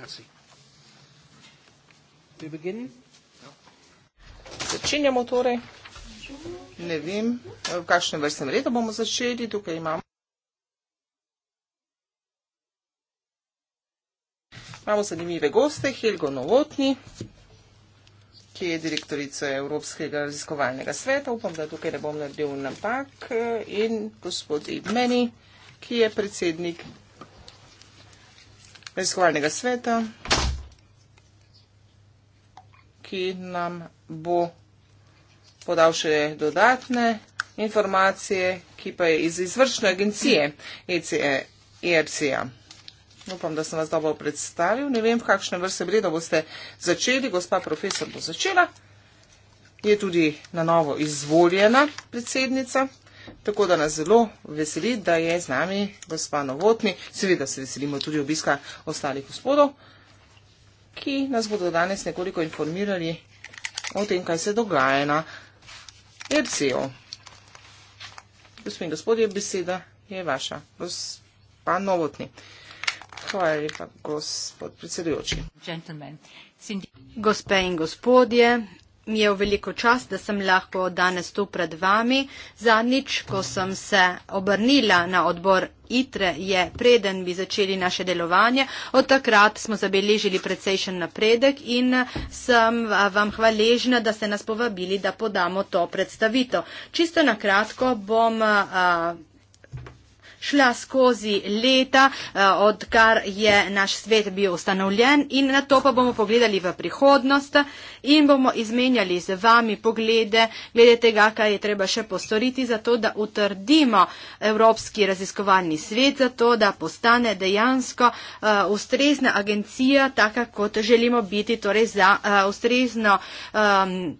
Merci. Ja. Začenjamo torej. Ne vem, v kakšnem vrstnem redu bomo začeli. Tukaj imamo. Imamo zanimive goste, Helgo Novotni, ki je direktorica Evropskega raziskovalnega sveta. Upam, da tukaj ne bom naredil napak. In gospod Edmeni, ki je predsednik raziskovalnega sveta, ki nam bo podal še dodatne informacije, ki pa je iz izvršne agencije ECE-ERCIA. Upam, da sem vas dobro predstavil. Ne vem, v kakšne vrste breda boste začeli. Gospa profesor bo začela. Je tudi na novo izvoljena predsednica Tako da nas zelo veseli, da je z nami gospa Novotni. Seveda se veselimo tudi obiska ostalih gospodov, ki nas bodo danes nekoliko informirali o tem, kaj se dogaja na RCO. Gospod in gospodje, beseda je vaša, gospa Novotni. Hvala lepa, gospod predsedujoči. Gospe in gospodje, mi je v veliko čast, da sem lahko danes tu pred vami. Zadnjič, ko sem se obrnila na odbor ITRE, je preden bi začeli naše delovanje. Od takrat smo zabeležili precejšen napredek in sem vam hvaležna, da ste nas povabili, da podamo to predstavitev. Čisto na kratko bom. A, šla skozi leta, eh, odkar je naš svet bil ustanovljen in na to pa bomo pogledali v prihodnost in bomo izmenjali z vami poglede glede tega, kaj je treba še postoriti za to, da utrdimo Evropski raziskovalni svet, za to, da postane dejansko eh, ustrezna agencija, taka kot želimo biti, torej za eh, ustrezno ehm,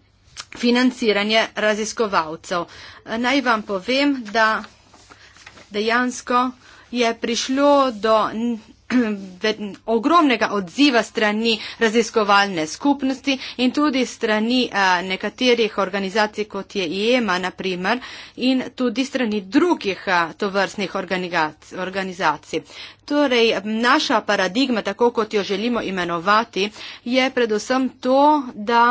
financiranje raziskovalcev. Naj vam povem, da dejansko je prišlo do ogromnega odziva strani raziskovalne skupnosti in tudi strani nekaterih organizacij, kot je IEMA, naprimer, in tudi strani drugih tovrstnih organizacij. Torej, naša paradigma, tako kot jo želimo imenovati, je predvsem to, da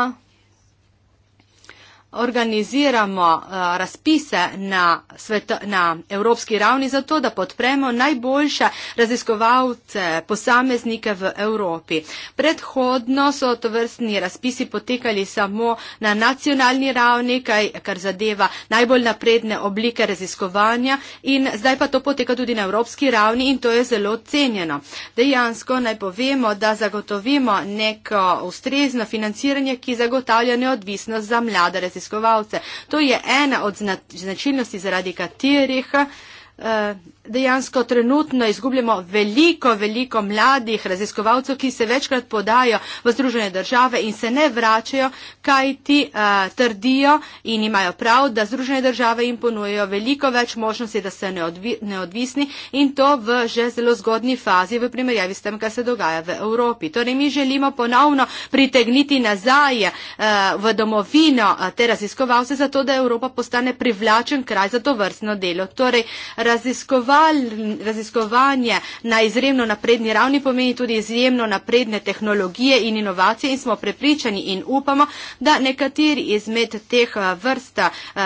organiziramo eh, razpise na, sveto, na evropski ravni zato, da podpremo najboljše raziskovalce, posameznike v Evropi. Predhodno so to vrstni razpisi potekali samo na nacionalni ravni, kaj, kar zadeva najbolj napredne oblike raziskovanja in zdaj pa to poteka tudi na evropski ravni in to je zelo cenjeno. Dejansko naj povemo, da zagotovimo neko ustrezno financiranje, ki zagotavlja neodvisnost za mlade raziskovalce raziskovalce. To je ena od značilnosti, zaradi katerih uh, dejansko trenutno izgubljamo veliko, veliko mladih raziskovalcev, ki se večkrat podajo v Združene države in se ne vračajo, kaj ti uh, eh, trdijo in imajo prav, da Združene države jim ponujejo veliko več možnosti, da se neodvi, neodvisni in to v že zelo zgodni fazi v primerjavi s tem, kaj se dogaja v Evropi. Torej, mi želimo ponovno pritegniti nazaj uh, v domovino uh, te raziskovalce, zato da Evropa postane privlačen kraj za to vrstno delo. Torej, raziskovalce raziskoval, raziskovanje na izjemno napredni ravni pomeni tudi izjemno napredne tehnologije in inovacije in smo prepričani in upamo, da nekateri izmed teh eh, vrsta um,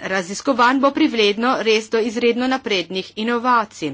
raziskovanj bo privledno res do izredno naprednih inovacij.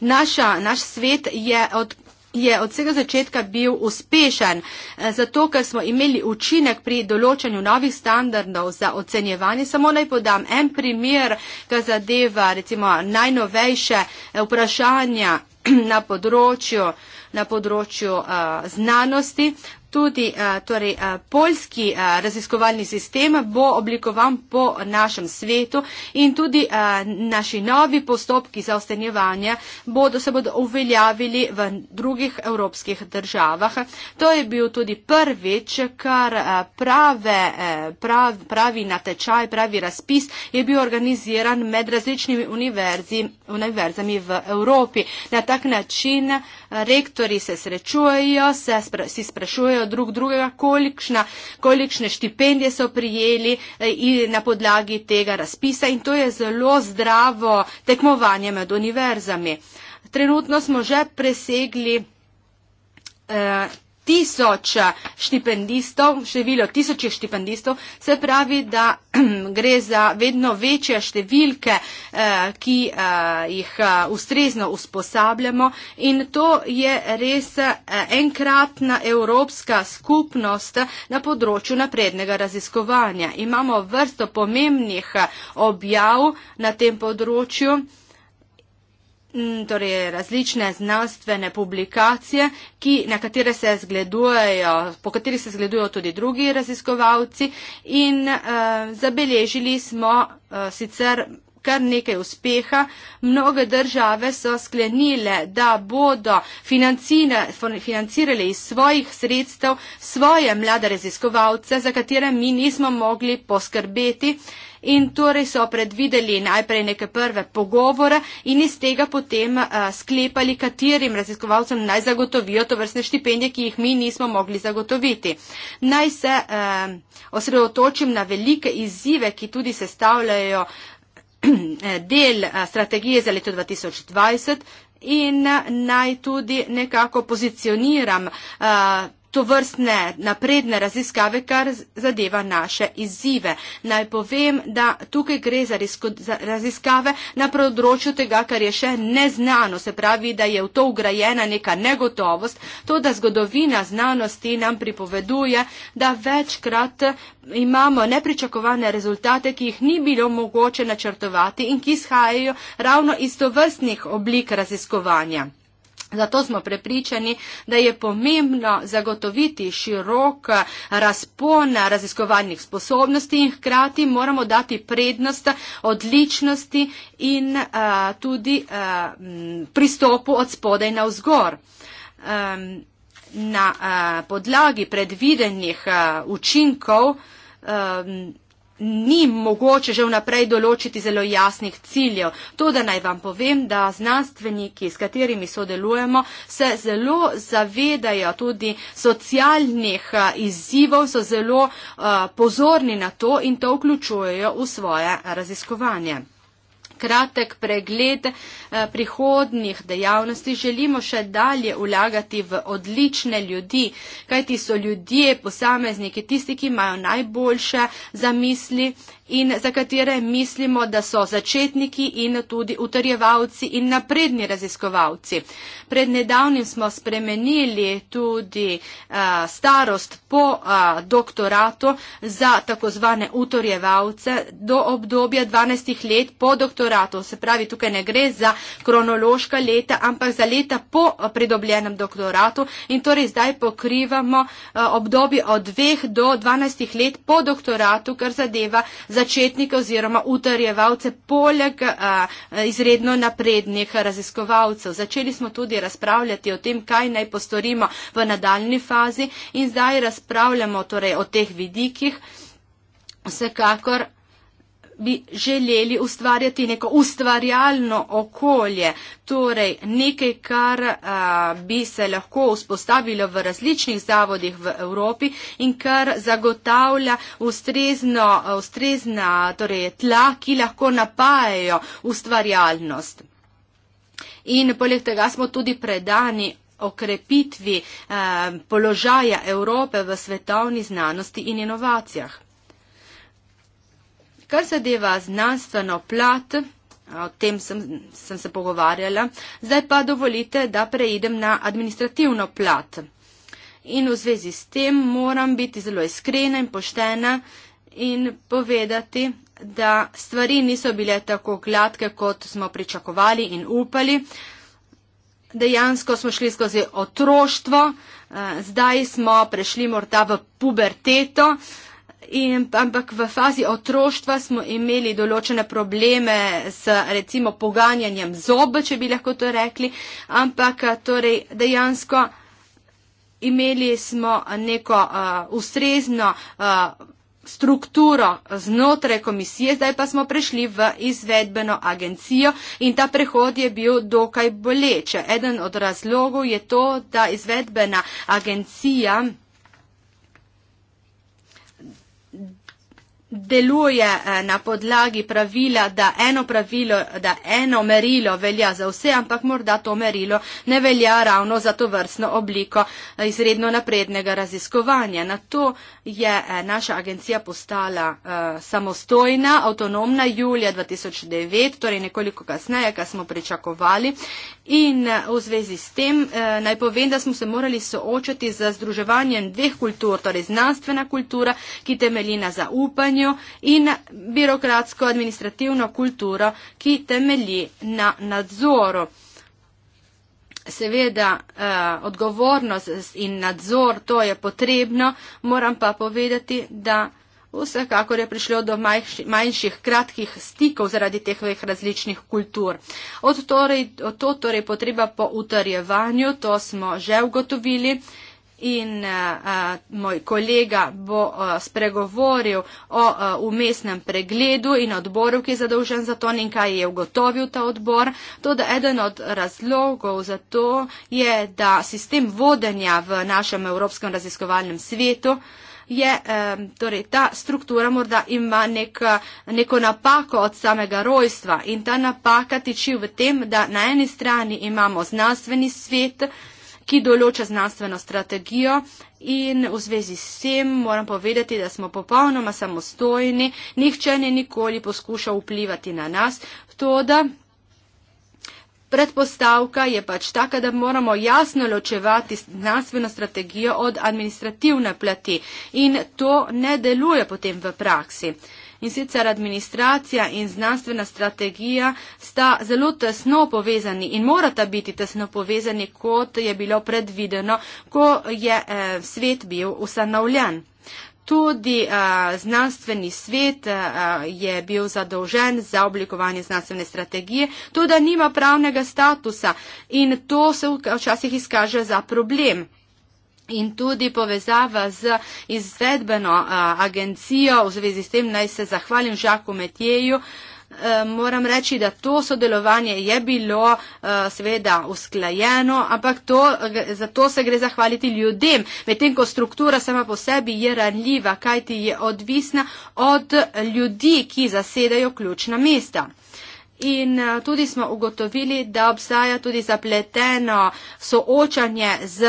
Naša, naš svet je od je od vsega začetka bil uspešen, eh, zato ker smo imeli učinek pri določanju novih standardov za ocenjevanje. Samo naj podam en primer, ki zadeva recimo najnovejše eh, vprašanja na področju, na področju uh, znanosti tudi eh, torej, eh, poljski eh, raziskovalni sistem bo oblikovan po našem svetu in tudi naši novi postopki za ostenjevanje bodo, se bodo uveljavili v drugih evropskih državah. To je bil tudi prvič, kar prave, prav, pravi natečaj, pravi razpis je bil organiziran med različnimi univerzi, univerzami v Evropi. Na tak način rektori se srečujejo, se spra, si sprašujejo, podpirajo drug drugega, kolikšna, kolikšne štipendije so prijeli eh, na podlagi tega razpisa in to je zelo zdravo tekmovanje med univerzami. Trenutno smo že presegli eh, tisoč eh, štipendistov, število tisoč štipendistov, se pravi, da gre za vedno večje številke, eh, ki eh, jih ustrezno usposabljamo in to je res enkratna evropska skupnost na področju naprednega raziskovanja. Imamo vrsto pomembnih objav na tem področju. Mm, torej različne znanstvene publikacije, ki, na katere se zgledujejo, po katerih se zgledujejo tudi drugi raziskovalci in uh, zabeležili smo uh, sicer kar nekaj uspeha. Mnoge države so sklenile, da bodo financirale iz svojih sredstev svoje mlade raziskovalce, za katere mi nismo mogli poskrbeti. Uh, in torej so predvideli najprej neke prve pogovore in iz tega potem eh, sklepali, katerim raziskovalcem naj zagotovijo to vrstne štipendije, ki jih mi nismo mogli zagotoviti. Naj se eh, osredotočim na velike izzive, ki tudi sestavljajo eh, del strategije za leto 2020 in naj tudi nekako pozicioniram uh, to vrstne napredne raziskave, kar zadeva naše izzive. Naj povem, da tukaj gre za raziskave na področju tega, kar je še neznano, se pravi, da je v to ugrajena neka negotovost, to, da zgodovina znanosti nam pripoveduje, da večkrat imamo nepričakovane rezultate, ki jih ni bilo mogoče načrtovati in ki izhajajo ravno iz to vrstnih oblik raziskovanja. Zato smo prepričani, da je pomembno zagotoviti širok razpon raziskovalnih sposobnosti in hkrati moramo dati prednost odličnosti in a, eh, tudi a, eh, pristopu od spodaj na vzgor. A, na a, podlagi predvidenih a, eh, učinkov a, ni mogoče že vnaprej določiti zelo jasnih ciljev. To, da naj vam povem, da znanstveniki, s katerimi sodelujemo, se zelo zavedajo tudi socialnih eh, izzivov, so zelo uh, pozorni na to in to vključujejo v svoje raziskovanje kratek pregled eh, prihodnih dejavnosti, želimo še dalje ulagati v odlične ljudi, kajti so ljudje, posamezniki, tisti, ki imajo najboljše zamisli in za katere mislimo, da so začetniki in tudi utrjevalci in napredni raziskovalci. Pred nedavnim smo spremenili tudi uh, starost po uh, doktoratu za takozvane utrjevalce do obdobja 12 let po doktoratu. Se pravi, tukaj ne gre za kronološka leta, ampak za leta po eh, pridobljenem doktoratu in torej zdaj pokrivamo uh, obdobje od 2 do 12 let po doktoratu, kar zadeva za začetnike oziroma utrjevalce poleg a, izredno naprednih raziskovalcev. Začeli smo tudi razpravljati o tem, kaj naj postorimo v nadaljni fazi in zdaj razpravljamo torej, o teh vidikih. Vsekakor bi želeli ustvarjati neko ustvarjalno okolje, torej nekaj, kar a, bi se lahko vzpostavilo v različnih zavodih v Evropi in kar zagotavlja ustrezno, ustrezna torej, tla, ki lahko napajajo ustvarjalnost. In poleg tega smo tudi predani okrepitvi eh, položaja Evrope v svetovni znanosti in inovacijah. Kar zadeva znanstveno plat, o tem sem, sem se pogovarjala, zdaj pa dovolite, da preidem na administrativno plat. In v zvezi s tem moram biti zelo iskrena in poštena in povedati, da stvari niso bile tako gladke, kot smo pričakovali in upali. Dejansko smo šli skozi otroštvo, eh, zdaj smo prešli morda v puberteto. In, ampak v fazi otroštva smo imeli določene probleme s recimo poganjanjem zob, če bi lahko to rekli, ampak torej dejansko imeli smo neko uh, ustrezno uh, strukturo znotraj komisije, zdaj pa smo prešli v izvedbeno agencijo in ta prehod je bil dokaj boleče. Eden od razlogov je to, da izvedbena agencija. deluje eh, na podlagi pravila, da eno pravilo, da eno merilo velja za vse, ampak morda to merilo ne velja ravno za to vrstno obliko eh, izredno naprednega raziskovanja. Na to je eh, naša agencija postala samostojna, avtonomna julija 2009, torej nekoliko kasneje, kar smo pričakovali In eh, v zvezi s tem eh, naj povem, da smo se morali soočati z združevanjem dveh kultur, torej znanstvena kultura, ki temelji na zaupanju, in birokratsko-administrativno kulturo, ki temelji na nadzoru. Seveda eh, odgovornost in nadzor, to je potrebno, moram pa povedati, da. Vsekakor je prišlo do manjši, manjših kratkih stikov zaradi teh dveh različnih kultur. Od torej, od to torej potreba po utrjevanju, to smo že ugotovili. In a, a, moj kolega bo a, spregovoril o umestnem pregledu in odboru, ki je zadolžen za to in kaj je ugotovil ta odbor. To, da eden od razlogov za to je, da sistem vodenja v našem Evropskem raziskovalnem svetu a, je torej, ta struktura morda ima nek, neko napako od samega rojstva in ta napaka tiči v tem, da na eni strani imamo znanstveni svet, ki določa znanstveno strategijo in v zvezi s tem moram povedati, da smo popolnoma samostojni, nihče ni nikoli poskušal vplivati na nas, to da. Predpostavka je pač taka, da moramo jasno ločevati znanstveno strategijo od administrativne plati in to ne deluje potem v praksi. In sicer administracija in znanstvena strategija sta zelo tesno povezani in morata biti tesno povezani, kot je bilo predvideno, ko je eh, svet bil ustanovljen tudi a, znanstveni svet a, je bil zadolžen za oblikovanje znanstvene strategije, to da nima pravnega statusa in to se včasih izkaže za problem. In tudi povezava z izvedbeno a, agencijo, v zvezi s tem naj se zahvalim Žaku Metjeju, a, Eh, moram reči, da to sodelovanje je bilo eh, seveda usklajeno, ampak to, eh, za to se gre zahvaliti ljudem. Medtem ko struktura sama po sebi je ranljiva, kajti je odvisna od ljudi, ki zasedajo ključna mesta. In eh, tudi smo ugotovili, da obstaja tudi zapleteno soočanje z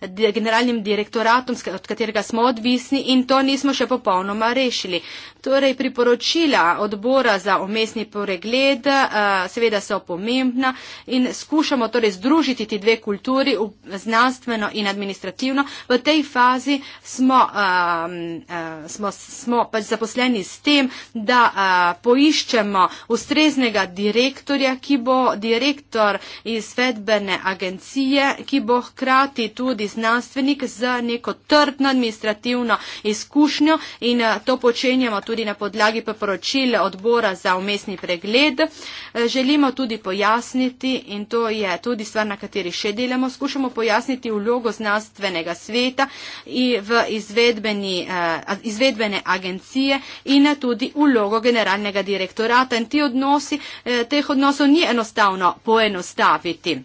uh, generalnim direktoratom, od katerega smo odvisni in to nismo še popolnoma rešili. Torej, priporočila odbora za umestni pregled uh, seveda so pomembna in skušamo torej združiti ti dve kulturi, v, znanstveno in administrativno. V tej fazi smo, um, uh, smo, smo pač zaposleni s tem, da uh, poiščemo ustrezne ustreznega direktorja, ki bo direktor izvedbene agencije, ki bo hkrati tudi znanstvenik z neko trdno administrativno izkušnjo in eh, to počenjamo tudi na podlagi poročil odbora za umestni pregled. Eh, želimo tudi pojasniti in to je tudi stvar, na kateri še delamo, skušamo pojasniti vlogo znanstvenega sveta in v izvedbeni, eh, izvedbene agencije in tudi vlogo generalnega direktorata in ti odnosi odnosi, eh, teh odnosov ni enostavno poenostaviti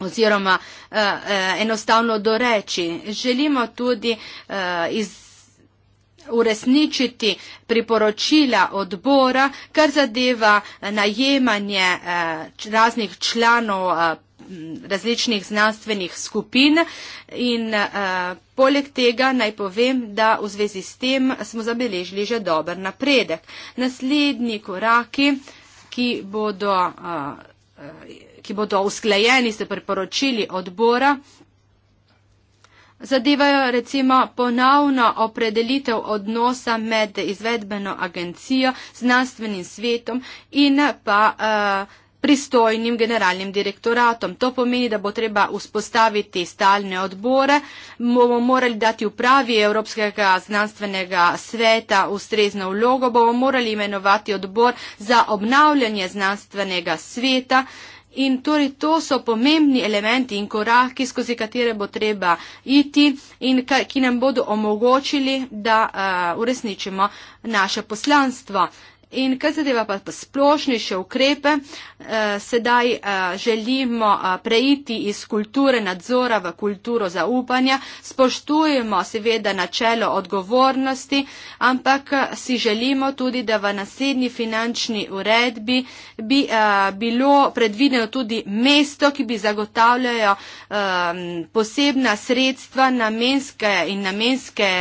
oziroma eh, eh, enostavno doreči. Želimo tudi eh, iz, uresničiti priporočila odbora, kar zadeva eh, najemanje eh, raznih članov eh, različnih znanstvenih skupin in eh, poleg tega naj povem, da v zvezi s tem smo zabeležili že dober napredek. Naslednji koraki eh, ki bodo, ki bodo usklajeni s priporočili odbora, zadevajo recimo ponovno opredelitev odnosa med izvedbeno agencijo, znanstvenim svetom in pa uh, pristojnim generalnim direktoratom. To pomeni, da bo treba vzpostaviti stalne odbore, bomo morali dati upravi Evropskega znanstvenega sveta ustrezno vlogo, bomo morali imenovati odbor za obnavljanje znanstvenega sveta. In torej to so pomembni elementi in koraki, skozi katere bo treba iti in ki nam bodo omogočili, da uh, uresničimo naše poslanstvo. In kar zadeva pa splošnejše ukrepe, eh, sedaj eh, želimo eh, preiti iz kulture nadzora v kulturo zaupanja. Spoštujemo seveda načelo odgovornosti, ampak si želimo tudi, da v naslednji finančni uredbi bi bilo predvideno tudi mesto, ki bi zagotavljajo ehm, posebna sredstva, namenske in namenske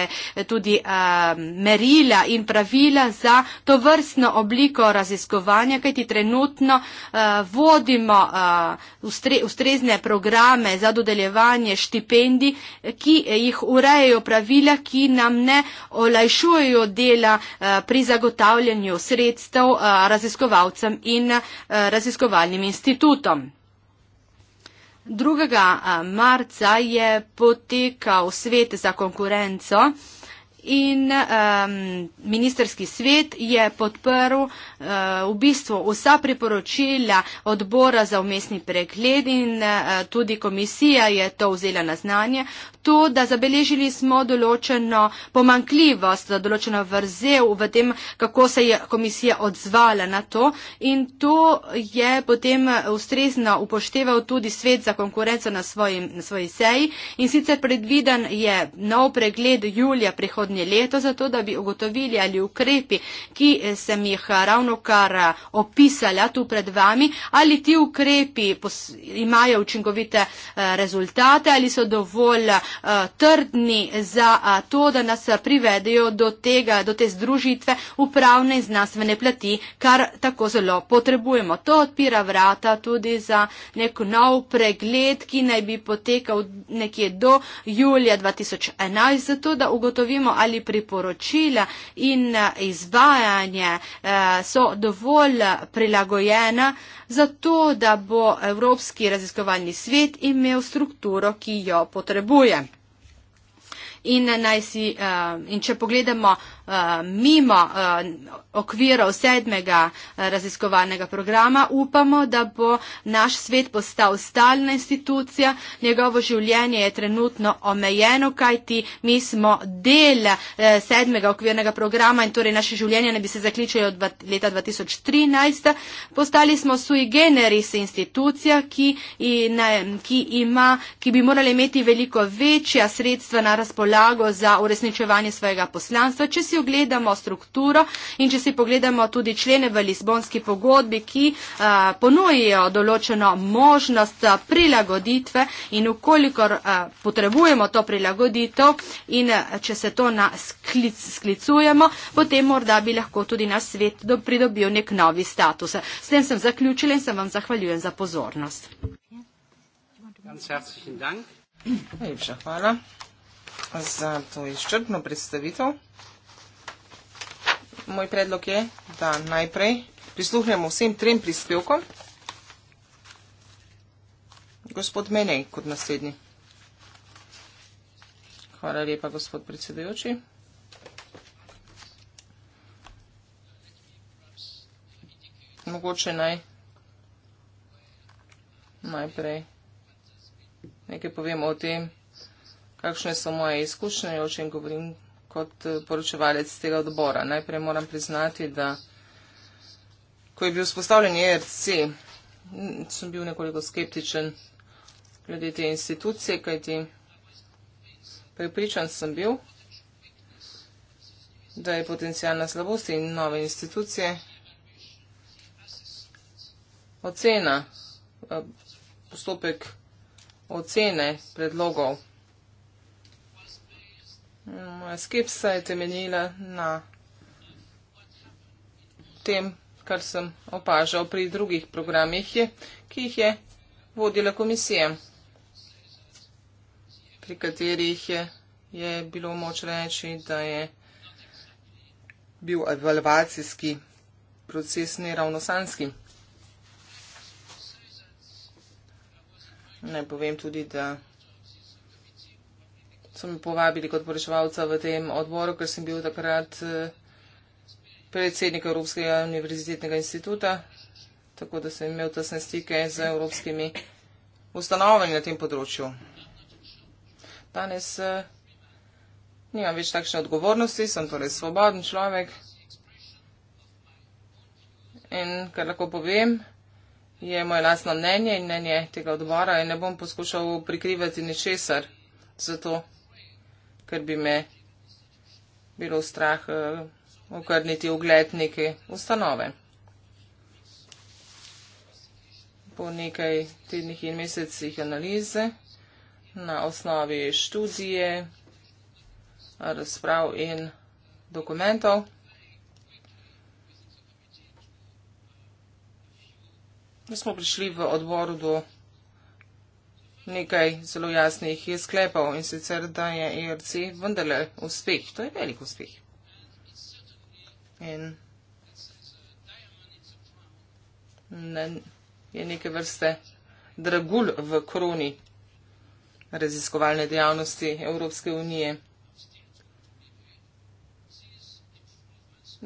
tudi ehm, merila in pravila za to vrst resno obliko raziskovanja, kajti trenutno uh, vodimo uh, ustre, ustrezne programe za dodeljevanje štipendij, ki jih urejajo pravila, ki nam ne olajšujejo dela uh, pri zagotavljanju sredstev uh, raziskovalcem in uh, raziskovalnim institutom. 2. marca je potekal svet za konkurenco in um, ministerski svet je podprl uh, v bistvu vsa priporočila odbora za umestni pregled in uh, tudi komisija je to vzela na znanje to, da zabeležili smo določeno pomankljivost, določeno vrzel v tem, kako se je komisija odzvala na to in to je potem ustrezno upošteval tudi svet za konkurenco na svoji, na svoji seji in sicer predviden je nov pregled julija prihodnje leto, zato da bi ugotovili ali ukrepi, ki sem jih ravno kar opisala tu pred vami, ali ti ukrepi imajo učinkovite eh, rezultate ali so dovolj Eh, trdni za eh, to, da nas eh, privedejo do, tega, do te združitve upravne in znanstvene plati, kar tako zelo potrebujemo. To odpira vrata tudi za nek nov pregled, ki naj bi potekal nekje do julija 2011, zato da ugotovimo, ali priporočila in izvajanje so dovolj prilagojena za to, da bo Evropski raziskovalni svet imel strukturo, ki jo potrebuje in, najsi, uh, eh, in če pogledamo uh, mimo uh, okvirov sedmega uh, raziskovalnega programa, upamo, da bo naš svet postal stalna institucija, njegovo življenje je trenutno omejeno, kajti mi smo del uh, sedmega okvirnega programa in torej naše življenje ne bi se zaključilo od leta 2013. Postali smo sui generis institucija, ki, in, ki, ima, ki bi morali imeti veliko večja sredstva na razpolago podlago za uresničevanje svojega poslanstva, če si ogledamo strukturo in če si pogledamo tudi člene v Lisbonski pogodbi, ki a, ponujejo določeno možnost prilagoditve in ukolikor a, potrebujemo to prilagoditev in a, če se to na sklic, sklicujemo, potem morda bi lahko tudi na svet do, pridobil nek novi status. S tem sem zaključila in se vam zahvaljujem za pozornost. Ganz herzlichen Dank. Hey, za to izčrpno predstavitev. Moj predlog je, da najprej prisluhnemo vsem trem prispevkom. Gospod Menej kot naslednji. Hvala lepa, gospod predsedujoči. Mogoče naj najprej nekaj povemo o tem, kakšne so moje izkušnje, o čem govorim kot eh, poročevalec tega odbora. Najprej moram priznati, da ko je bil spostavljen ERC, sem bil nekoliko skeptičen glede te institucije, kajti pripričan sem bil, da je potencijalna slabost in nove institucije ocena, eh, postopek ocene predlogov Moja skepsa je temenila na tem, kar sem opažal pri drugih programih, ki jih je vodila komisija, pri katerih je, je bilo moč reči, da je bil evalvacijski proces neravnosanski. Naj povem tudi, da so mi povabili kot poreševalca v tem odboru, ker sem bil takrat eh, predsednik Evropskega univerzitetnega instituta, tako da sem imel tesne stike z evropskimi ustanovami na tem področju. Danes eh, nimam več takšne odgovornosti, sem torej svoboden človek. In kar lahko povem, je moje lastno mnenje in mnenje tega odbora in ne bom poskušal prikrivati ničesar. Zato ker bi me bilo strah eh, okrniti ugled neke ustanove. Po nekaj tednih in mesecih analize na osnovi študije, razprav in dokumentov smo prišli v odboru do nekaj zelo jasnih sklepov in sicer, da je IRC e vendarle uspeh. To je velik uspeh. In je neke vrste dragul v kroni raziskovalne dejavnosti Evropske unije.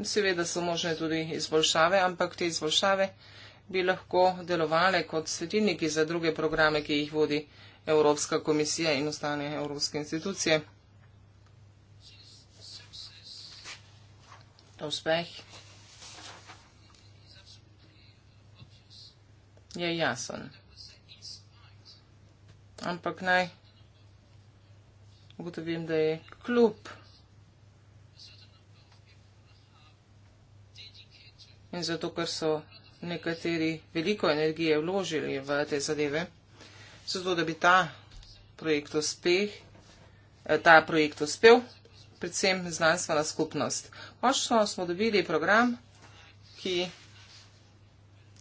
Seveda so možne tudi izboljšave, ampak te izboljšave bi lahko delovale kot svetilniki za druge programe, ki jih vodi Evropska komisija in ostale evropske institucije. Ta uspeh je jasen. Ampak naj ugotovim, da je kljub in zato, ker so nekateri veliko energije vložili v te zadeve, zato da bi ta projekt, uspeh, eh, ta projekt uspel, predvsem znanstvena skupnost. Močno smo dobili program, ki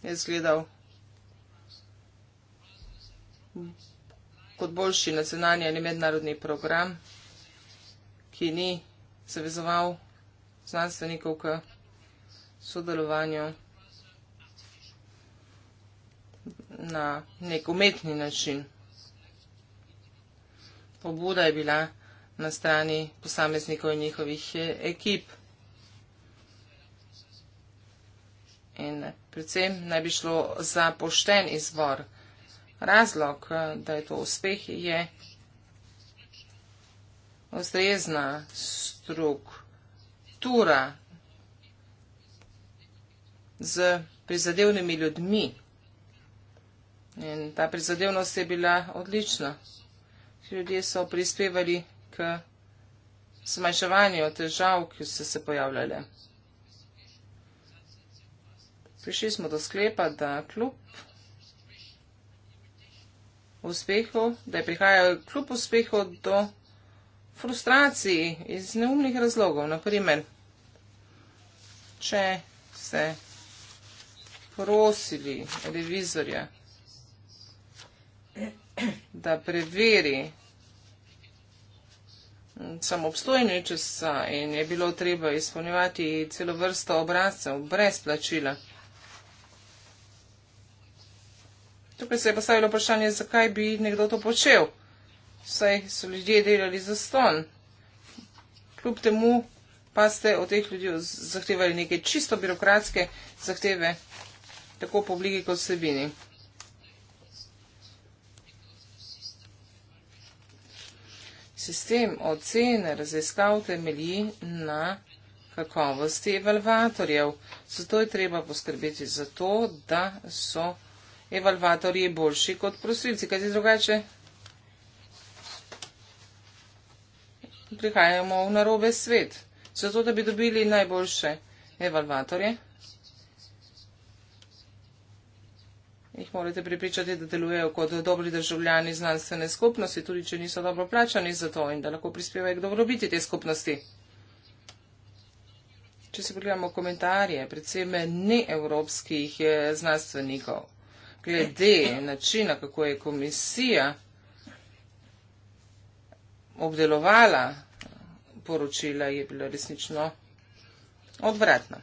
je izgledal kot boljši nacionalni ali mednarodni program, ki ni zavezoval znanstvenikov k sodelovanju. na nek umetni način. Pobuda je bila na strani posameznikov in njihovih eh, ekip. In predvsem naj bi šlo za pošten izvor. Razlog, eh, da je to uspeh, je ustrezna struktura z prizadevnimi ljudmi. In ta prizadevnost je bila odlična. Ljudje so prispevali k smaševanju težav, ki so se pojavljale. Prišli smo do sklepa, da kljub uspehu, da je prihajal kljub uspehu do frustraciji iz neumnih razlogov. Naprimer, če se prosili revizorja, da preveri mm, samobstoj nečesa in je bilo treba izpolnjevati celo vrsto obrazcev brez plačila. Tukaj se je postavilo vprašanje, zakaj bi nekdo to počel. Saj so ljudje delali za ston. Kljub temu pa ste od teh ljudi zahtevali neke čisto birokratske zahteve, tako po obliki kot vsebini. Sistem ocene raziskav temelji na kakovosti evalvatorjev, zato je treba poskrbeti za to, da so evalvatorji boljši kot prosilci. Kaj je drugače? Prihajamo v narobe svet, zato da bi dobili najboljše evalvatorje. jih morate pripričati, da delujejo kot dobri državljani znanstvene skupnosti, tudi če niso dobro plačani za to in da lahko prispevajo k dobrobiti te skupnosti. Če se pogledamo komentarje, predvsem neevropskih eh, znanstvenikov, glede načina, kako je komisija obdelovala poročila, je bilo resnično odvratno.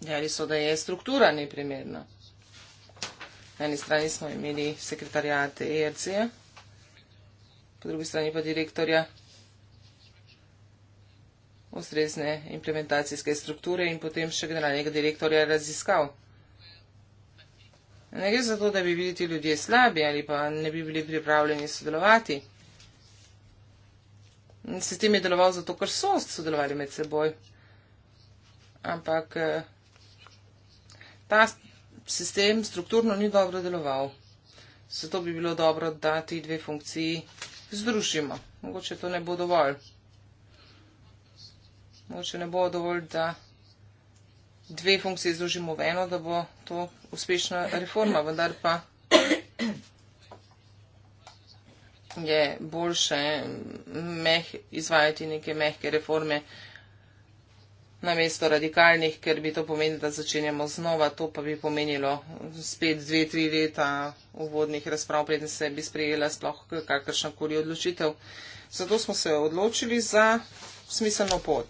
Jali so, da je struktura neprimerna eni strani smo imeli sekretarjate ERC, po drugi strani pa direktorja ustrezne implementacijske strukture in potem še generalnega direktorja raziskav. Ne gre za to, da bi bili ti ljudje slabi ali pa ne bi bili pripravljeni sodelovati. Sistem je deloval zato, ker so sodelovali med seboj. Ampak eh, ta sistem strukturno ni dobro deloval. Zato bi bilo dobro, da ti dve funkciji združimo. Mogoče to ne bo dovolj. Mogoče ne bo dovolj, da dve funkciji združimo v eno, da bo to uspešna reforma, vendar pa je boljše meh, izvajati neke mehke reforme, namesto radikalnih, ker bi to pomenilo, da začenjamo znova, to pa bi pomenilo spet dve, tri leta uvodnih razprav, preden se bi sprejela sploh kakršna koli odločitev. Zato smo se odločili za smiselno pot.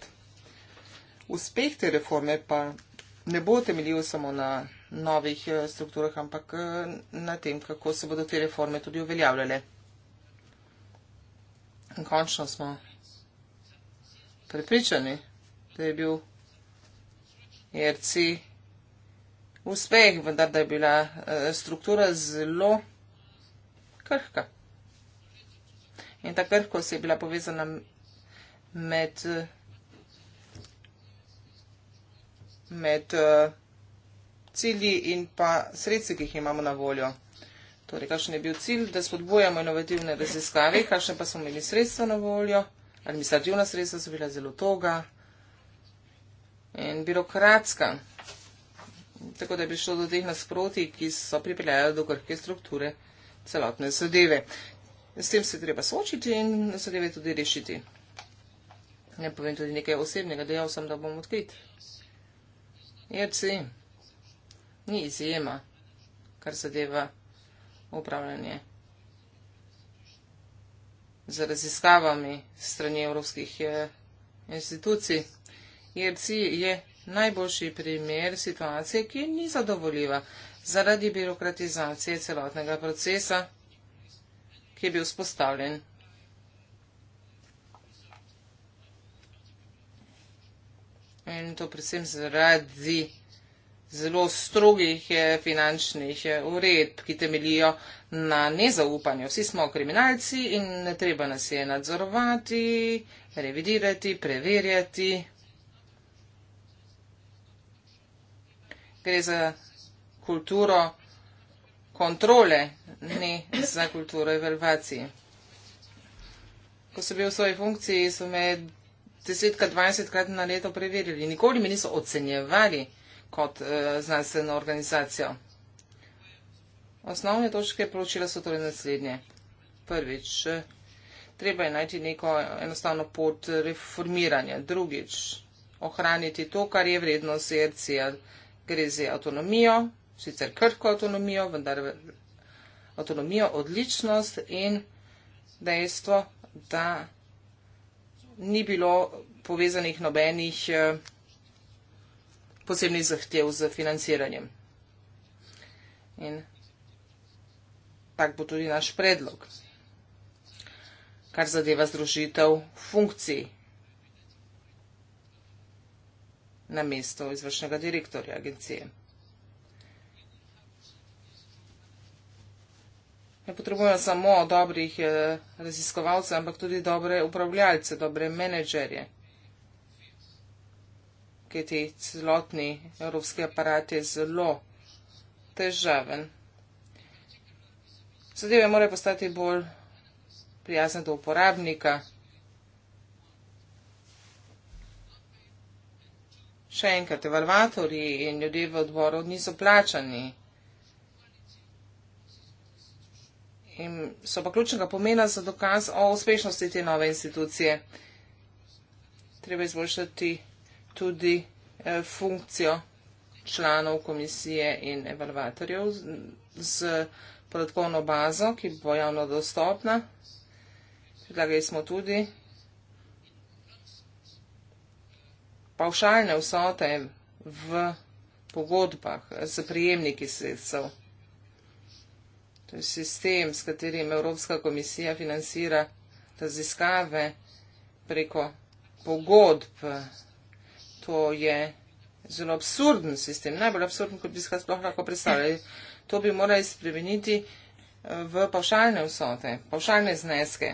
Uspeh te reforme pa ne bo temeljil samo na novih eh, strukturah, ampak eh, na tem, kako se bodo te reforme tudi uveljavljale. In končno smo prepričani, da je bil Jerci uspeh, vendar da je bila uh, struktura zelo krhka. In ta krhkost je bila povezana med, med uh, cilji in pa sredstvi, ki jih imamo na voljo. Torej, kakšen je bil cilj, da spodbujamo inovativne raziskave, kakšne pa smo imeli sredstva na voljo, administrativna sredstva so bila zelo toga in birokratska. Tako da je prišlo do teh nasproti, ki so pripeljali do krhke strukture celotne zadeve. S tem se treba soočiti in zadeve tudi rešiti. Ne povem tudi nekaj osebnega, dejal sem, da bom odkrit. Jerci, ni izjema, kar zadeva upravljanje z raziskavami strani evropskih eh, institucij. Irci je najboljši primer situacije, ki ni zadovoljiva zaradi birokratizacije celotnega procesa, ki je bil spostavljen. In to predvsem zaradi zelo strogih eh, finančnih eh, uredb, ki temelijo na nezaupanju. Vsi smo kriminalci in treba nas je nadzorovati, revidirati, preverjati. gre za kulturo kontrole, ne za kulturo evalvacije. Ko sem bil v svoji funkciji, so me desetkrat, dvajsetkrat na leto preverili. Nikoli me niso ocenjevali kot uh, znanstveno organizacijo. Osnovne točke poročila so torej naslednje. Prvič, eh, treba je najti neko enostavno pot reformiranja. Drugič, ohraniti to, kar je vrednost ERC-ja gre za avtonomijo, sicer krhko avtonomijo, vendar avtonomijo, odličnost in dejstvo, da ni bilo povezanih nobenih eh, posebnih zahtev z financiranjem. In tak bo tudi naš predlog, kar zadeva združitev funkcij na mesto izvršnega direktorja agencije. Ne potrebujemo samo dobrih eh, raziskovalcev, ampak tudi dobre upravljalce, dobre menedžerje, ki ti celotni evropski aparat je zelo težaven. Zadeve morajo postati bolj prijazne do uporabnika. Še enkrat, evalvatori in ljudje v odboru niso plačani. In so pa ključnega pomena za dokaz o uspešnosti te nove institucije. Treba izboljšati tudi eh, funkcijo članov komisije in evalvatorjev z, z podatkovno bazo, ki bo javno dostopna. Predlagali smo tudi pavšalne vsote v pogodbah z prijemniki sredstev. To je sistem, s katerim Evropska komisija financira raziskave preko pogodb. To je zelo absurden sistem, najbolj absurden, kot bi se ga sploh lahko predstavljali. To bi morali spremeniti eh, v pavšalne vsote, pavšalne zneske.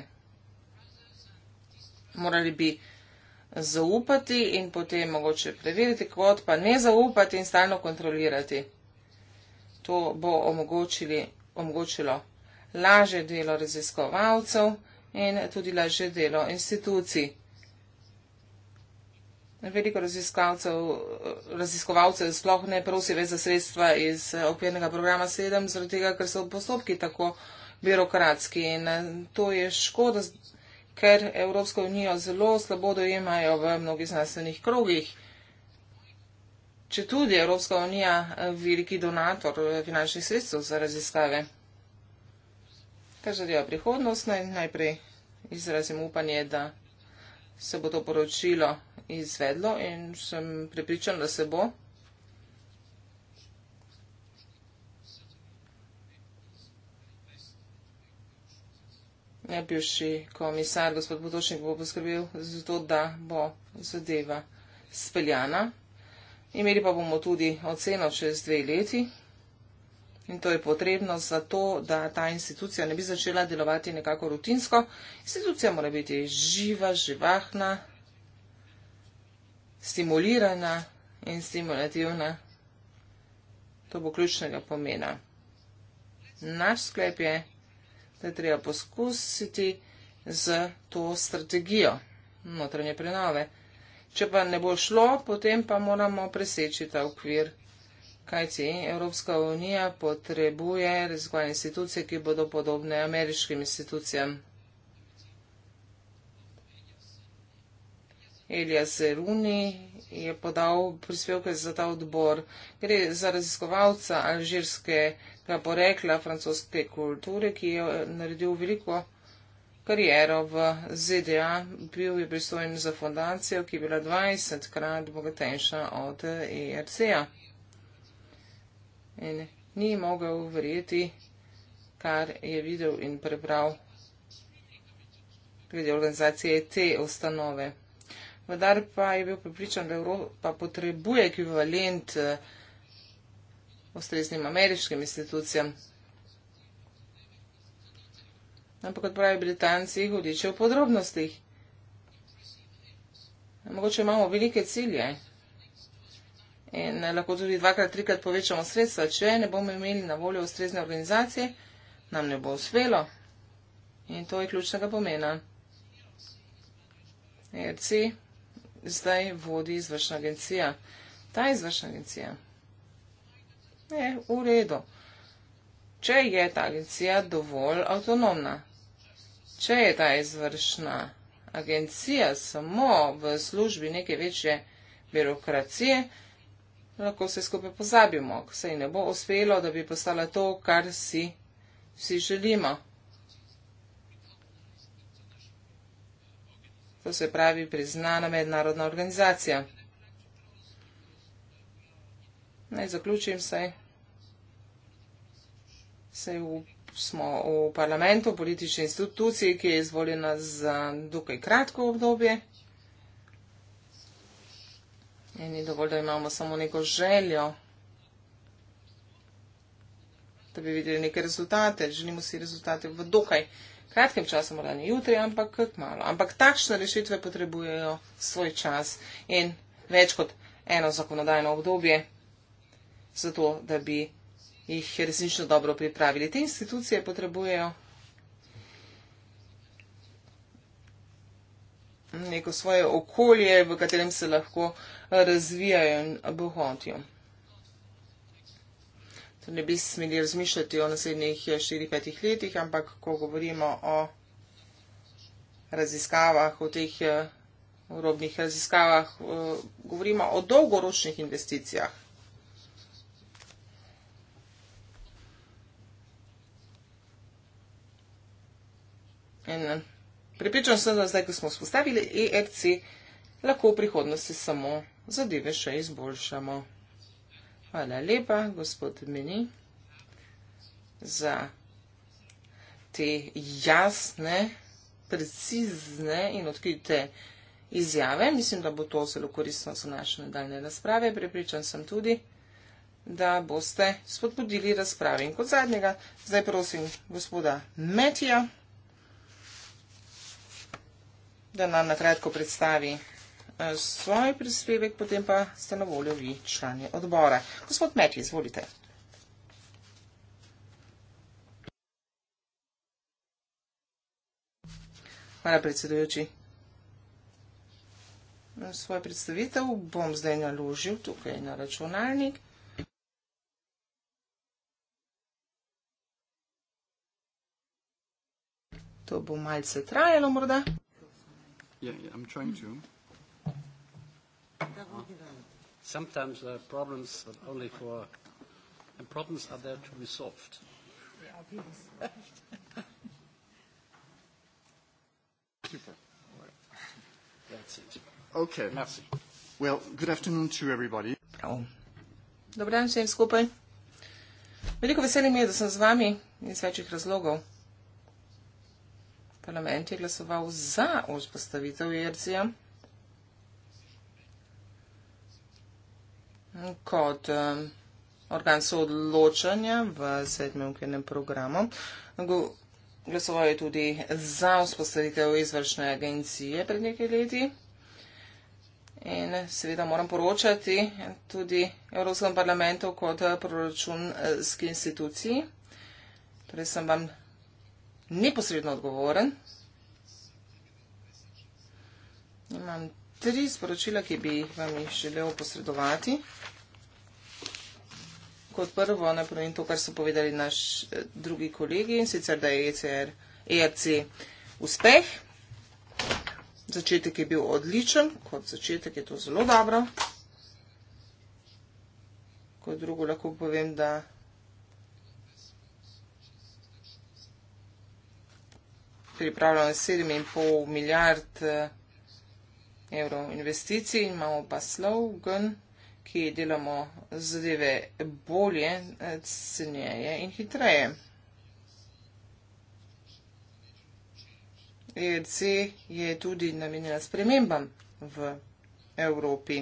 Morali bi zaupati in potem mogoče preveriti kvot, pa ne zaupati in stalno kontrolirati. To bo omogočilo laže delo raziskovalcev in tudi laže delo institucij. Veliko raziskovalcev sploh ne prosi več za sredstva iz opernega programa 7, zaradi tega, ker so postopki tako birokratski in to je škoda, ker Evropsko unijo zelo slabo dojemajo v mnogih znanstvenih krogih. Če tudi Evropska unija eh, veliki donator eh, finančnih sredstev za raziskave. Kar zadeva prihodnost, naj najprej izrazim upanje, da se bo to poročilo izvedlo in sem prepričan, da se bo. Ja, bivši komisar gospod Potočnik bo poskrbel za to, da bo zadeva speljana. Imeli pa bomo tudi oceno čez dve leti in to je potrebno za to, da ta institucija ne bi začela delovati nekako rutinsko. Institucija mora biti živa, živahna, stimulirana in stimulativna. To bo ključnega pomena. Naš sklep je, da je treba poskusiti z to strategijo notranje prenove. Če pa ne bo šlo, potem pa moramo preseči ta okvir. Kajci, Evropska unija potrebuje raziskovalne institucije, ki bodo podobne ameriškim institucijam. Elija Zeruni je podal prispevke za ta odbor. Gre za raziskovalca alžirske institucije kaj bo rekla francoske kulture, ki je eh, naredil veliko kariero v ZDA, bil je pristojen za fondacijo, ki je bila 20 krat bogatejša od ERC-a. Eh, in ni mogel verjeti, kar je videl in prebral glede organizacije te ustanove. Vendar pa je bil pripričan, da Evropa potrebuje ekvivalent uh, ustreznim ameriškim institucijam. Ampak, kot pravi Britanci, jih odiče v podrobnostih. Mogoče imamo velike cilje in lahko tudi dvakrat, trikrat povečamo sredstva. Če ne bomo imeli na voljo ustrezne organizacije, nam ne bo uspelo. In to je ključnega pomena. ERC zdaj vodi izvršna agencija. Ta izvršna agencija. Je v redu. Če je ta agencija dovolj avtonomna, če je ta izvršna agencija samo v službi neke večje birokracije, lahko vse skupaj pozabimo, se ji ne bo uspelo, da bi postala to, kar si vsi želimo. To se pravi priznana mednarodna organizacija. Naj zaključim, saj Vse smo v parlamentu, v politični instituciji, ki je izvoljena za dokaj kratko obdobje. In ni dovolj, da imamo samo neko željo, da bi videli neke rezultate. Želimo si rezultate v dokaj kratkem času, morda ne jutri, ampak kot malo. Ampak takšne rešitve potrebujejo svoj čas in več kot eno zakonodajno obdobje, zato da bi jih resnično dobro pripravili. Te institucije potrebujejo neko svoje okolje, v katerem se lahko razvijajo in bohotijo. To ne bi smeli razmišljati o naslednjih 4-5 eh, letih, ampak ko govorimo o raziskavah, o teh urobnih eh, raziskavah, eh, govorimo o dolgoročnih investicijah. In eh, pripričan sem, da zdaj, ko smo spostavili ERC, lahko v prihodnosti samo zadeve še izboljšamo. Hvala lepa, gospod Meni, za te jasne, precizne in odkrite izjave. Mislim, da bo to zelo koristno za naše nadaljne razprave. Pripričan sem tudi, da boste spodbudili razprave. In kot zadnjega, zdaj prosim gospoda Metija da nam na kratko predstavi eh, svoj prispevek, potem pa ste na voljo vi člani odbora. Gospod Meti, izvolite. Hvala, predsedujoči. Svoj predstavitev bom zdaj naložil tukaj na računalnik. To bo malce trajalo morda. Yeah, yeah I'm trying to. Sometimes there are problems that only for, and problems are there to be solved. Super. That's it. Okay. Well, good afternoon to everybody. Bravo. Dobar dan vsem skupaj. Veliko veselje mi je, da sem z vami iz večjih razlogov. Parlament je glasoval za vzpostavitev Irzija. kot um, organ soodločanja v sedmem ukrenem programu. Glasoval je tudi za vzpostavitev izvršne agencije pred nekaj leti. In seveda moram poročati tudi Evropskem parlamentu kot proračunski instituciji. Torej sem vam neposredno odgovoren. Imam tri sporočila, ki bi vam jih želel posredovati. Kot prvo, naj povem to, kar so povedali naš eh, drugi kolegi, in sicer, da je ECR, ERC uspeh. Začetek je bil odličen, kot začetek je to zelo dobro. Kot drugo lahko povem, da pripravljamo 7,5 milijard eh, evrov investicij, imamo pa slogan, ki delamo zadeve bolje, eh, cenjeje in hitreje. EEC je tudi namenjena spremembam v Evropi.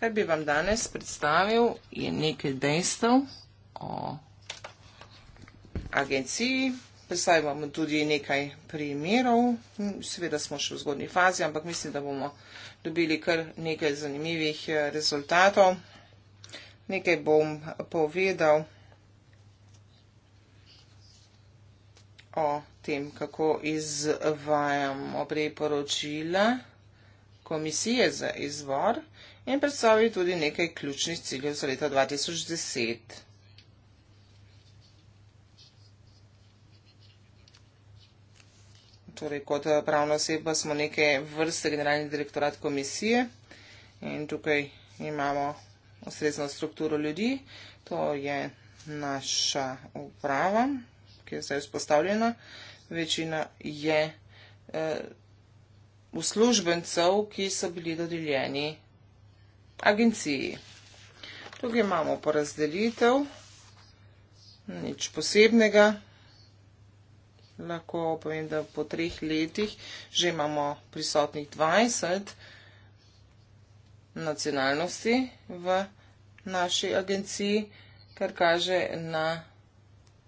Kaj bi vam danes predstavil je nekaj dejstev o agenciji. Zdaj imamo tudi nekaj primerov, seveda smo še v zgodni fazi, ampak mislim, da bomo dobili kar nekaj zanimivih eh, rezultatov. Nekaj bom povedal o tem, kako izvajam obre poročila komisije za izvor in predstavljam tudi nekaj ključnih ciljev za leto 2010. torej kot eh, pravna oseba smo neke vrste generalni direktorat komisije in tukaj imamo ustrezno strukturo ljudi, to je naša uprava, ki je zdaj vzpostavljena, večina je eh, uslužbencev, ki so bili dodeljeni agenciji. Tukaj imamo porazdelitev, nič posebnega lahko povem, da po treh letih že imamo prisotnih 20 nacionalnosti v naši agenciji, kar kaže na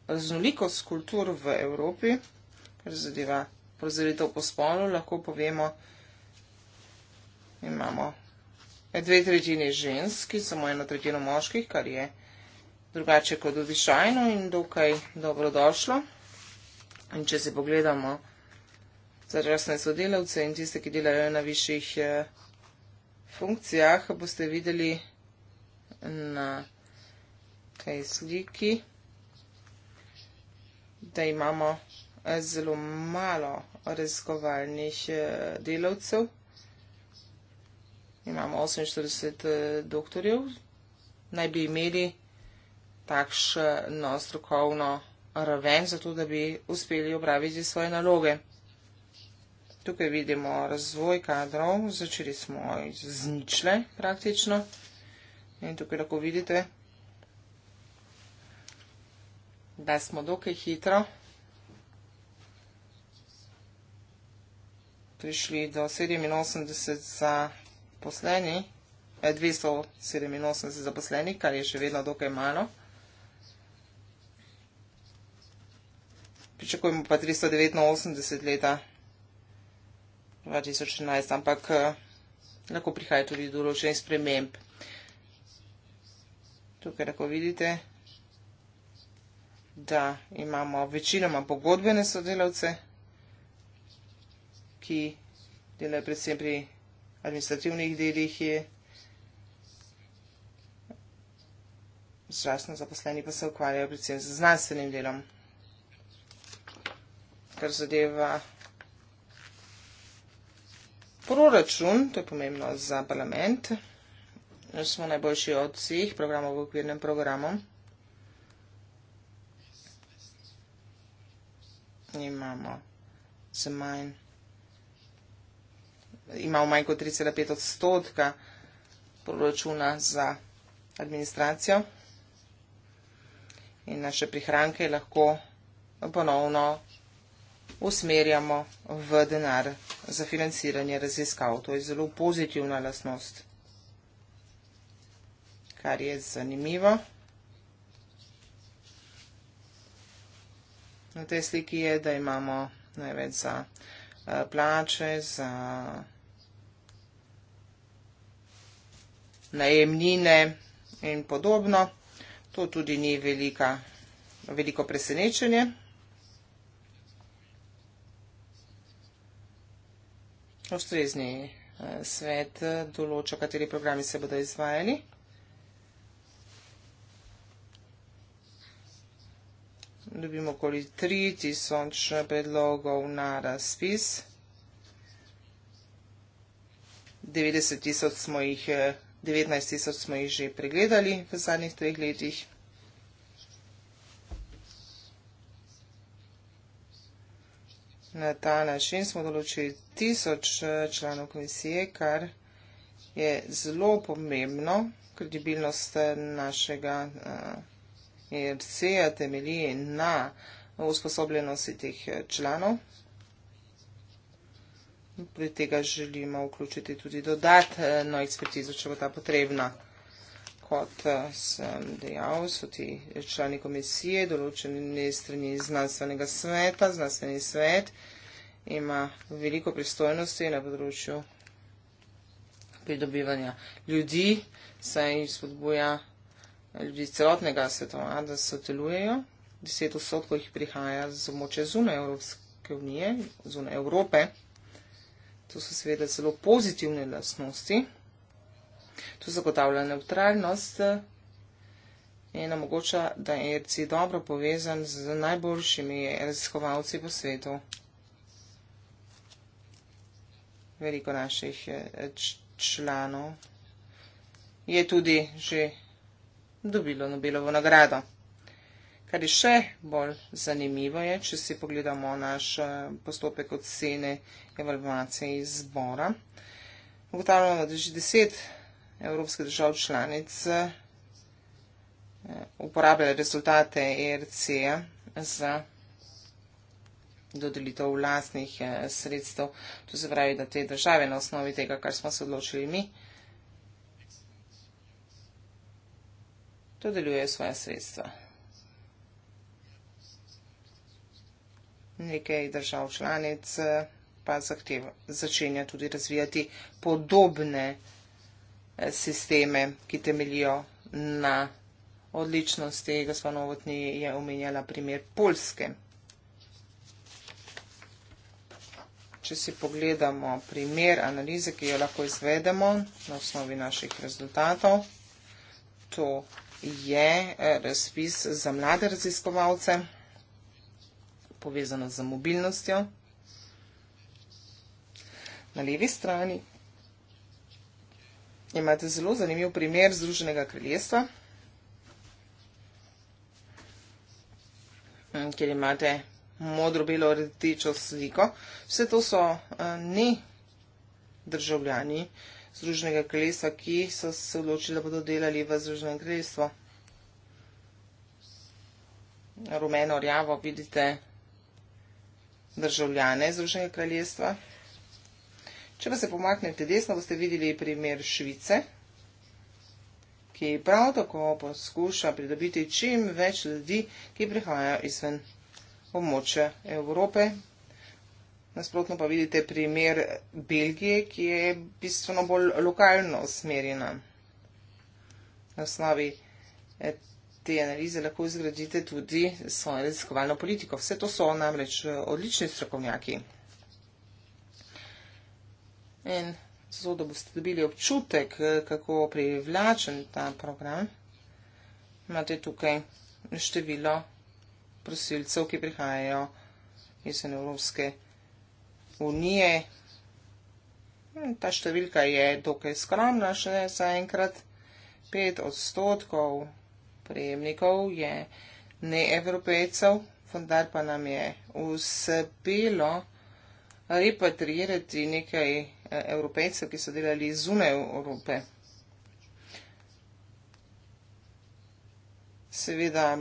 raznolikost kultur v Evropi, kar zadeva prozoritev po spolu, lahko povemo, imamo dve tretjine žensk in samo eno tretjino moških, kar je drugače kot običajno in dokaj dobrodošlo. In če si pogledamo za časne sodelavce in tiste, ki delajo na višjih eh, funkcijah, boste videli na tej sliki, da imamo eh, zelo malo raziskovalnih eh, delavcev. Imamo 48 doktorjev, naj bi imeli takšno strokovno raven, zato da bi uspeli opraviti svoje naloge. Tukaj vidimo razvoj kadrov, začeli smo z ničle praktično. In tukaj lahko vidite, da smo dokaj hitro prišli do 87 zaposlenih, eh, 287 zaposlenih, kar je še vedno dokaj malo. pričakujemo pa 389 leta 2011, ampak eh, lahko prihaja tudi določen sprememb. Tukaj lahko vidite, da imamo večinoma pogodbene sodelavce, ki delajo predvsem pri administrativnih delih, je zrasno zaposleni pa se ukvarjajo predvsem z znanstvenim delom kar zadeva proračun, to je pomembno za parlament. Smo najboljši od vseh programov v okvirnem programu. Imamo se manj. Imamo manj kot 3,5 odstotka proračuna za administracijo in naše prihranke lahko ponovno usmerjamo v denar za financiranje raziskav. To je zelo pozitivna lasnost, kar je zanimivo. Na tej sliki je, da imamo največ za eh, plače, za najemnine in podobno. To tudi ni velika, veliko presenečenje. končno ustrezni eh, svet eh, določa, kateri programi se bodo izvajali. Dobimo okoli 3000 eh, predlogov na razpis. 90 tisoč smo jih, 19 tisoč smo jih že pregledali v zadnjih treh letih. Na ta način smo določili tisoč eh, članov komisije, kar je zelo pomembno. Kredibilnost eh, našega IRC-ja eh, e temelji na usposobljenosti teh članov. Pri tega želimo vključiti tudi dodatno no, ekspertizo, če bo ta potrebna kot eh, sem dejal, so ti člani komisije določeni strani znanstvenega sveta. Znanstveni svet ima veliko pristojnosti na področju pridobivanja ljudi, saj spodbuja ljudi celotnega sveta, da sodelujejo. Deset odstotkov jih prihaja z moče zunaj Evropske unije, zunaj Evrope. To so seveda zelo pozitivne lasnosti. To zagotavlja neutralnost eh, in omogoča, da je ERC dobro povezan z najboljšimi raziskovalci po svetu. Veliko naših eh, članov je tudi že dobilo Nobelovo nagrado. Kar je še bolj zanimivo je, če si pogledamo naš eh, postopek ocene evalvacije izbora. Ugotavljamo, da že deset evropske držav članice eh, uporabljale rezultate ERC-ja za dodelitev vlastnih eh, sredstev. To se pravi, da te države na osnovi tega, kar smo se odločili mi, dodeljujejo svoje sredstva. Nekaj držav članic eh, pa zahteva, začenja tudi razvijati podobne eh, sisteme, ki temeljijo na odličnosti. Gospod Novotni je omenjala primer Polske. Če si pogledamo primer analize, ki jo lahko izvedemo na osnovi naših rezultatov, to je eh, razpis za mlade raziskovalce, povezano z mobilnostjo. Na levi strani imate zelo zanimiv primer Združenega kraljestva, hm, kjer imate modro-belo-rdečo sliko. Vse to so eh, ne državljani Združenega kraljestva, ki so se odločili, da bodo delali v Združenem kraljestvu. Rumeno rjavo vidite državljane Združenega kraljestva. Če pa se pomaknete desno, boste videli primer Švice, ki prav tako poskuša pridobiti čim več ljudi, ki prihajajo izven območja Evrope. Nasprotno pa vidite primer Belgije, ki je bistveno bolj lokalno usmerjena. Na osnovi eh, te analize lahko izgradite tudi svojo raziskovalno politiko. Vse to so namreč eh, odlični strokovnjaki in zato, da boste dobili občutek, kako privlačen ta program, imate tukaj število prosilcev, ki prihajajo iz Evropske unije. Ta številka je dokaj skromna, še zaenkrat 5 odstotkov prejemnikov je neevropejcev, vendar pa nam je uspelo repatrirati nekaj evropejcev, ki so delali zunaj Evrope. Seveda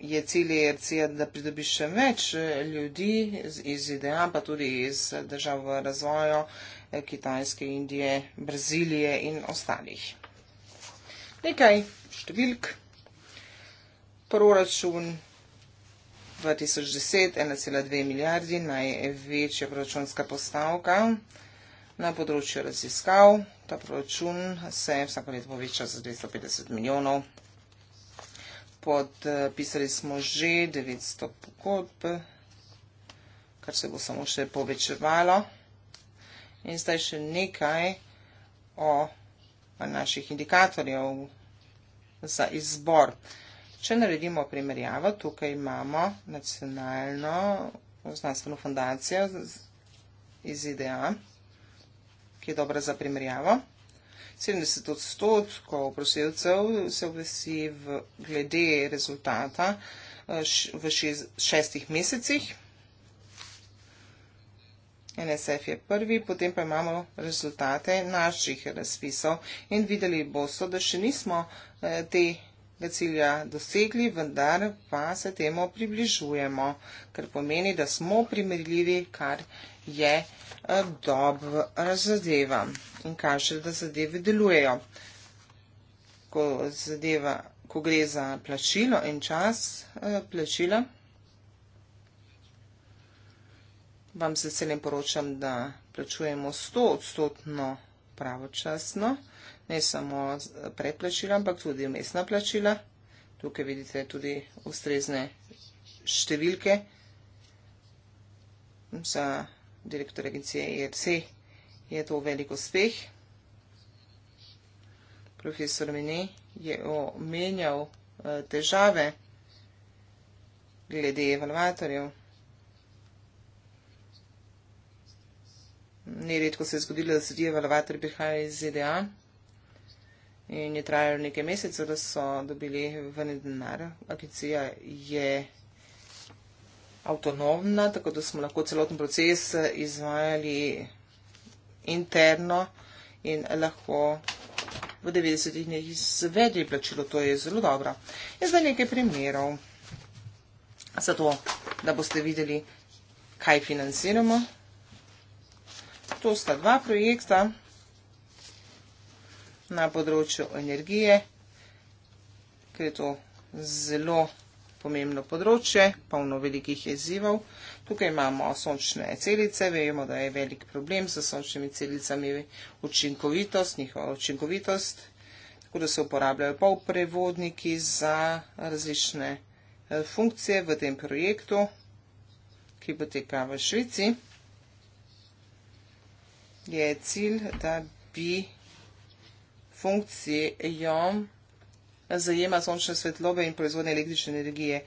je cilj IRC, e da pridobiš še več ljudi iz ZDA, pa tudi iz držav v razvoju, eh, Kitajske, Indije, Brazilije in ostalih. Nekaj številk. Proračun 2010 1,2 milijardi, največja proračunska postavka na področju raziskav. Ta proračun se vsako leto poveča za 250 milijonov. Podpisali smo že 900 pogodb, kar se bo samo še povečevalo. In zdaj še nekaj o naših indikatorjev za izbor. Če naredimo primerjavo, tukaj imamo nacionalno znanstveno fundacijo iz IDEA ki je dobra za primerjavo. 70 odstotkov prosilcev se obvesi v glede rezultata eh, v šestih mesecih. NSF je prvi, potem pa imamo rezultate naših razpisov in videli boste, da še nismo eh, te da cilja dosegli, vendar pa se temu približujemo, kar pomeni, da smo primerljivi, kar je eh, dobra zadeva in kaže, da zadeve delujejo. Ko, zadeva, ko gre za plačilo in čas eh, plačila, vam se celim poročam, da plačujemo 100 odstotno pravočasno ne samo predplačila, ampak tudi umestna plačila. Tukaj vidite tudi ustrezne številke za direktor agencije IRC. E je to velik uspeh. Profesor Mene je omenjal eh, težave glede evalvatorjev. Neredko se je zgodilo, da so ti evalvatorji prihajali iz ZDA. In je trajalo nekaj mesecev, da so dobili ven denar. Agencija je avtonomna, tako da smo lahko celoten proces izvajali interno in lahko v 90-ih dneh izvedli plačilo. To je zelo dobro. In zdaj nekaj primerov, zato da boste videli, kaj financiramo. To sta dva projekta na področju energije, ker je to zelo pomembno področje, polno velikih izzivov. Tukaj imamo sončne celice, vemo, da je velik problem z sončnimi celicami učinkovitost, njihova učinkovitost, tako da se uporabljajo polprevodniki za različne eh, funkcije v tem projektu, ki poteka v Švici. Je cilj, da bi funkcijo zajema sončne svetlobe in proizvodnje električne energije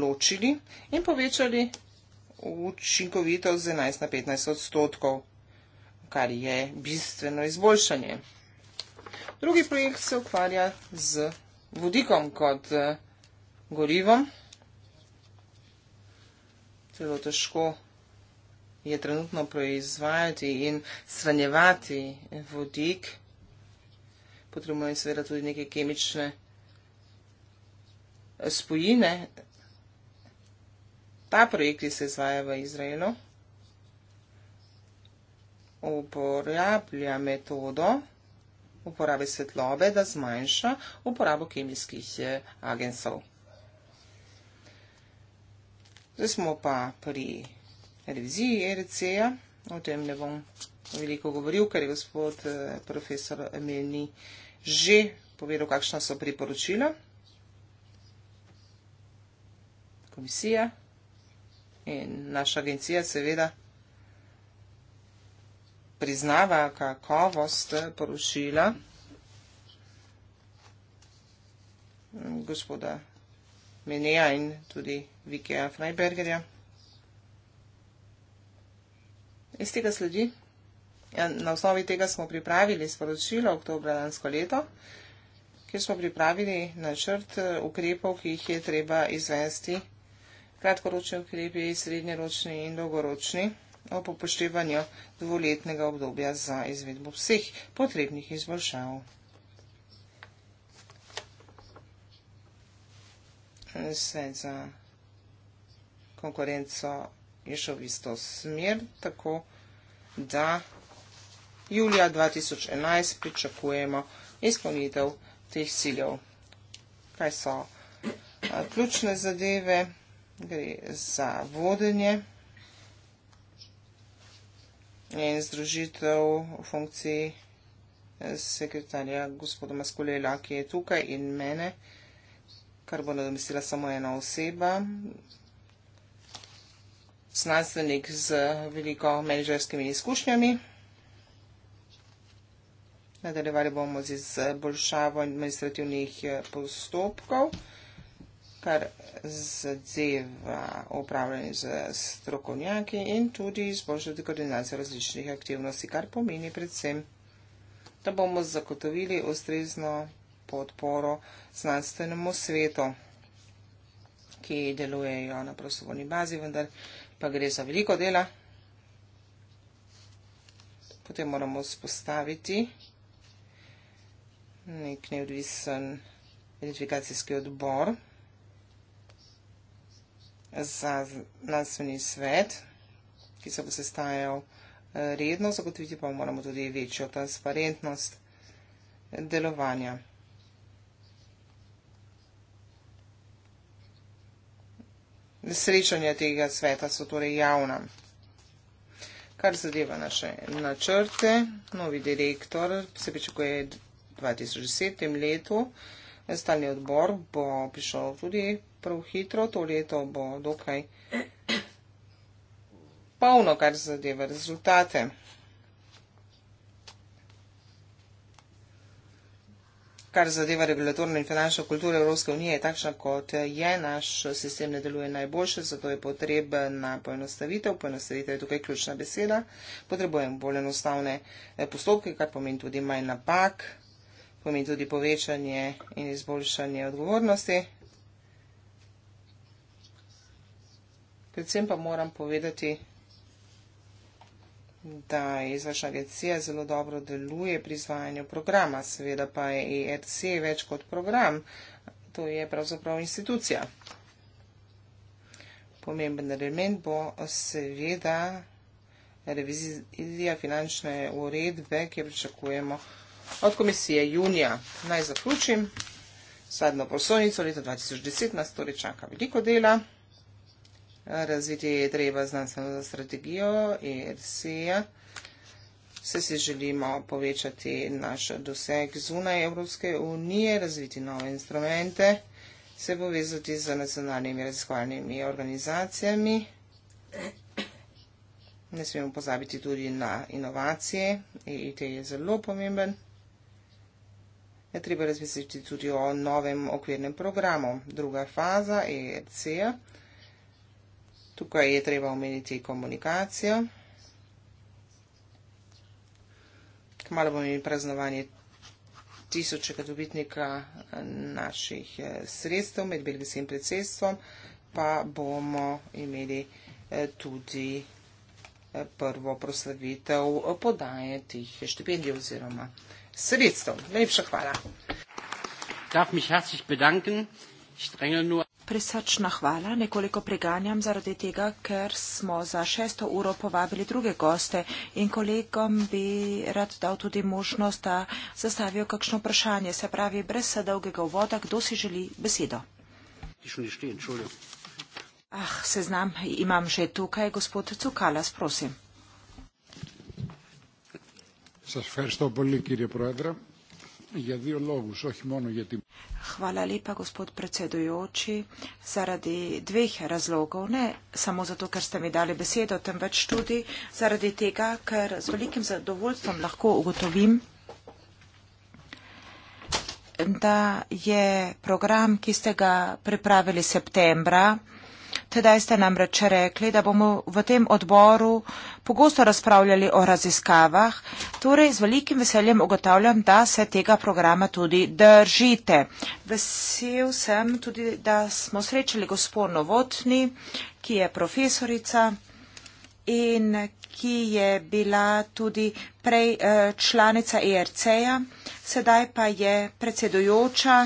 ločili in povečali učinkovitost z 11 na 15 odstotkov, kar je bistveno izboljšanje. Drugi projekt se ukvarja z vodikom kot eh, gorivom. Celo težko je trenutno proizvajati in sranjevati vodik potrebujemo seveda tudi neke kemične eh, spojine. Ta projekt, ki se izvaja v Izraelu, uporablja metodo uporabe svetlobe, da zmanjša uporabo kemijskih eh, agensov. Zdaj smo pa pri reviziji e RCA. O tem ne bom veliko govoril, ker je gospod eh, profesor Emeni že povedal, kakšna so priporočila. Komisija in naša agencija seveda priznava kakovost eh, poročila gospoda Meneja in tudi Vikeja Freibergerja. Iz tega sledi, ja, na osnovi tega smo pripravili sporočilo oktobra lansko leto, kjer smo pripravili načrt eh, ukrepov, ki jih je treba izvesti, kratkoročni ukrepi, srednjeročni in dolgoročni, ob upoštevanju dvoletnega obdobja za izvedbo vseh potrebnih izboljšav. Svet za konkurenco je šel v isto smer, tako da julija 2011 pričakujemo izpolnitev teh ciljev. Kaj so ključne zadeve? Gre za vodenje in združitev funkcij sekretarja gospoda Maskulela, ki je tukaj in mene, kar bo nadomestila samo ena oseba, znanstvenik z veliko menedžerskimi izkušnjami. Nadaljevali bomo z izboljšavo administrativnih eh, postopkov, kar zadeva upravljanje z strokovnjaki in tudi izboljšati koordinacijo različnih aktivnosti, kar pomeni predvsem, da bomo zagotovili ustrezno podporo znanstvenemu svetu, ki delujejo na prostovoljni bazi, vendar pa gre za veliko dela. Potem moramo spostaviti nek neodvisen identifikacijski odbor za nadstveni svet, ki se bo sestajal eh, redno, zagotoviti pa moramo tudi večjo transparentnost delovanja. srečanja tega sveta so torej javna. Kar zadeva naše načrte, novi direktor se pričakuje 2010 letu, stalni odbor bo prišel tudi prav hitro, to leto bo dokaj polno, kar zadeva rezultate. kar zadeva regulatorno in finančno kulturo Evropske unije, je takšna, kot je. Naš sistem ne deluje najboljše, zato je potrebna poenostavitev. Poenostavitev je tukaj ključna beseda. Potrebujemo bolj enostavne eh, postopke, kar pomeni tudi manj napak, pomeni tudi povečanje in izboljšanje odgovornosti. Predvsem pa moram povedati, da izvršna agencija zelo dobro deluje pri izvajanju programa, seveda pa je ERC več kot program, to je pravzaprav institucija. Pomemben element bo seveda revizija finančne uredbe, ki jo pričakujemo od komisije junija. Naj zaključim. Sadno prosojnico leta 2010 nas torej čaka veliko dela. Развитие треба знанствената стратегија и РСИА. Се се желимо повечати наш досег зуна Европске уније, развити нови инструменте, се повезати за националними разхвалними организацијами. Не смемо позабити туди на иновације и те је зело помембен. Не треба размислити туди о новем оквирнем програму. Друга фаза е РСИА. РСИА. Tukaj je treba omeniti komunikacijo. Kmalo bomo imeli praznovanje tisočega dobitnika eh, naših eh, sredstev med belgijskim predsedstvom, pa bomo imeli eh, tudi prvo proslavitev podaje tih štipendij oziroma sredstev. Najlepša hvala. Darf mich herzlich bedanken. Ich dränge nur presrčna hvala, nekoliko preganjam zaradi tega, ker smo za šesto uro povabili druge goste in kolegom bi rad dal tudi možnost, da zastavijo kakšno vprašanje. Se pravi, brez dolgega uvoda, kdo si želi besedo? Ah, se znam, imam že tukaj, gospod Cukalas, prosim. Zdaj, prvo, bolj nekje je prodra. Για δύο λόγου, όχι μόνο γιατί. Χαλά λίπα, γοσπότ πρετσέδουιότσι, ζαραδί δύχε ραζλόγο, ναι, σαμό ζατό καρστε μιντάλε μπεσίδο, τεν βέτ στούτι, ζαραδί τίγα, καρ ζολίκιμ ζαδοβούλθον λαχκό ουγοτοβίμ. Da je program, ki ste ga pripravili septembra, Tedaj ste nam reč rekli, da bomo v tem odboru pogosto razpravljali o raziskavah, torej z velikim veseljem ugotavljam, da se tega programa tudi držite. Vesel sem tudi, da smo srečali gospod Novotni, ki je profesorica in ki je bila tudi prej eh, članica ERC-ja, sedaj pa je predsedujoča.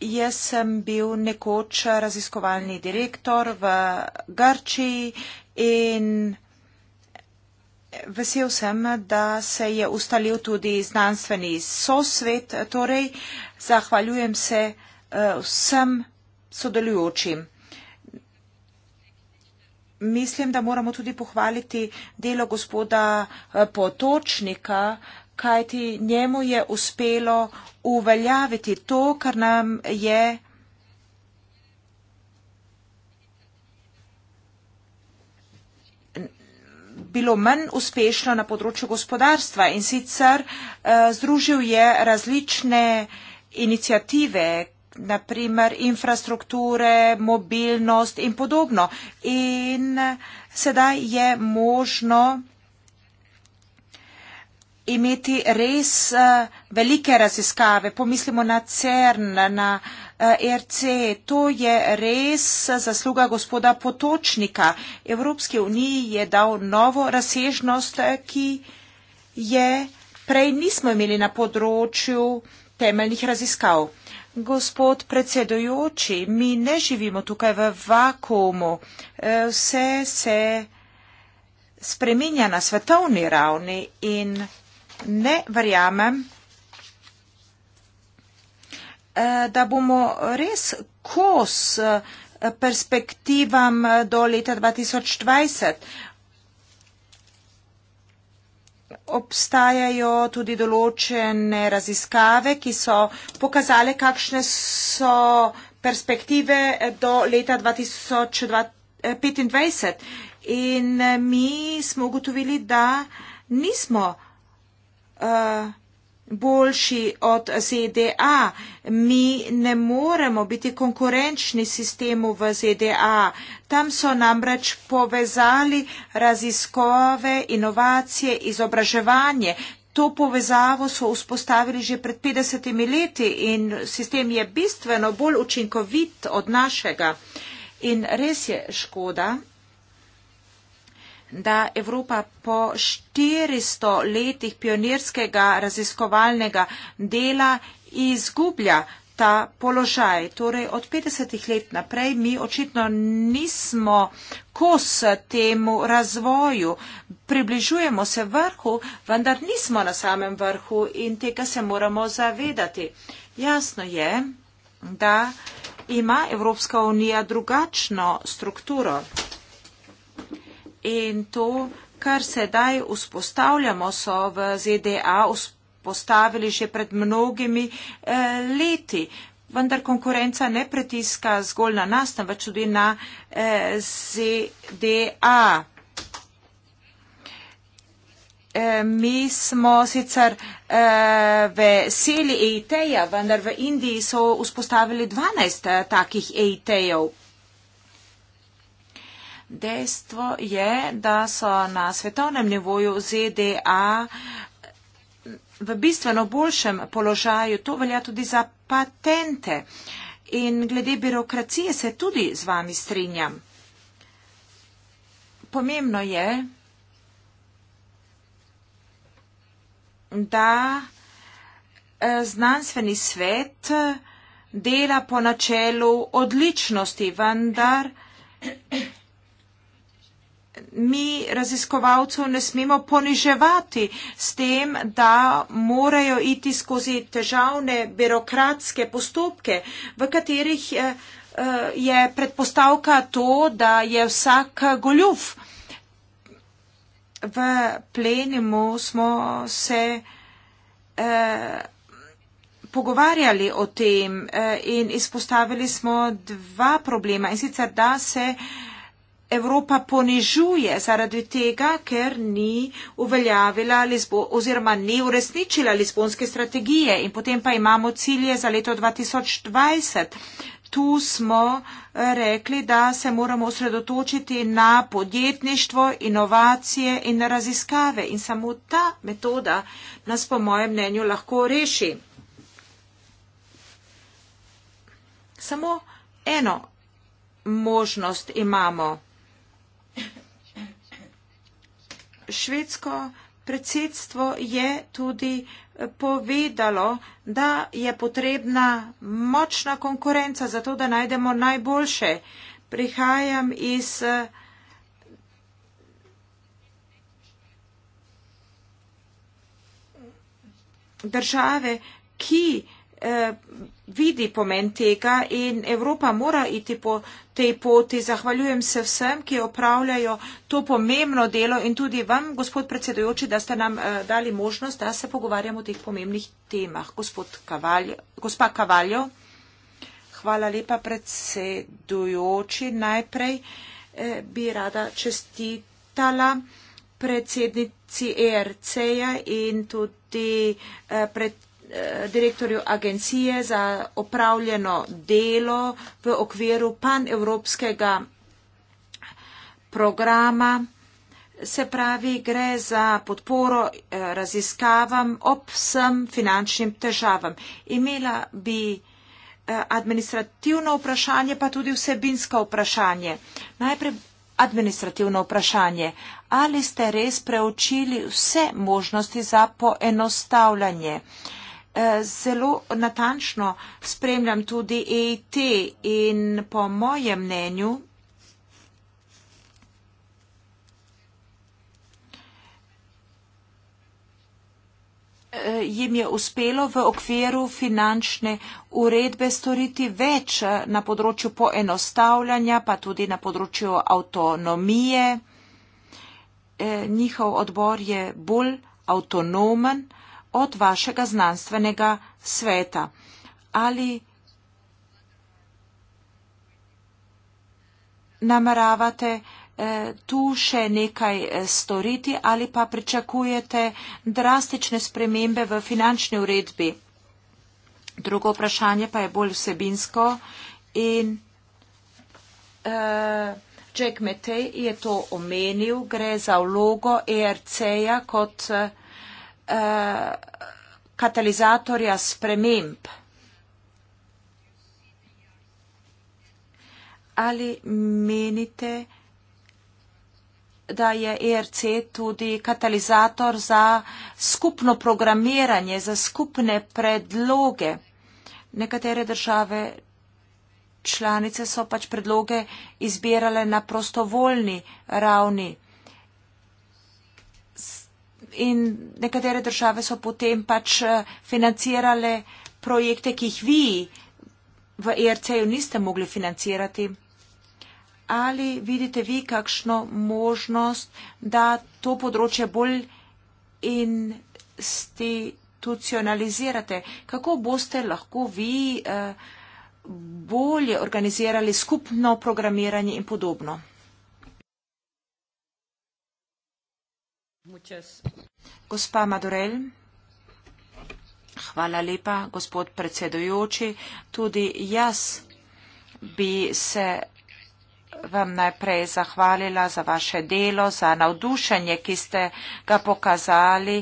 Jaz sem bil nekoč raziskovalni direktor v Grčiji in vesel sem, da se je ustalil tudi znanstveni sosvet. Torej, zahvaljujem se eh, vsem sodelujočim. Mislim, da moramo tudi pohvaliti delo gospoda eh, Potočnika, kajti njemu je uspelo uveljaviti to, kar nam je bilo manj uspešno na področju gospodarstva in sicer eh, združil je različne inicijative, naprimer infrastrukture, mobilnost in podobno. In eh, sedaj je možno imeti res uh, velike raziskave. Pomislimo na CERN, na uh, eh, e RC. To je res zasluga gospoda Potočnika. Evropske unije je dal novo razsežnost, eh, ki je prej nismo imeli na področju temeljnih raziskav. Gospod predsedujoči, mi ne živimo tukaj v vakumu. Vse se spreminja na svetovni ravni in ne verjamem, eh, da bomo res kos eh, perspektivam eh, do leta 2020. Obstajajo tudi določene raziskave, ki so pokazale, kakšne so perspektive do leta 2025. In mi smo ugotovili, da nismo Eh, boljši od ZDA. Mi ne moremo biti konkurenčni sistemu v ZDA. Tam so namreč povezali raziskove, inovacije, izobraževanje. To povezavo so vzpostavili že pred 50 leti in sistem je bistveno bolj učinkovit od našega. In res je škoda, da Evropa po 400 letih pionirskega raziskovalnega dela izgublja ta položaj. Torej od 50 let naprej mi očitno nismo kos temu razvoju. Približujemo se vrhu, vendar nismo na samem vrhu in tega se moramo zavedati. Jasno je, da ima Evropska unija drugačno strukturo in to, kar sedaj vzpostavljamo, so v ZDA vzpostavili že pred mnogimi eh, leti. Vendar konkurenca ne pritiska zgolj na nas, temveč tudi na eh, ZDA. Eh, mi smo sicer veseli EIT-ja, vendar v Indiji so vzpostavili 12 takih EIT-jev. Dejstvo je, da so na svetovnem nivoju ZDA v bistveno boljšem položaju. To velja tudi za patente. In glede birokracije se tudi z vami strinjam. Pomembno je, da eh, znanstveni svet dela po načelu odličnosti, vendar mi raziskovalcev ne smemo poniževati s tem, da morajo iti skozi težavne birokratske postopke, v katerih eh, eh, je predpostavka to, da je vsak goljuf. V plenimu smo se eh, pogovarjali o tem in izpostavili smo dva problema in sicer, da se Evropa ponižuje zaradi tega, ker ni uveljavila Lizbo oziroma ni uresničila Lizbonske strategije in potem pa imamo cilje za leto 2020. Tu smo eh, rekli, da se moramo osredotočiti na podjetništvo, inovacije in na raziskave in samo ta metoda nas po mojem mnenju lahko reši. Samo eno možnost imamo. švedsko predsedstvo je tudi eh, povedalo, da je potrebna močna konkurenca za to, da najdemo najboljše. Prihajam iz eh, države, ki eh, vidi pomen tega in Evropa mora iti po tej poti. Zahvaljujem se vsem, ki opravljajo to pomembno delo in tudi vam, gospod predsedujoči, da ste nam uh, dali možnost, da se pogovarjamo o teh pomembnih temah. Gospod Kavaljo, gospa Kavaljo, hvala lepa predsedujoči. Najprej eh, bi rada čestitala predsednici ERC-ja in tudi eh, predsednici Eh, direktorju agencije za opravljeno delo v okviru panevropskega programa. Se pravi, gre za podporo eh, raziskavam ob vsem finančnim težavam. Imela bi eh, administrativno vprašanje, pa tudi vsebinsko vprašanje. Najprej administrativno vprašanje. Ali ste res preučili vse možnosti za poenostavljanje? Uh, zelo natančno spremljam tudi EIT in po mojem mnenju jim je uspelo v okviru finančne uredbe storiti več na področju poenostavljanja, pa tudi na področju avtonomije. Eh, njihov odbor je bolj avtonomen od vašega znanstvenega sveta ali nameravate eh, tu še nekaj eh, storiti ali pa pričakujete drastične spremembe v finančni uredbi. Drugo vprašanje pa je bolj vsebinsko in uh, Jack Metej je to omenil, gre za vlogo ERC-ja kot uh, Eh, katalizatorja sprememb. Ali menite, da je ERC tudi katalizator za skupno programiranje, za skupne predloge? Nekatere države članice so pač predloge izbirale na prostovoljni ravni in nekatere države so potem pač eh, financirale projekte, ki jih vi v ERC-ju niste mogli financirati. Ali vidite vi kakšno možnost, da to področje bolj institucionalizirate? Kako boste lahko vi eh, bolje organizirali skupno programiranje in podobno? Gospa Madurel. Hvala lepa, gospod predsedujoči. Tudi jaz bi se vam najprej zahvalila za vaše delo, za navdušenje, ki ste ga pokazali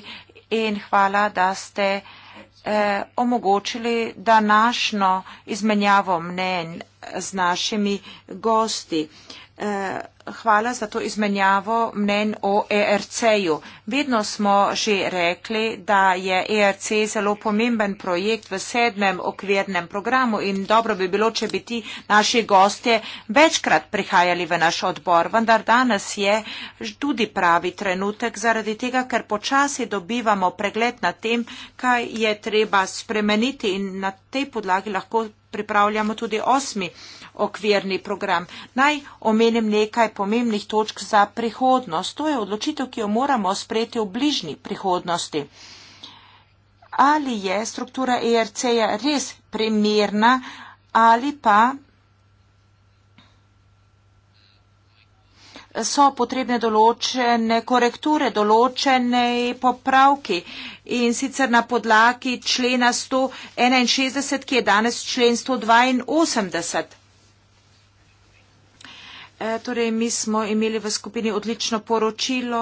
in hvala, da ste eh, omogočili današnjo izmenjavo mnen z našimi gosti. Eh, Eh, hvala za to izmenjavo mnen o ERC-ju. Vedno smo že rekli, da je ERC zelo pomemben projekt v sedmem okvirnem programu in dobro bi bilo, če bi ti naši gostje večkrat prihajali v naš odbor, vendar danes je tudi pravi trenutek zaradi tega, ker počasi dobivamo pregled na tem, kaj je treba spremeniti in na tej podlagi lahko pripravljamo tudi osmi okvirni program. Naj omenim nekaj pomembnih točk za prihodnost. To je odločitev, ki jo moramo sprejeti v bližnji prihodnosti. Ali je struktura ERC-ja res primerna ali pa so potrebne določene korekture, določene popravki in sicer na podlagi člena 161, ki je danes člen 182. E, torej, mi smo imeli v skupini odlično poročilo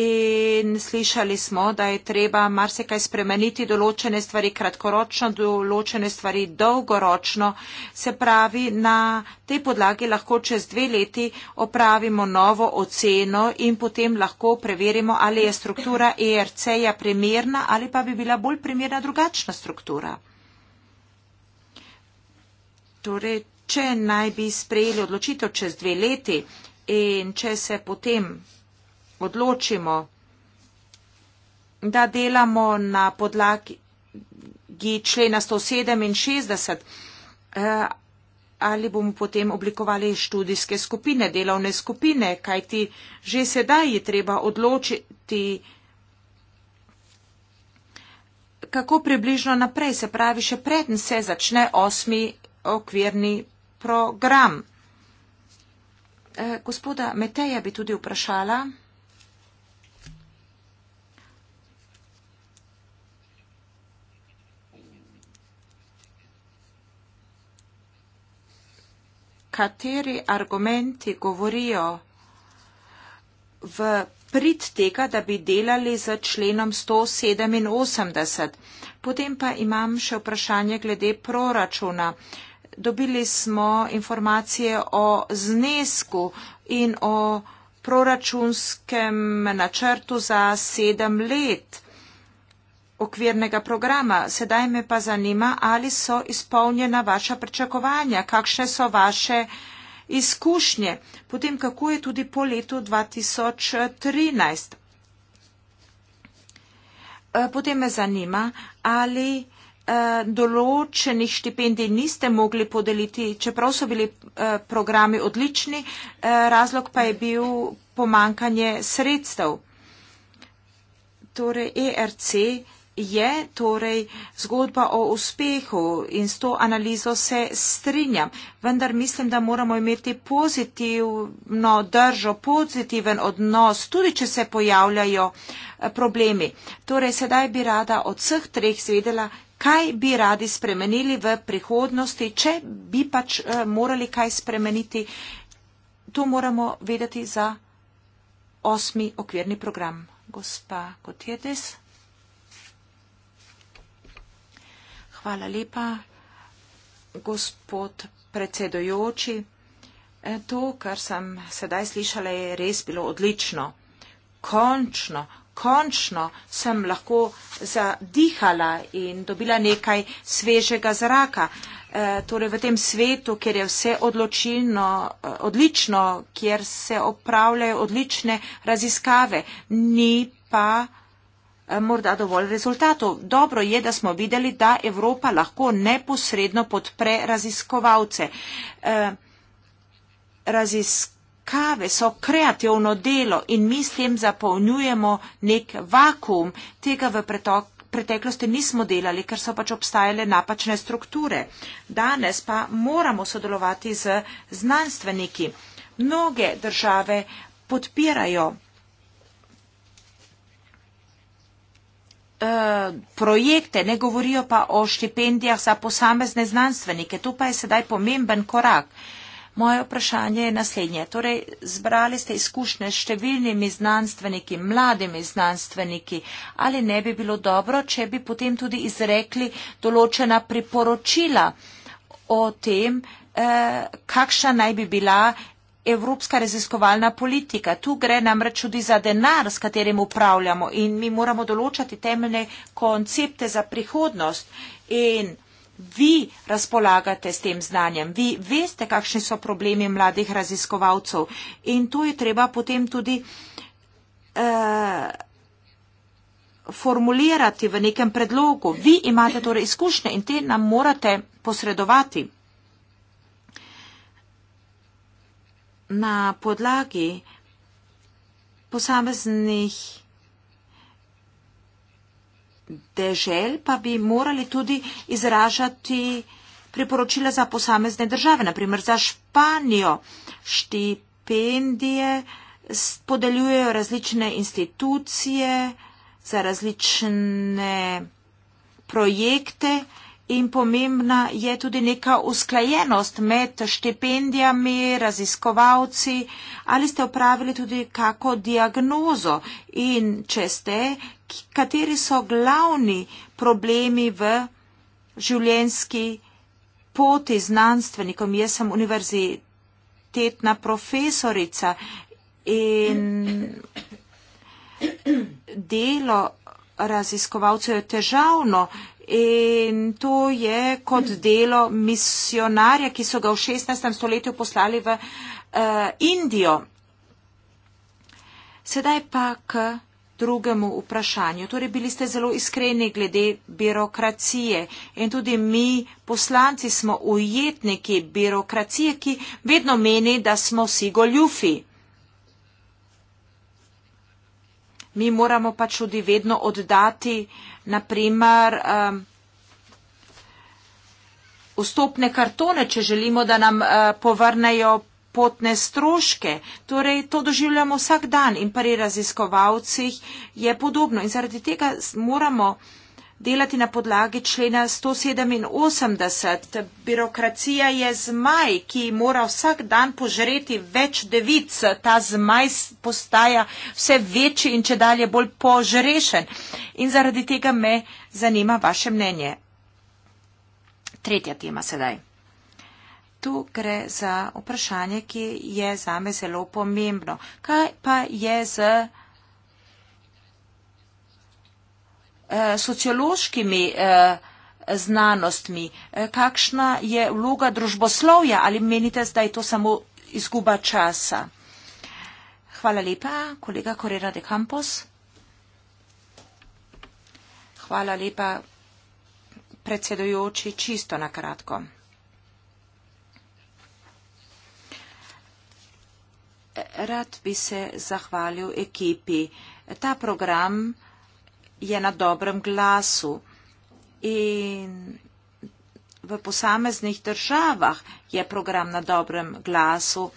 in slišali smo, da je treba marsikaj spremeniti, določene stvari kratkoročno, določene stvari dolgoročno. Se pravi, na tej podlagi lahko čez dve leti opravimo novo oceno in potem lahko preverimo, ali je struktura ERC-ja primerna ali pa bi bila bolj primerna drugačna struktura. Torej, če naj bi sprejeli odločitev čez dve leti in če se potem odločimo, da delamo na podlagi člena 167, eh, ali bomo potem oblikovali študijske skupine, delovne skupine, kajti že sedaj je treba odločiti, kako približno naprej, se pravi, še preden se začne osmi okvirni program. Eh, gospoda Meteja bi tudi vprašala. Kateri argumenti govorijo v prid tega, da bi delali z členom 187? Potem pa imam še vprašanje glede proračuna dobili smo informacije o znesku in o proračunskem načrtu za sedem let okvirnega programa. Sedaj me pa zanima, ali so izpolnjena vaša pričakovanja, kakšne so vaše izkušnje, potem kako je tudi po letu 2013. Eh, potem me zanima, ali Eh, določenih štipendij niste mogli podeliti, čeprav so bili eh, programi odlični, eh, razlog pa je bil pomankanje sredstev. Torej, ERC je torej zgodba o uspehu in s to analizo se strinjam. Vendar mislim, da moramo imeti pozitivno držo, pozitiven odnos, tudi če se pojavljajo problemi. Torej, sedaj bi rada od vseh treh zvedela, kaj bi radi spremenili v prihodnosti, če bi pač eh, morali kaj spremeniti. To moramo vedeti za osmi okvirni program. Gospa Kotjetis. Hvala lepa, gospod predsedojoči. Eh, to, kar sem sedaj slišala, je res bilo odlično. Končno, končno sem lahko zadihala in dobila nekaj svežega zraka. E, torej v tem svetu, kjer je vse odločilno, e, odlično, kjer se opravljajo odlične raziskave, ni pa e, morda dovolj rezultatov. Dobro je, da smo videli, da Evropa lahko neposredno podpre raziskovalce. E, raziskovalce kave so kreativno delo in mi s tem zapolnjujemo nek vakum. Tega v pretok, preteklosti nismo delali, ker so pač obstajale napačne strukture. Danes pa moramo sodelovati z znanstveniki. Mnoge države podpirajo eh, projekte, ne govorijo pa o štipendijah za posamezne znanstvenike. Tu pa je sedaj pomemben korak. Uh, Moje vprašanje je naslednje. Torej, zbrali ste izkušnje s številnimi znanstveniki, mladimi znanstveniki, ali ne bi bilo dobro, če bi potem tudi izrekli določena priporočila o tem, eh, kakšna naj bi bila evropska raziskovalna politika. Tu gre namreč tudi za denar, s katerim upravljamo in mi moramo določati temeljne koncepte za prihodnost. In vi razpolagate s tem znanjem, vi veste, kakšni so problemi mladih raziskovalcev in to je treba potem tudi eh, formulirati v nekem predlogu. Vi imate torej izkušnje in te nam morate posredovati. Na podlagi posameznih dežel pa bi morali tudi izražati priporočila za posamezne države, naprimer za Španijo. Štipendije podeljujejo različne institucije za različne projekte in pomembna je tudi neka usklajenost med štipendijami, raziskovalci. Ali ste opravili tudi kako diagnozo in če ste, kateri so glavni problemi v življenjski poti znanstvenikom. Jaz sem univerzitetna profesorica in delo raziskovalcev je težavno. In to je kot delo misionarja, ki so ga v 16. stoletju poslali v uh, Indijo. Sedaj pa k. Uh, drugemu vprašanju. Torej bili ste zelo iskreni glede birokracije in tudi mi poslanci smo ujetniki birokracije, ki vedno meni, da smo vsi goljufi. Mi moramo pač tudi vedno oddati, naprimer, um, vstopne kartone, če želimo, da nam uh, povrnejo potne stroške. Torej, to doživljamo vsak dan in pri raziskovalcih je podobno. In zaradi tega moramo delati na podlagi člena 187. Birokracija je zmaj, ki mora vsak dan požreti več devic. Ta zmaj postaja vse večji in če dalje bolj požrešen. In zaradi tega me zanima vaše mnenje. Tretja tema sedaj. Tu gre za vprašanje, ki je zame zelo pomembno. Kaj pa je z eh, sociološkimi eh, znanostmi? Eh, kakšna je vloga družboslovja? Ali menite, da je to samo izguba časa? Hvala lepa, kolega Correra de Campos. Hvala lepa, predsedujoči, čisto na kratko. rad bi se zahvalil ekipi. Ta program je na dobrem glasu in v posameznih državah je program na dobrem glasu.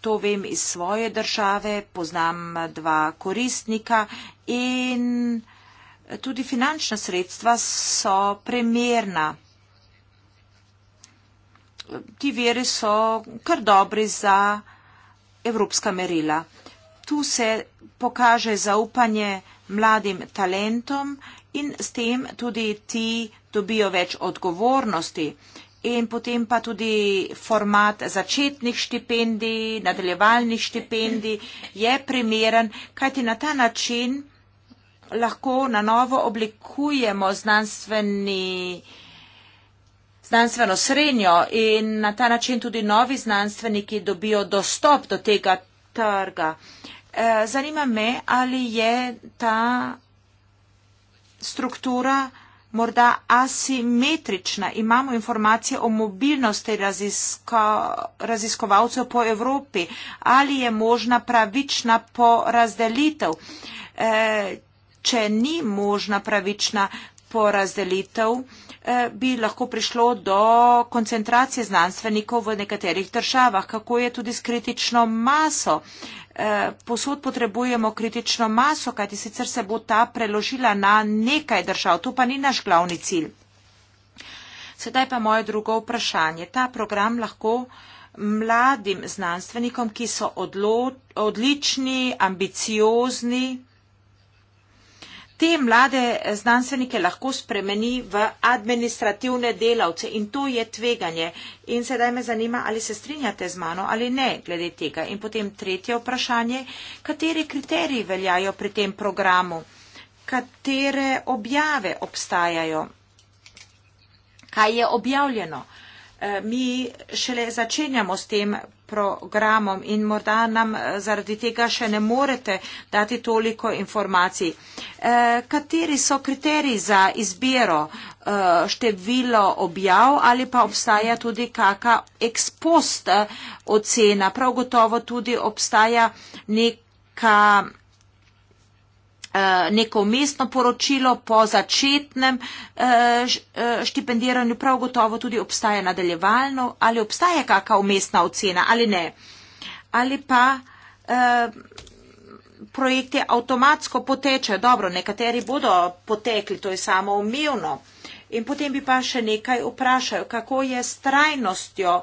To vem iz svoje države, poznam dva koristnika in tudi finančna sredstva so primerna. Ti veri so kar dobri za evropska merila. Tu se pokaže zaupanje mladim talentom in s tem tudi ti dobijo več odgovornosti. In potem pa tudi format začetnih štipendij, nadaljevalnih štipendij je primeren, kajti na ta način lahko na novo oblikujemo znanstveni znanstveno srednjo in na ta način tudi novi znanstveniki dobijo dostop do tega trga. E, zanima me, ali je ta struktura morda asimetrična. Imamo informacije o mobilnosti razisko, raziskovalcev po Evropi. Ali je možna pravična porazdelitev? E, če ni možna pravična porazdelitev, Eh, bi lahko prišlo do koncentracije znanstvenikov v nekaterih državah, kako je tudi s kritično maso. Eh, posod potrebujemo kritično maso, kajti sicer se bo ta preložila na nekaj držav, to pa ni naš glavni cilj. Sedaj pa moje drugo vprašanje. Ta program lahko mladim znanstvenikom, ki so odlo, odlični, ambiciozni, te mlade znanstvenike lahko spremeni v administrativne delavce in to je tveganje. In sedaj me zanima, ali se strinjate z mano ali ne glede tega. In potem tretje vprašanje, kateri kriteriji veljajo pri tem programu, katere objave obstajajo, kaj je objavljeno mi šele začenjamo s tem programom in morda nam eh, zaradi tega še ne morete dati toliko informacij. Eh, kateri so kriteriji za izbiro eh, število objav ali pa obstaja tudi kaka ekspost ocena? Prav gotovo tudi obstaja neka Eh, neko mestno poročilo po začetnem eh, eh, štipendiranju, prav gotovo tudi obstaja nadaljevalno, ali obstaja kakav mestna ocena ali ne. Ali pa projekte avtomatsko potečejo, dobro, nekateri bodo potekli, to je samo umivno. In potem bi pa še nekaj vprašal, kako je s trajnostjo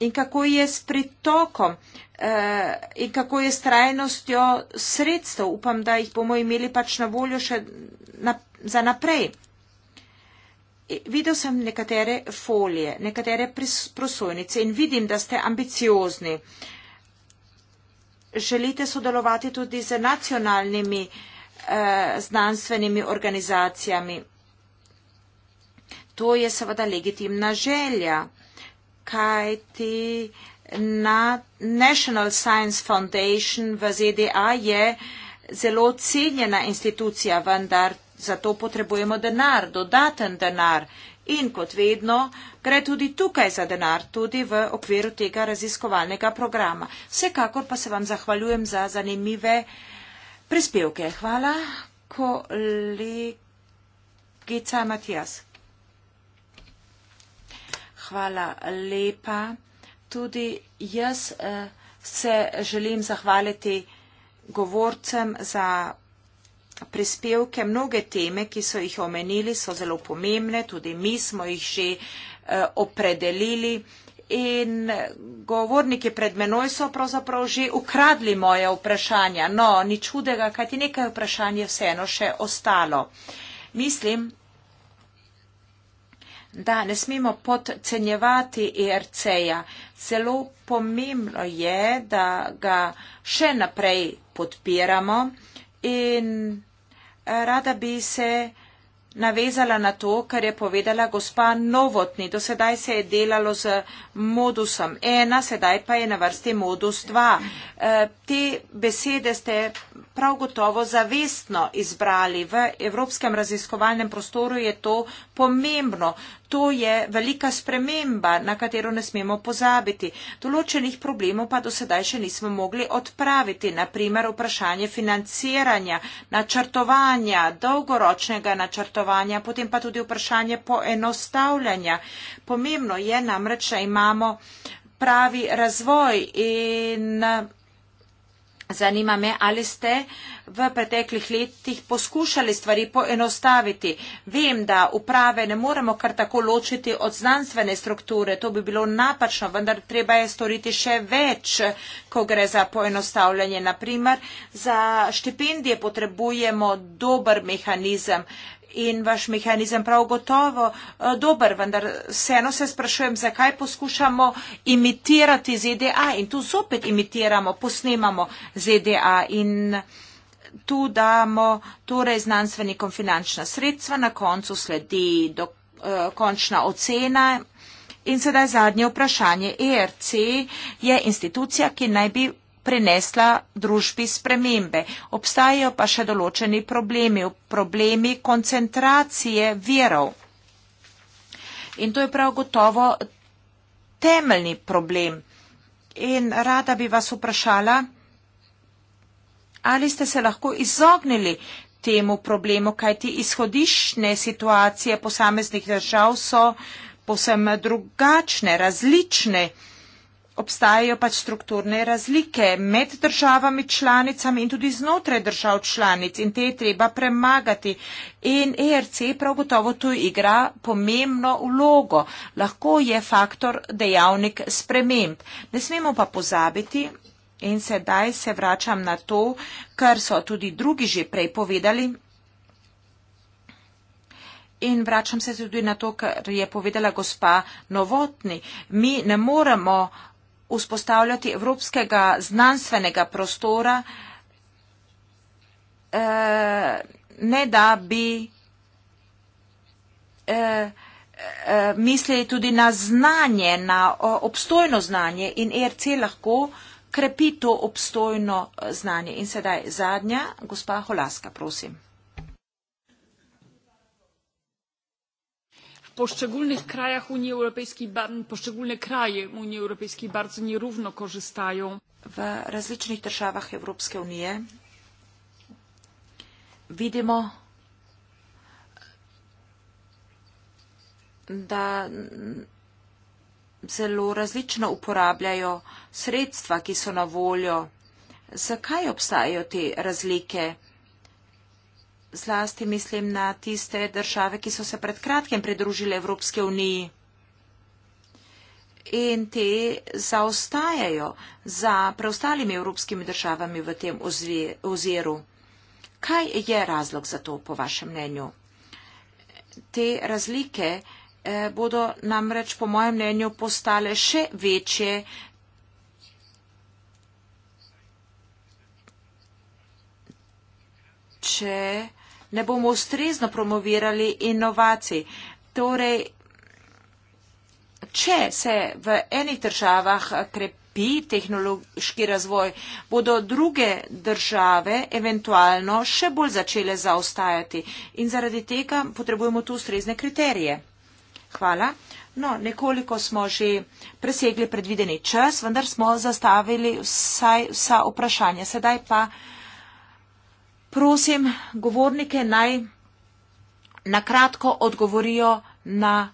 in kako je s pritokom eh, in kako je s trajnostjo sredstev. Upam, da jih bomo imeli pač na voljo še na, za naprej. E, videl sem nekatere folije, nekatere prosojnice in vidim, da ste ambiciozni. Želite sodelovati tudi z nacionalnimi eh, znanstvenimi organizacijami. To je seveda legitimna želja kajti na National Science Foundation v ZDA je zelo ciljena institucija, vendar zato potrebujemo denar, dodaten denar. In kot vedno, gre tudi tukaj za denar, tudi v okviru tega raziskovalnega programa. Vsekakor pa se vam zahvaljujem za zanimive prispevke. Hvala, kolegica Matijas hvala lepa. Tudi jaz eh, se želim zahvaliti govorcem za prispevke. Mnoge teme, ki so jih omenili, so zelo pomembne, tudi mi smo jih že eh, opredelili. In govorniki pred menoj so pravzaprav že ukradli moje vprašanja. No, nič hudega, kajti nekaj vprašanj je vseeno še ostalo. Mislim, da ne smemo podcenjevati IRC-ja. E Zelo pomembno je, da ga še naprej podpiramo in rada bi se uh, navezala na to, kar je povedala gospa Novotni. Do sedaj se je delalo z modusom ena, sedaj pa je na vrsti modus dva. Eh, te besede ste prav gotovo zavestno izbrali. V evropskem raziskovalnem prostoru je to pomembno. To je velika sprememba, na katero ne smemo pozabiti. Določenih problemov pa do sedaj še nismo mogli odpraviti. Naprimer, vprašanje financiranja, načrtovanja, dolgoročnega načrtovanja svetovanja, potem pa tudi vprašanje poenostavljanja. Pomembno je namreč, da imamo pravi razvoj in eh, zanima me, ali ste v preteklih letih poskušali stvari poenostaviti. Vem, da uprave ne moremo kar tako ločiti od znanstvene strukture, to bi bilo napačno, vendar treba je storiti še več, ko gre za poenostavljanje. Naprimer, za štipendije potrebujemo dober mehanizem in vaš mehanizem prav gotovo eh, dober, vendar vseeno se sprašujem, zakaj poskušamo imitirati ZDA in tu zopet imitiramo, posnemamo ZDA in tu damo torej znanstvenikom finančna sredstva, na koncu sledi do, eh, končna ocena. In sedaj zadnje vprašanje. ERC je institucija, ki naj bi prinesla družbi spremembe. Obstajajo pa še določeni problemi, problemi koncentracije verov. In to je prav gotovo temeljni problem. In rada bi vas vprašala, ali ste se lahko izognili temu problemu, kajti izhodišne situacije posameznih držav so posem drugačne, različne obstajajo pač strukturne razlike med državami članicami in tudi znotraj držav članic in te je treba premagati. In ERC prav gotovo tu igra pomembno vlogo. Lahko je faktor dejavnik sprememb. Ne smemo pa pozabiti in sedaj se vračam na to, kar so tudi drugi že prej povedali. In vračam se tudi na to, kar je povedala gospa Novotni. Mi ne moremo uh, vzpostavljati evropskega znanstvenega prostora, eh, ne da bi eh, eh, mislili tudi na znanje, na obstojno znanje in ERC lahko krepi to obstojno znanje. In sedaj zadnja, gospa Holaska, prosim. poszczególnych krajach Unii Europejskiej, poszczególne kraje Unii Europejskiej bardzo nierówno korzystają. W различnych krajach Europejskiej Unii widzimy, da zelo različno uporabljajo sredstva, ki so na voljo. Zakaj obstajajo te razlike? zlasti mislim na tiste države, ki so se pred kratkim pridružile Evropske unije. In te zaostajajo za preostalimi evropskimi državami v tem oziru. Kaj je razlog za to, po vašem mnenju? Te razlike eh, bodo namreč, po mojem mnenju, postale še večje, če eh, ne bomo ustrezno promovirali inovacij. Torej, če se v enih državah krepi tehnološki razvoj, bodo druge države eventualno še bolj začele zaostajati in zaradi tega potrebujemo tu ustrezne kriterije. Hvala. No, nekoliko smo že presegli predvideni čas, vendar smo zastavili vsaj vsa vprašanja. Sedaj pa prosim govornike naj na kratko odgovorijo na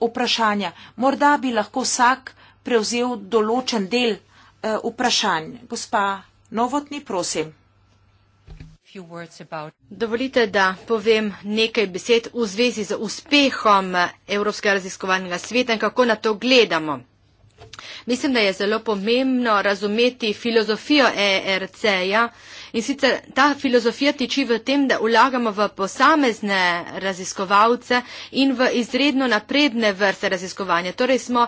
vprašanja. Morda bi lahko vsak prevzel določen del eh, vprašanj. Gospa Novotni, prosim. Dovolite, da povem nekaj besed v zvezi z uspehom eh, Evropskega raziskovalnega sveta in kako na to gledamo. Mislim, da je zelo pomembno razumeti filozofijo ERC-ja, -ja, In sicer ta filozofija tiči v tem, da vlagamo v posamezne raziskovalce in v izredno napredne vrste raziskovanja. Torej smo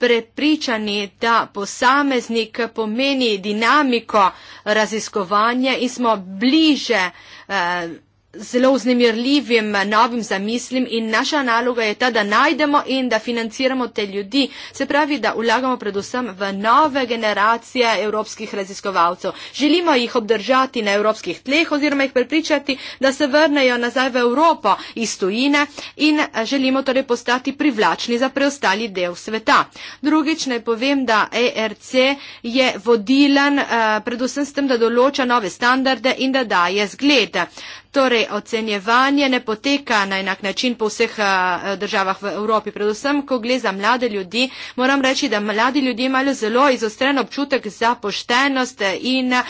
prepričani, da posameznik pomeni dinamiko raziskovanja in smo bliže. Eh, zelo vznemirljivim eh, novim zamislim in naša naloga je ta, da najdemo in da financiramo te ljudi. Se pravi, da ulagamo predvsem v nove generacije evropskih raziskovalcev. Želimo jih obdržati na evropskih tleh oziroma jih prepričati, da se vrnejo nazaj v Evropo iz tujine in eh, želimo torej postati privlačni za preostali del sveta. Drugič naj povem, da ERC je vodilen eh, predvsem s tem, da določa nove standarde in da daje zglede. Torej, ocenjevanje ne poteka na enak način po vseh eh, državah v Evropi. Predvsem, ko gre za mlade ljudi, moram reči, da mladi ljudje imajo zelo izostren občutek za poštenost eh, in eh,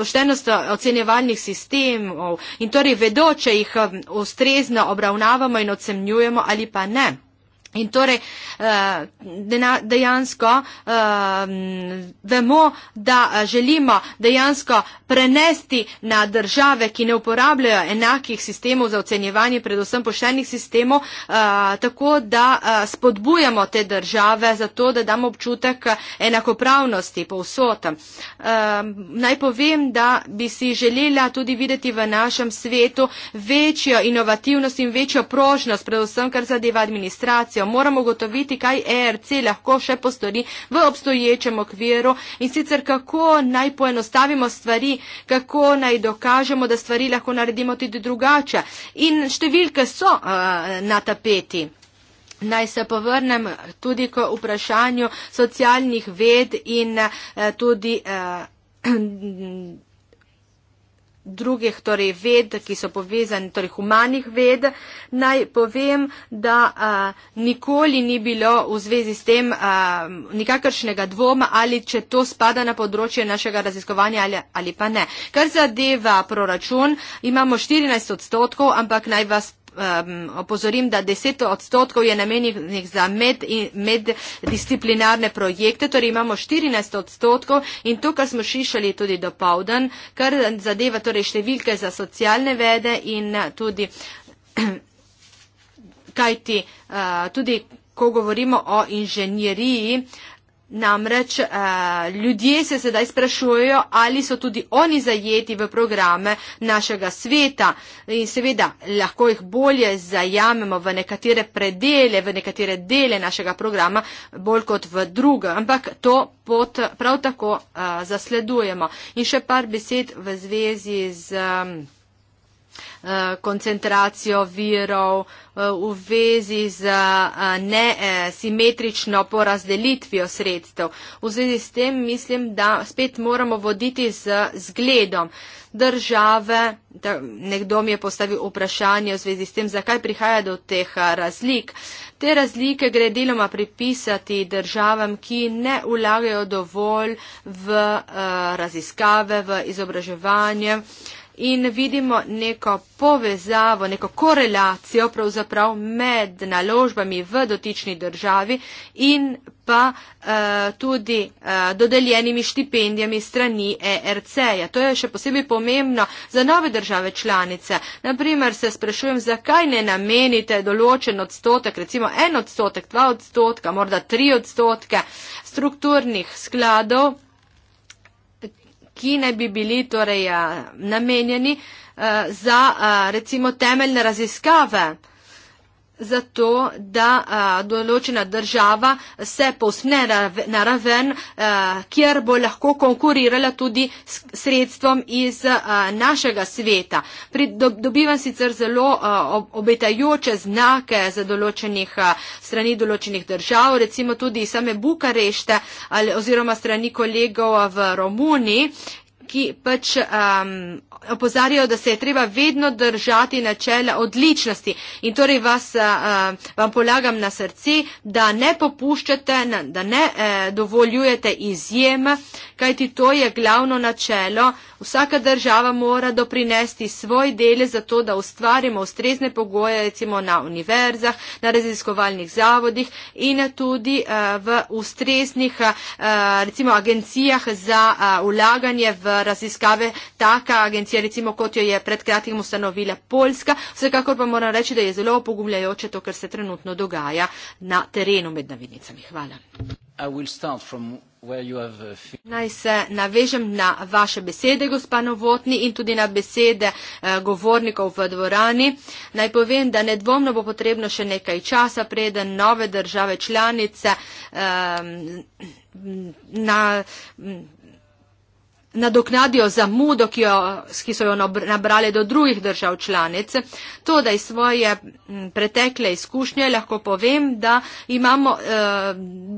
poštenost ocenjevalnih sistemov. In torej, vedo, če jih ustrezno obravnavamo in ocenjujemo ali pa ne. In torej eh, dejansko eh, vemo, da eh, želimo dejansko prenesti na države, ki ne uporabljajo enakih sistemov za ocenjevanje, predvsem poštenih sistemov, tako da spodbujamo te države za to, da damo občutek enakopravnosti po vsotem. Naj povem, da bi si želela tudi videti v našem svetu večjo inovativnost in večjo prožnost, predvsem kar zadeva administracijo funkcijo, moramo gotoviti, kaj ERC lahko še postori v obstoječem okviru in sicer kako naj poenostavimo stvari, kako naj dokažemo, da stvari lahko naredimo tudi drugače. In številke so uh, na tapeti. Naj se povrnem tudi k vprašanju socialnih ved in uh, tudi. Uh, drugih torej ved, ki so povezani, torej humanih ved, naj povem, da a, nikoli ni bilo v zvezi s tem a, nikakršnega dvoma, ali če to spada na področje našega raziskovanja ali, ali pa ne. Kar zadeva proračun, imamo 14 odstotkov, ampak naj vas um, opozorim, da deset odstotkov je namenjenih za med, meddisciplinarne projekte, torej imamo 14 odstotkov in to, kar smo šišali tudi do povdan, kar zadeva torej številke za socialne vede in uh, tudi kajti uh, tudi, ko govorimo o inženjeriji, uh, Namreč eh, ljudje se sedaj sprašujejo, ali so tudi oni zajeti v programe našega sveta in seveda lahko jih bolje zajamemo v nekatere predele, v nekatere dele našega programa, bolj kot v druge, ampak to pot prav tako eh, zasledujemo. In še par besed v zvezi z. Eh, koncentracijo virov eh, v vezi z eh, nesimetrično porazdelitvijo sredstev. V zvezi s tem mislim, da spet moramo voditi z zgledom države. Nekdo mi je postavil vprašanje v zvezi s tem, zakaj prihaja do teh razlik. Te razlike gre deloma pripisati državam, ki ne ulagajo dovolj v raziskave, v izobraževanje in vidimo neko povezavo, neko korelacijo pravzaprav med naložbami v dotični državi in pa uh, tudi uh, dodeljenimi štipendijami strani ERC-ja. To je še posebej pomembno za nove države članice. Naprimer se sprašujem, zakaj ne namenite določen odstotek, recimo en odstotek, dva odstotka, morda tri odstotke strukturnih skladov ki naj bi bili torej, namenjeni za recimo temeljne raziskave zato, da a, določena država se povsne na raven, a, kjer bo lahko konkurirala tudi s sredstvom iz a, našega sveta. Pri, do, dobivam sicer zelo a, ob, obetajoče znake za določenih a, strani določenih držav, recimo tudi same Bukarešte ali, oziroma strani kolegov v Romuniji ki pač um, opozarjajo, da se je treba vedno držati načela odličnosti. In torej vas, uh, uh vam polagam na srce, da ne popuščate, da ne uh, dovoljujete izjem, kajti to je glavno načelo Vsaka država mora doprinesti svoj del za to, da ustvarimo ustrezne pogoje, recimo na univerzah, na raziskovalnih zavodih in tudi eh, v ustreznih, eh, recimo, agencijah za ulaganje eh, v raziskave. Taka agencija, recimo, kot jo je pred kratkim ustanovila Poljska, vsekakor pa moram reči, da je zelo opogumljajoče to, kar se trenutno dogaja na terenu med navidnicami. Hvala. I will start from Uh, Naj se navežem na vaše besede, gospa Novotni, in tudi na besede eh, govornikov v dvorani. Naj povem, da nedvomno bo potrebno še nekaj časa, preden nove države članice eh, na. Hm, nadoknadijo zamudo, ki, jo, ki so jo nabrali do drugih držav članic. To, da iz svoje pretekle izkušnje lahko povem, da imamo eh,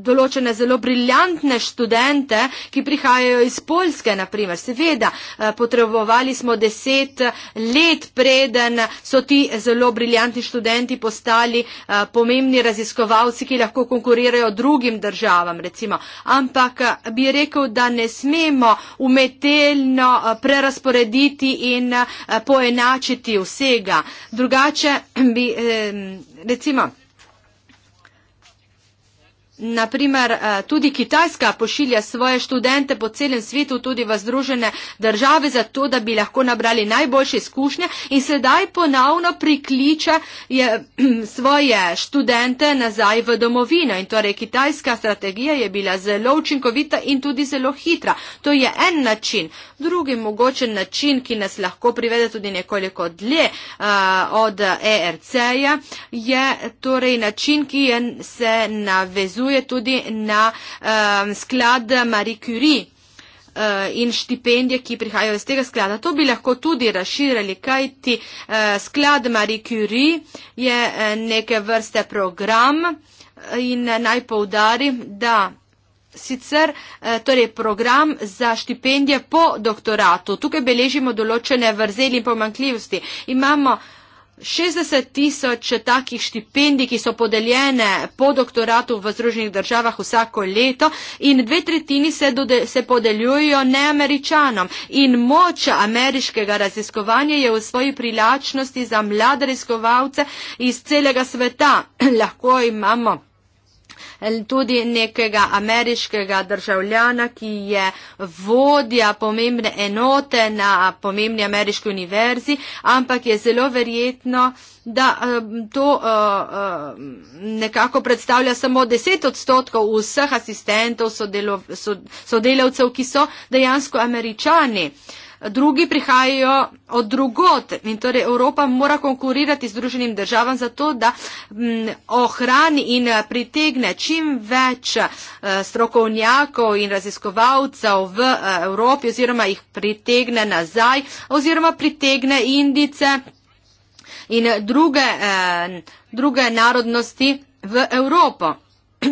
določene zelo briljantne študente, ki prihajajo iz Poljske, naprimer. Seveda, eh, potrebovali smo deset let preden so ti zelo briljantni študenti postali eh, pomembni raziskovalci, ki lahko konkurirajo drugim državam, recimo. Ampak eh, bi rekel, da ne smemo umeti detaljno eh, prerasporediti in eh, poenačiti vsega. Drugače bi, recimo, Naprimer, eh, tudi Kitajska pošilja svoje študente po celem svetu, tudi v združene države, zato da bi lahko nabrali najboljše izkušnje in sedaj ponovno prikliče je, svoje študente nazaj v domovino. In torej, kitajska strategija je bila zelo učinkovita in tudi zelo hitra. To je en način. Drugi mogočen način, ki nas lahko privede tudi nekoliko dlje uh, od ERC-ja, je torej način, ki je, se navezuje deluje tudi na um, sklad Marie Curie eh, in štipendije, ki prihajajo iz tega sklada. To bi lahko tudi razširili, kajti eh, sklad Marie Curie je eh, neke vrste program in naj poudarim, da sicer torej program za štipendije po doktoratu. Tukaj beležimo določene vrzeli in pomankljivosti. Imamo 60 tisoč takih štipendij, ki so podeljene po doktoratu v Združenih državah vsako leto in dve tretjini se, se podeljujo neameričanom. In moč ameriškega raziskovanja je v svoji prilačnosti za mlade raziskovalce iz celega sveta. Lahko imamo tudi nekega ameriškega državljana, ki je vodja pomembne enote na pomembni ameriški univerzi, ampak je zelo verjetno, da eh, to eh, eh, nekako predstavlja samo 10 odstotkov vseh asistentov, sodelov, sodelovcev, ki so dejansko američani drugi prihajajo od drugot in torej Evropa mora konkurirati z druženim državam za to, da m, mm, ohrani in eh, pritegne čim več eh, strokovnjakov in raziskovalcev v eh, Evropi oziroma jih pritegne nazaj oziroma pritegne indice in druge, druge narodnosti v Evropo.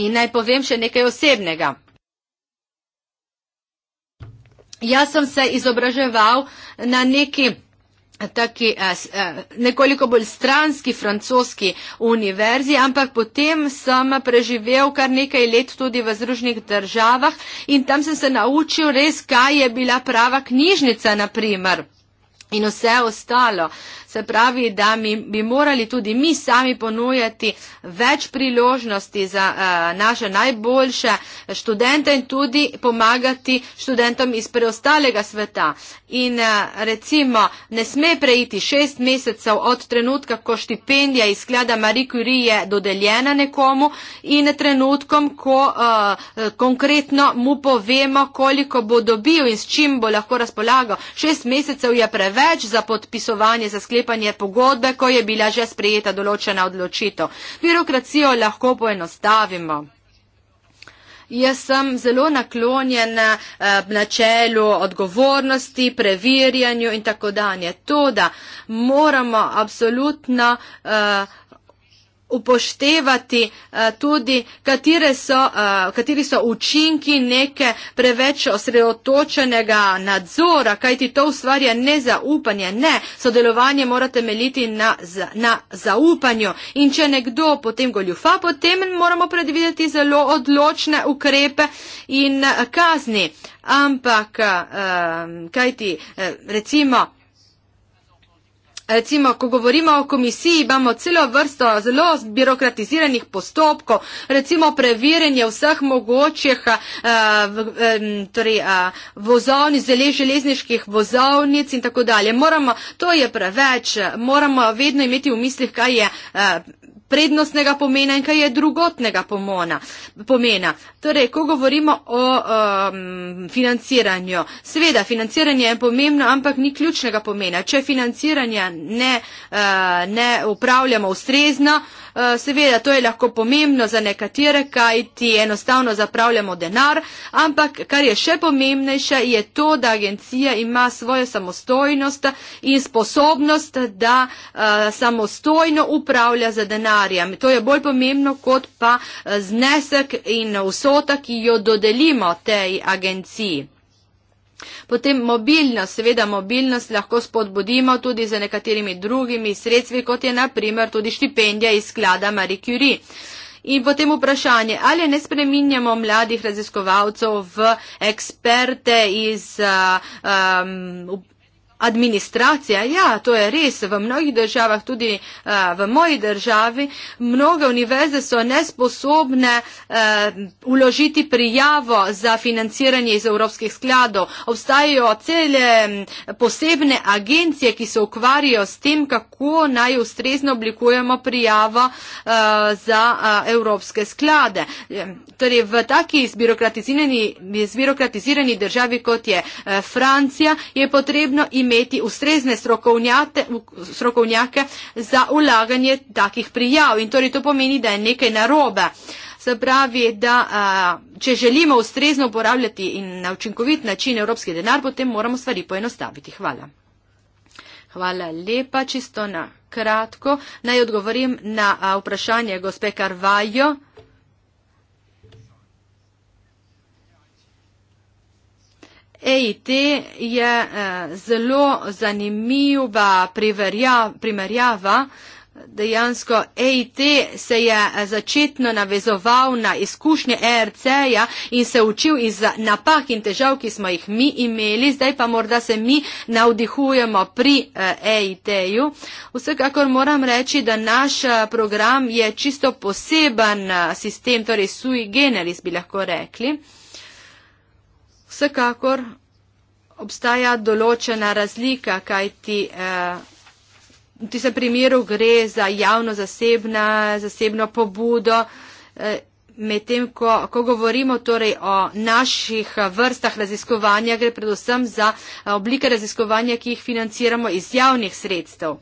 In naj povem še nekaj osebnega. Jaz sem se izobraževal na neki taki eh, eh, nekoliko bolj stranski francoski univerzi, ampak potem sem preživel kar nekaj let tudi v Združenih državah in tam sem se naučil res, kaj je bila prava knjižnica, naprimer, in vse ostalo. Uh, Se pravi, da mi, bi morali tudi mi sami ponujati več priložnosti za uh, naše najboljše študente in tudi pomagati študentom iz preostalega sveta. In uh, recimo, ne sme preiti šest mesecev od trenutka, ko štipendija iz sklada Marie Curie je dodeljena nekomu in trenutkom, ko uh, konkretno mu povemo, koliko bo dobil in s čim bo lahko razpolagal. Šest mesecev je preveč za podpisovanje, za sklepanje sklepanje pogodbe, ko je bila že sprejeta določena odločitev. Birokracijo lahko poenostavimo. Jaz sem zelo naklonjen eh, načelu odgovornosti, preverjanju in tako danje. To, da moramo apsolutno. Uh, eh, upoštevati uh, tudi, so, uh, kateri so učinki neke preveč osredotočenega nadzora, kajti to ustvarja nezaupanje. Ne, sodelovanje mora temeljiti na, na zaupanju. In če nekdo potem goljufa, potem moramo predvideti zelo odločne ukrepe in eh, kazni. Ampak, uh, kajti, uh, recimo, Recimo, ko govorimo o komisiji, imamo celo vrsto zelo zbirokratiziranih postopkov, recimo preverjanje vseh mogočih eh, torej, eh, vozovnic, zelo železniških vozovnic in tako dalje. Moramo, to je preveč, moramo vedno imeti v mislih, kaj je. A, eh, prednostnega pomena in kaj je drugotnega pomona, pomena. Torej, ko govorimo o um, financiranju, seveda, financiranje je pomembno, ampak ni ključnega pomena. Če financiranja ne, uh, ne upravljamo ustrezno, uh, Eh, seveda, to je lahko pomembno za nekatere, kaj ti enostavno zapravljamo denar, ampak kar je še pomembnejše, je to, da agencija ima svojo samostojnost in sposobnost, da eh, samostojno upravlja za denarjem. To je bolj pomembno kot pa eh, znesek in vsota, ki jo dodelimo tej agenciji. Potem mobilnost, seveda mobilnost lahko spodbudimo tudi z nekaterimi drugimi sredstvi, kot je naprimer tudi štipendija iz sklada Marie Curie. In potem vprašanje, ali ne spreminjamo mladih raziskovalcev v eksperte iz eh, um, administracija. Ja, to je res. V mnogih državah, tudi a, eh, v moji državi, mnoge univerze so nesposobne a, eh, uložiti prijavo za financiranje iz evropskih skladov. Obstajajo cele mm, posebne agencije, ki se ukvarjajo s tem, kako naj ustrezno oblikujemo prijavo a, eh, za a, evropske sklade. Torej, v taki zbirokratizirani, zbirokratizirani državi, kot je a, Francija, je potrebno imeti imeti ustrezne strokovnjake za ulaganje takih prijav. In torej to pomeni, da je nekaj narobe. Se pravi, da a, če želimo ustrezno uporabljati in na učinkovit način evropski denar, potem moramo stvari poenostaviti. Hvala. Hvala lepa, čisto na kratko. Naj odgovorim na a, vprašanje gospe Karvajo. EIT je eh, zelo zanimiva primerjava. Dejansko EIT se je eh, začetno navezoval na izkušnje ERC-ja in se učil iz napak in težav, ki smo jih mi imeli, zdaj pa morda se mi navdihujemo pri EIT-ju. Eh, e Vsekakor moram reči, da naš eh, program je čisto poseben sistem, torej sui generis bi lahko rekli. Vsekakor obstaja določena razlika, kaj ti eh, v eh, tem primeru gre za javno zasebna, zasebno pobudo, eh, medtem ko, ko govorimo torej o naših eh, vrstah raziskovanja, gre predvsem za eh, oblike raziskovanja, ki jih financiramo iz javnih sredstev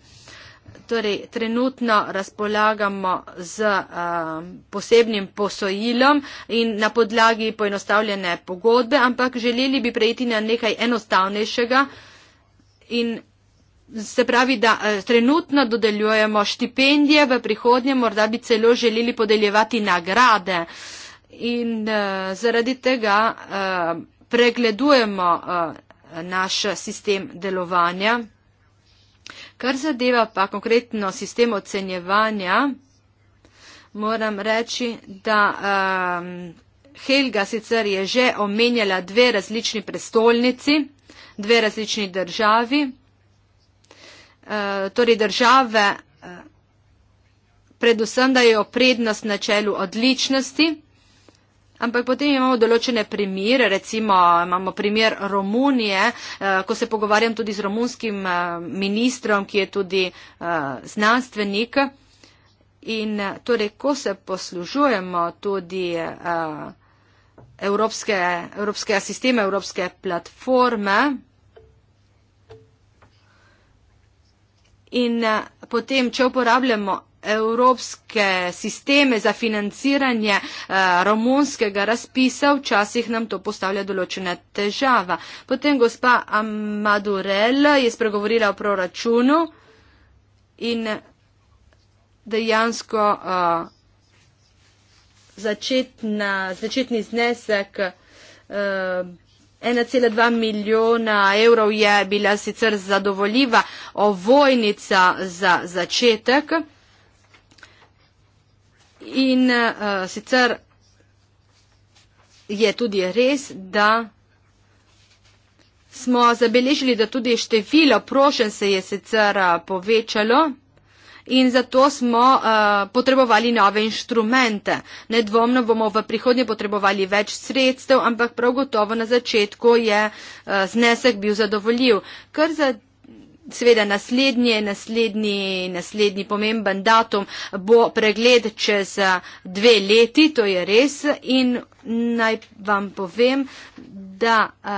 torej, trenutno razpolagamo z um, posebnim posojilom in na podlagi poenostavljene pogodbe, ampak želeli bi prejeti na nekaj enostavnejšega in se pravi, da uh, trenutno dodeljujemo štipendije, v prihodnje morda bi celo želeli podeljevati nagrade in uh, zaradi tega uh, pregledujemo uh, naš sistem delovanja. Kar zadeva pa konkretno sistem ocenjevanja, moram reči, da um, Helga sicer je že omenjala dve različni prestolnici, dve različni državi, uh, torej države, uh, predvsem da je o prednost na čelu odličnosti. Ampak potem imamo določene primere, recimo imamo primer Romunije, eh, ko se pogovarjam tudi z romunskim eh, ministrom, ki je tudi eh, znanstvenik. In torej, ko se poslužujemo tudi evropske, evropskega sistema, evropske platforme, In potem, če uporabljamo evropske sisteme za financiranje eh, romunskega razpisa, včasih nam to postavlja določena težava. Potem gospa Amadurel je spregovorila o proračunu in dejansko eh, začetna, začetni znesek 1,2 eh, milijona evrov je bila sicer zadovoljiva ovojnica za začetek. In uh, sicer je tudi res, da smo zabeležili, da tudi število prošen se je sicer uh, povečalo in zato smo uh, potrebovali nove inštrumente. Nedvomno bomo v prihodnje potrebovali več sredstev, ampak prav gotovo na začetku je uh, znesek bil zadovoljiv. Kar za seveda naslednje, naslednji, naslednji pomemben datum bo pregled čez dve leti, to je res in naj vam povem, da a,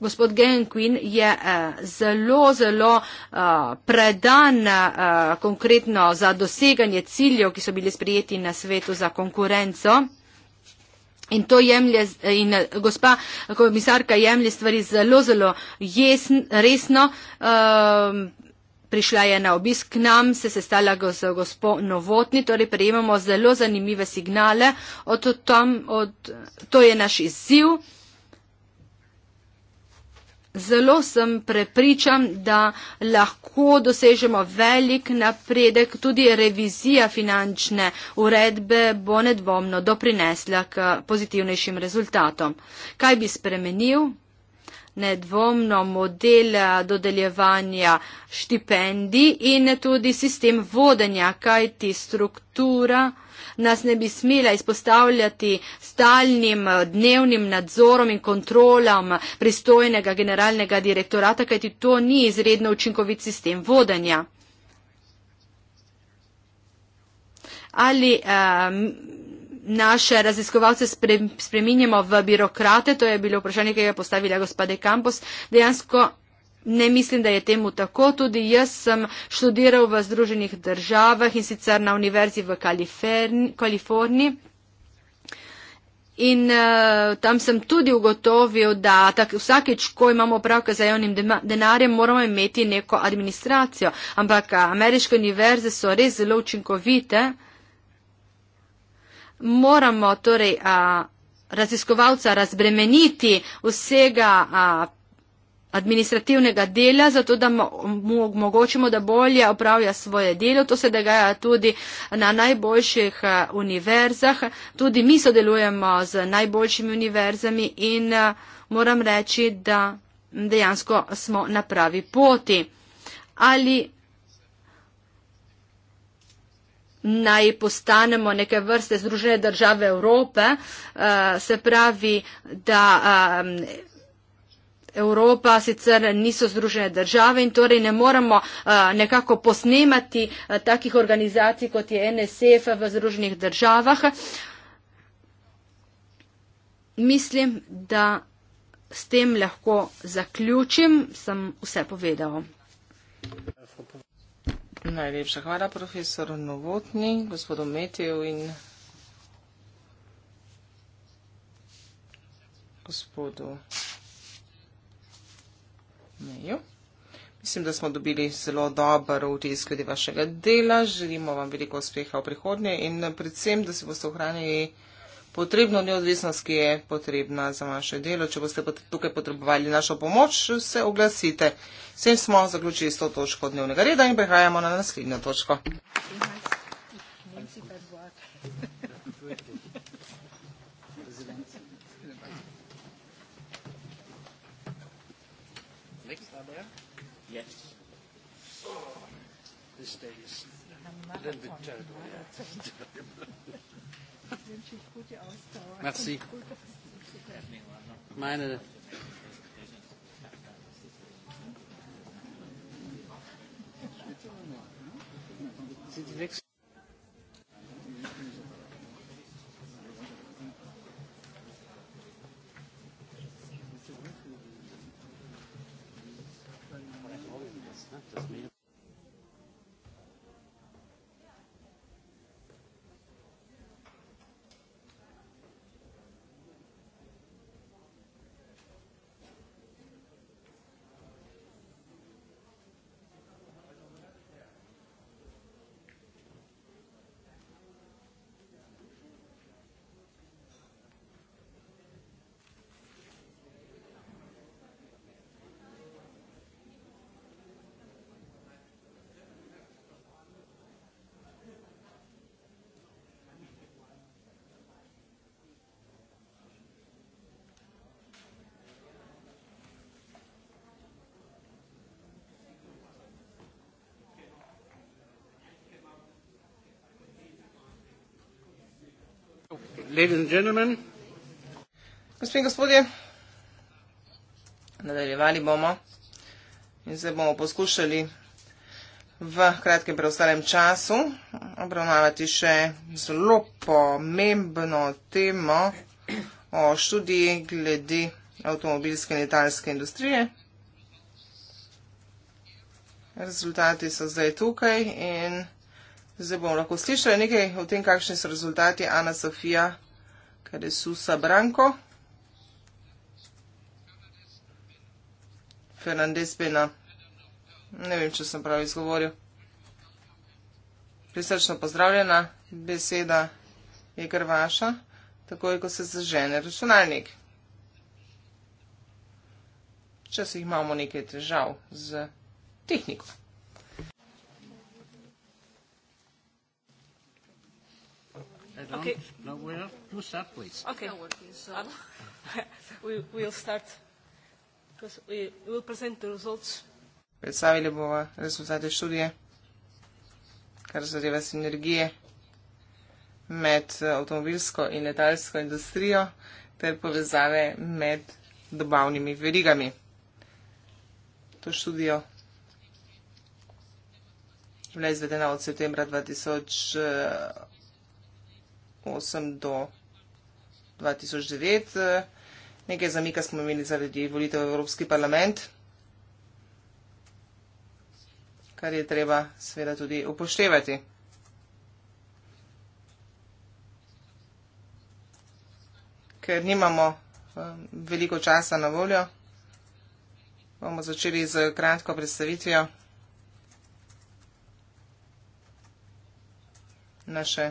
gospod Genkwin je a, zelo, zelo a, predan a, konkretno za doseganje ciljev, ki so bili sprijeti na svetu za konkurenco. In to jemlje, in eh, gospa eh, komisarka jemlje stvari zelo, zelo jesn, resno. Um, prišla je na obisk k nam, se sestala z gospo Novotni, torej prejemamo zelo zanimive signale od tam, od, to je naš izziv. Zelo sem prepričan, da lahko dosežemo velik napredek. Tudi revizija finančne uredbe bo nedvomno doprinesla k pozitivnejšim rezultatom. Kaj bi spremenil? Nedvomno model dodeljevanja štipendij in tudi sistem vodenja, kajti struktura nas ne bi smela izpostavljati stalnim eh, dnevnim nadzorom in kontrolam pristojnega generalnega direktorata, kajti to ni izredno učinkovit sistem vodenja. Ali um, naše raziskovalce spreminjamo v birokrate, to je bilo vprašanje, ki ga je postavila gospode Kampos, dejansko Ne mislim, da je temu tako. Tudi jaz sem študiral v Združenih državah in sicer na univerzi v Kaliforniji. In uh, tam sem tudi ugotovil, da tak, vsakeč, ko imamo opravka z javnim denarjem, moramo imeti neko administracijo. Ampak eh, ameriške univerze so res zelo učinkovite. Moramo torej uh, raziskovalca razbremeniti vsega. Uh, administrativnega dela, zato da mu omogočimo, da bolje opravlja svoje delo. To se dogaja tudi na najboljših eh, univerzah. Tudi mi sodelujemo z najboljšimi univerzami in eh, moram reči, da dejansko smo na pravi poti. Ali naj postanemo neke vrste združene države Evrope, eh, se pravi, da Evropa, sicer niso združene države in torej ne moremo eh, nekako posnemati eh, takih organizacij, kot je NSF v združenih državah. Mislim, da s tem lahko zaključim, sem vse povedal. Najlepša hvala, profesor Novotni, gospodu Meteju in gospodu mailu. Mislim, da smo dobili zelo dober vtis glede vašega dela. Želimo vam veliko uspeha v prihodnje in predvsem, da si boste ohranili potrebno neodvisnost, ki je potrebna za vaše delo. Če boste tukaj potrebovali našo pomoč, se oglasite. Vsem smo zaključili s to točko dnevnega reda in prehajamo na naslednjo točko. Thank you. Dann bin ich gut Merci. Meine Sind die Gospod in gospodje, nadaljevali bomo in se bomo poskušali v kratkem preostalem času obravnavati še zelo pomembno temo o študiji glede avtomobilske in letalske industrije. Rezultati so zdaj tukaj in Zdaj bomo lahko slišali nekaj o tem, kakšni so rezultati Ana Sofija Karesusa Branko. Fernandez Bena. Ne vem, če sem prav izgovoril. Prisrčno pozdravljena, beseda je kar vaša, takoj ko se zažene računalnik. Včasih imamo nekaj težav z tehniko. don't, no? okay. no, we're not, who we'll start, please? Okay. It's not working, so. we, we'll start, because we will present the results. Predstavili bomo rezultate študije, kar zadeva sinergije med avtomobilsko in letalsko industrijo ter povezave med dobavnimi verigami. To študijo je bila izvedena od septembra 2018. 2008 do 2009. Nekaj zamika smo imeli zaradi volitev v Evropski parlament, kar je treba seveda tudi upoštevati. Ker nimamo um, veliko časa na voljo, bomo začeli z kratko predstavitvijo naše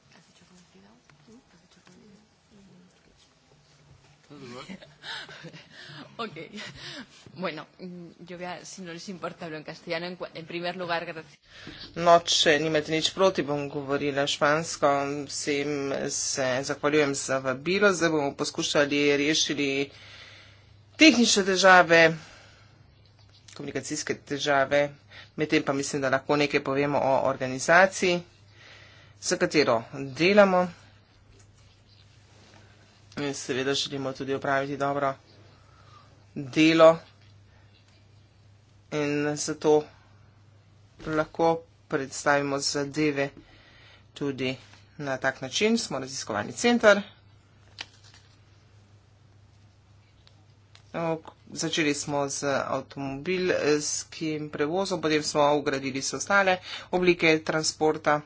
ok. Bueno, yo voy a, si no les importa, hablo en castellano. En, en primer lugar, gracias. No, če nimate nič proti, bom govorila špansko. Vsem se zahvaljujem za vabilo. Zdaj bomo poskušali rešiti tehnične težave, komunikacijske težave. Medtem pa mislim, da lahko nekaj povemo o organizaciji, za katero delamo in seveda želimo tudi opraviti dobro delo. In zato lahko predstavimo zadeve tudi na tak način. Smo raziskovalni center. Začeli smo z avtomobilskim prevozom, potem smo ugradili vse ostale oblike transporta.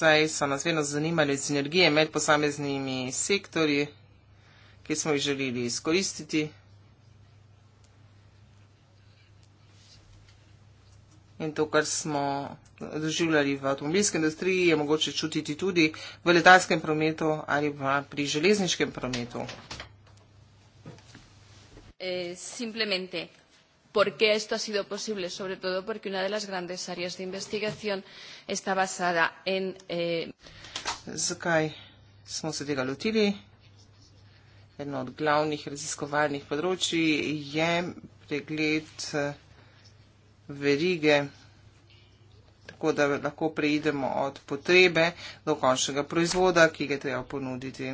saj so nas vedno zanimale sinergije med posameznimi sektorji, ki smo jih želeli izkoristiti. In to, kar smo doživljali v avtomobilski industriji, je mogoče čutiti tudi v letalskem prometu ali pa pri železniškem prometu. Eh, simplemente. ¿Por qué esto ha sido posible? Sobre todo porque una de las grandes áreas de investigación está basada en... Eh... eh verige, tako da lahko preidemo od potrebe do končnega proizvoda, ki ga treba ponuditi.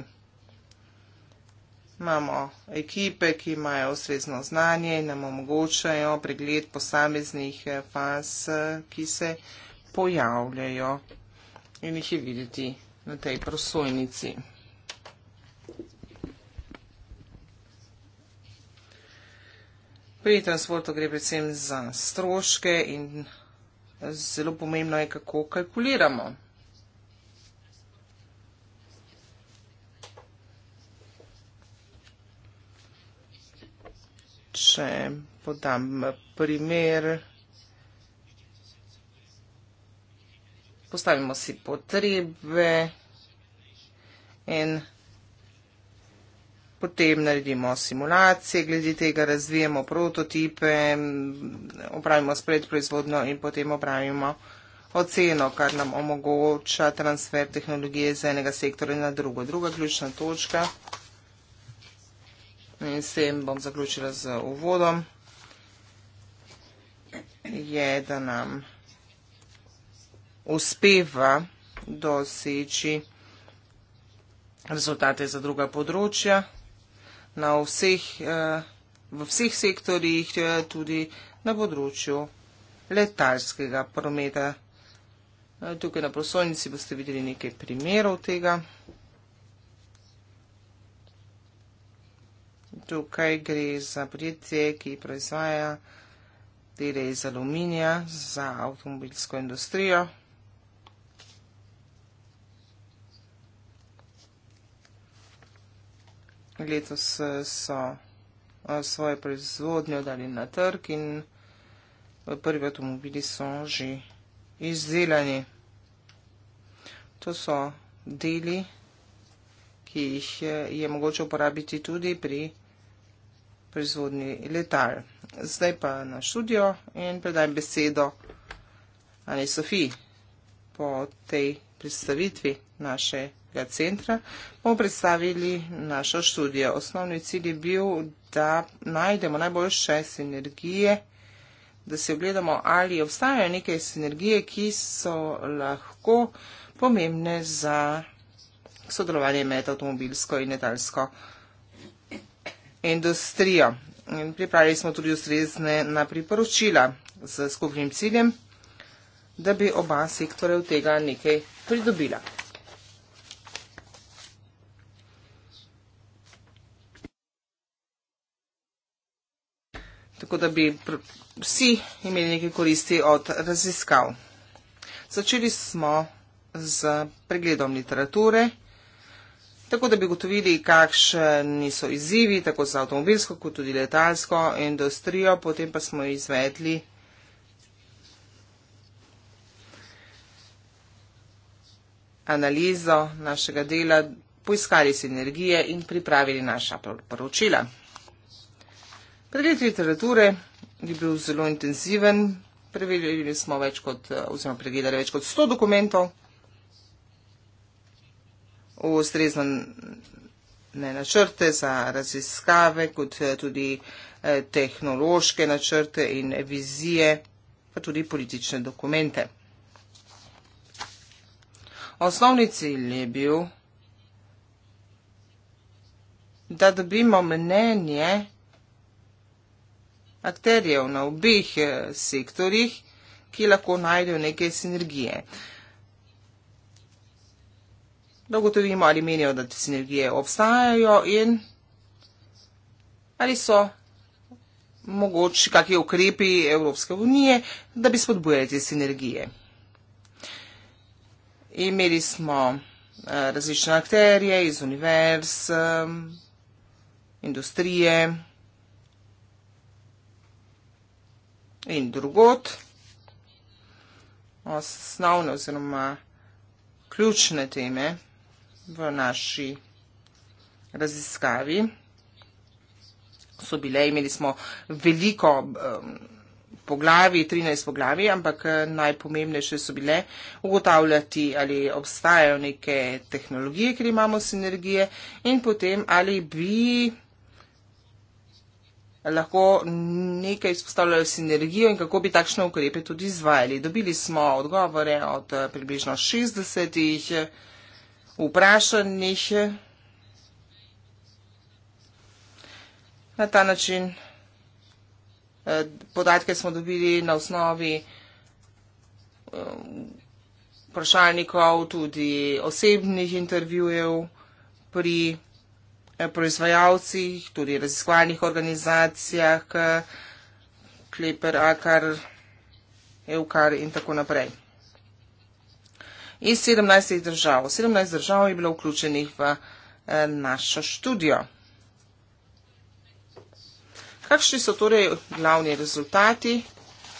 Imamo ekipe, ki imajo ustrezno znanje in nam omogočajo pregled posameznih eh, faz, eh, ki se pojavljajo in jih je videti na tej prosojnici. Pri transportu gre predvsem za stroške in zelo pomembno je, kako kalkuliramo. Če podam primer, postavimo si potrebe in potem naredimo simulacije, glede tega razvijemo prototipe, opravimo spred proizvodno in potem opravimo oceno, kar nam omogoča transfer tehnologije iz enega sektora na drugo. Druga ključna točka. No in s tem bom zaključila z uvodom. Je, da nam uspeva doseči rezultate za druga področja na vseh, eh, v vseh sektorjih, eh, tudi na področju letalskega prometa. Eh, tukaj na prosojnici boste videli nekaj primerov tega. Tukaj gre za podjetje, ki proizvaja dele iz aluminija za avtomobilsko industrijo. Letos eh, so eh, svoje proizvodnje dali na trg in eh, prvi avtomobili so že izdelani. To so deli, ki jih je, je mogoče uporabiti tudi pri proizvodni letal. Zdaj pa na študijo in predajem besedo Ani Sofiji. Po tej predstavitvi našega centra bomo predstavili našo študijo. Osnovni cilj je bil, da najdemo najboljše sinergije, da se ogledamo, ali obstajajo neke sinergije, ki so lahko pomembne za sodelovanje med avtomobilsko in letalsko industrijo. In pripravili smo tudi ustrezne na priporočila z skupnim ciljem, da bi oba sektore v tega nekaj pridobila. Tako da bi vsi imeli nekaj koristi od raziskav. Začeli smo z pregledom literature tako da bi gotovili, kakšni so izzivi tako za avtomobilsko kot tudi letalsko industrijo, potem pa smo izvedli analizo našega dela, poiskali sinergije in pripravili naša poročila. Pregled literature je bil zelo intenziven, preverili smo več kot, oziroma pregledali več kot 100 dokumentov v ustrezno ne, načrte za raziskave, kot eh, tudi eh, tehnološke načrte in vizije, pa tudi politične dokumente. Osnovni cilj je bil, da dobimo mnenje akterjev na obeh eh, sektorjih, ki lahko najdejo neke sinergije. Eh, da ugotovimo, ali menijo, da te sinergije obstajajo in ali so mogoče kakšni ukrepi Evropske unije, da bi spodbujali te sinergije. Imeli smo eh, različne akterje iz univerz, eh, industrije in drugot. Osnovne oziroma ključne teme v naši raziskavi. So bile, imeli smo veliko um, poglavi, 13 poglavi, ampak eh, najpomembnejše so bile ugotavljati, ali obstajajo neke tehnologije, ker imamo sinergije in potem ali bi lahko nekaj izpostavljajo sinergijo in kako bi takšne ukrepe tudi izvajali. Dobili smo odgovore od eh, približno 60 vprašanih na ta način. Eh, podatke smo dobili na osnovi eh, vprašalnikov, tudi osebnih intervjujev pri eh, proizvajalcih, tudi raziskovalnih organizacijah, Kleper, Akar, Evkar in tako naprej iz 17 držav. 17 držav je bilo vključenih v eh, našo študijo. Kakšni so torej glavni rezultati?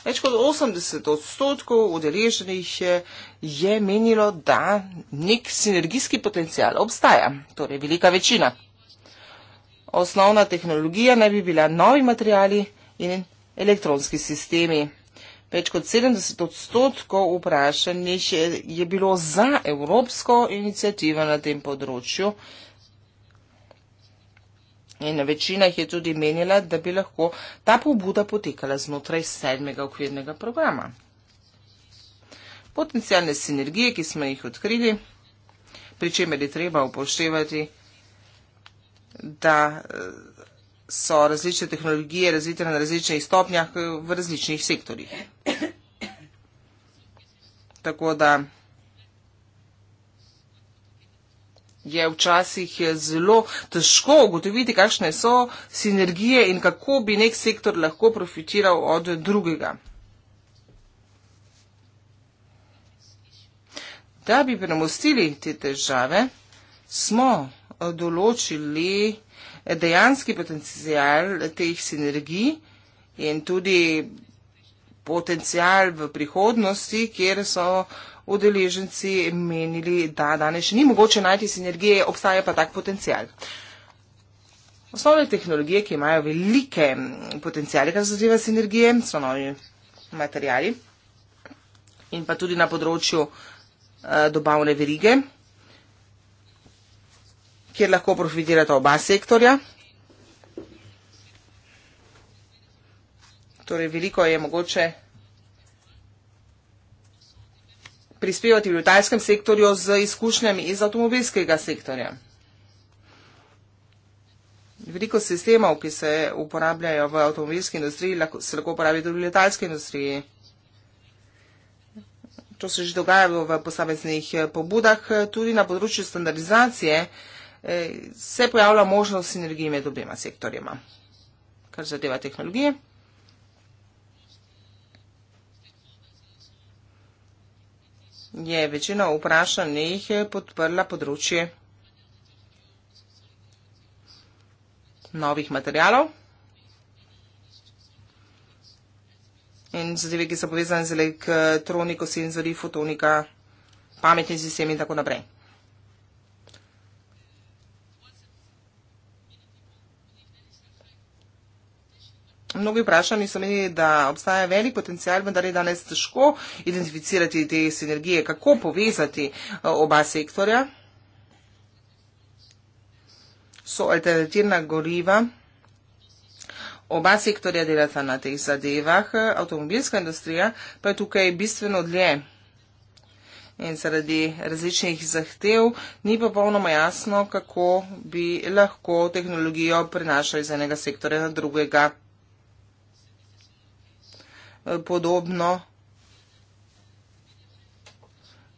Več kot 80 odstotkov udeleženih je, je menilo, da nek sinergijski potencial obstaja, torej velika večina. Osnovna tehnologija naj bi bila novi materijali in elektronski sistemi. Več kot 70 odstotkov vprašanih je, je bilo za evropsko inicijativo na tem področju in večina jih je tudi menila, da bi lahko ta pobuda potekala znotraj sedmega okvirnega programa. Potencijalne sinergije, ki smo jih odkrili, pri čemer je treba upoštevati, da. Eh, so različne tehnologije razvite na različnih stopnjah v različnih sektorjih. Tako da je včasih zelo težko ugotoviti, kakšne so sinergije in kako bi nek sektor lahko profitiral od drugega. Da bi premostili te težave, smo določili dejanski potencial teh sinergij in tudi potencial v prihodnosti, kjer so udeleženci menili, da danes še ni mogoče najti sinergije, obstaja pa tak potencial. Osnovne tehnologije, ki imajo velike potencijale, kar se zadeva sinergije, so novi materijali in pa tudi na področju eh, dobavne verige kjer lahko profitirata oba sektorja. Torej, veliko je mogoče prispevati v letalskem sektorju z izkušnjami iz avtomobilskega sektorja. Veliko sistemov, ki se uporabljajo v avtomobilski industriji, lahko, se lahko uporabi tudi v letalski industriji. To se že dogaja v posameznih pobudah, tudi na področju standardizacije. E, se pojavlja možnost sinergije med obema sektorjema, kar zadeva tehnologije. Je večina vprašanjih podprla področje novih materialov in zadeve, ki so povezane z elektroniko, senzori, fotonika, pametni sistemi in tako naprej. Mnogi vprašani so menili, da obstaja velik potencial, vendar je danes težko identificirati te sinergije, kako povezati eh, oba sektorja. So alternativna goriva. Oba sektorja delata na teh zadevah, avtomobilska industrija pa je tukaj bistveno dlje. In zaradi različnih zahtev ni popolnoma jasno, kako bi lahko tehnologijo prenašali iz enega sektorja na drugega podobno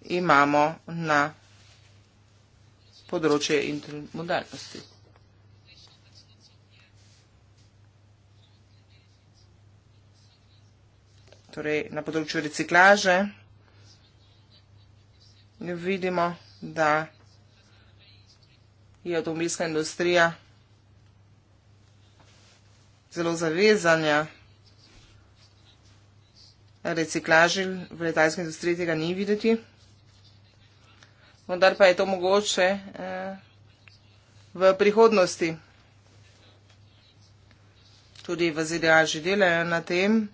imamo na področje intermodalnosti. Torej, na področju reciklaže vidimo, da je avtomobilska industrija zelo zavezanja reciklaži v letalski industriji tega ni videti. Vendar pa je to mogoče eh, v prihodnosti. Tudi v ZDA že delajo na tem.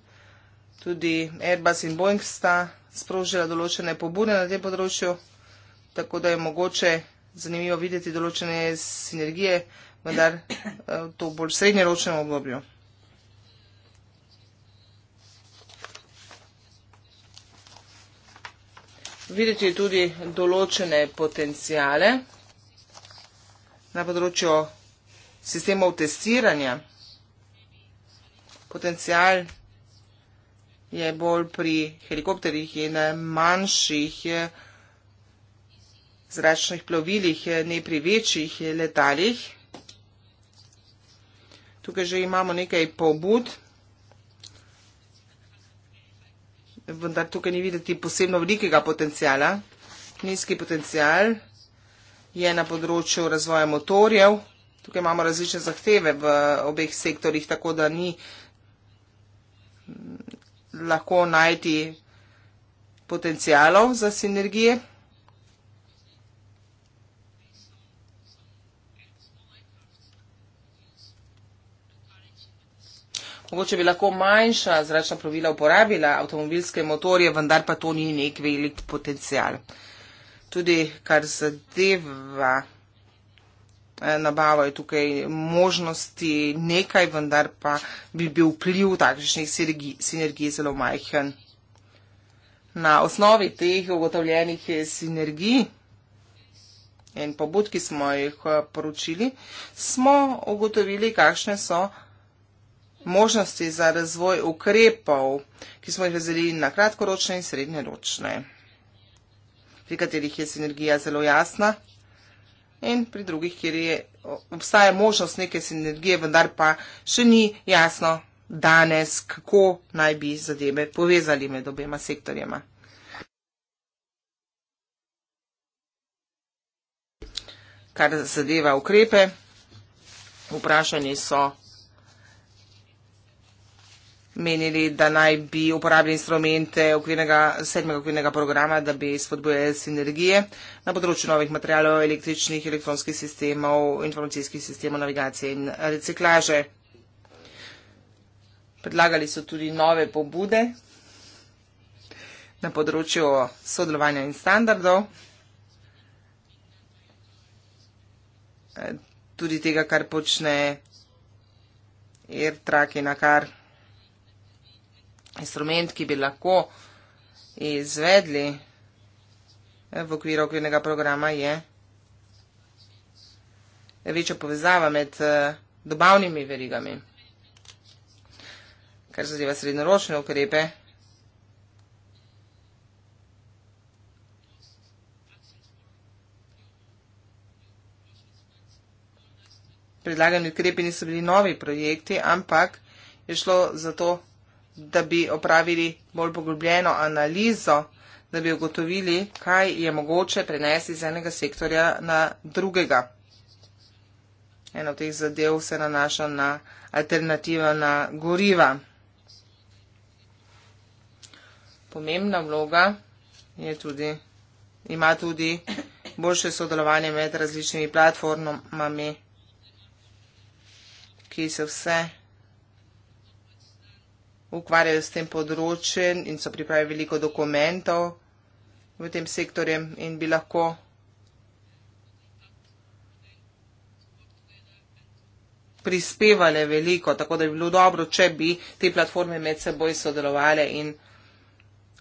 Tudi Airbus in Boeing sta sprožila določene pobude na tem področju, tako da je mogoče zanimivo videti določene sinergije, vendar eh, to bolj srednjeročnem obdobju. videti tudi določene potencijale na področju sistemov testiranja. Potencijal je bolj pri helikopterjih in manjših zračnih plovilih, ne pri večjih letalih. Tukaj že imamo nekaj pobud. vendar tukaj ni videti posebno velikega potencijala. Nizki potencijal je na področju razvoja motorjev. Tukaj imamo različne zahteve v obeh sektorjih, tako da ni lahko najti potencijalov za sinergije. Mogoče bi lahko manjša zračna plovila uporabila avtomobilske motorje, vendar pa to ni nek velik potencial. Tudi kar zadeva eh, nabavo je tukaj možnosti nekaj, vendar pa bi bil vpliv takšnih sinergij zelo majhen. Na osnovi teh ugotovljenih sinergij in pobud, ki smo jih eh, poročili, smo ugotovili, kakšne so možnosti za razvoj ukrepov, ki smo jih razdelili na kratkoročne in srednjeročne, pri katerih je sinergija zelo jasna in pri drugih, kjer je, obstaja možnost neke sinergije, vendar pa še ni jasno danes, kako naj bi zadeve povezali med obema sektorjema. Kar zadeva ukrepe, vprašanje so menili, da naj bi uporabili instrumente okvirnega, sedmega okvirnega programa, da bi spodbojali sinergije na področju novih materijalov, električnih, elektronskih sistemov, informacijskih sistemov, navigacije in reciklaže. Predlagali so tudi nove pobude na področju sodelovanja in standardov, tudi tega, kar počne AirTrack in akar instrument, ki bi lahko izvedli eh, v okviru okvirnega programa, je večja povezava med eh, dobavnimi verigami, kar zadeva srednjeročne ukrepe. Predlagani ukrepi niso bili novi projekti, ampak je šlo za to, da bi opravili bolj poglobljeno analizo, da bi ugotovili, kaj je mogoče prenesti iz enega sektorja na drugega. Eno od teh zadev se nanaša na alternativa na goriva. Pomembna vloga je tudi, ima tudi boljše sodelovanje med različnimi platformami, ki se vse ukvarjajo s tem področjem in so pripravili veliko dokumentov v tem sektorju in bi lahko prispevali veliko, tako da bi bilo dobro, če bi te platforme med seboj sodelovali in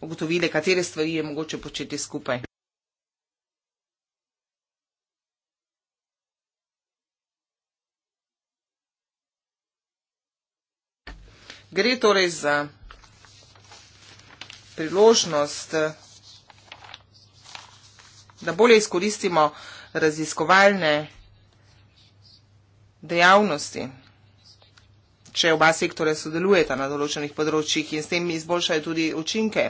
ugotovili, katere stvari je mogoče početi skupaj. Gre torej za priložnost, da bolje izkoristimo raziskovalne dejavnosti, če oba sektore sodelujeta na določenih področjih in s tem izboljšajo tudi učinke.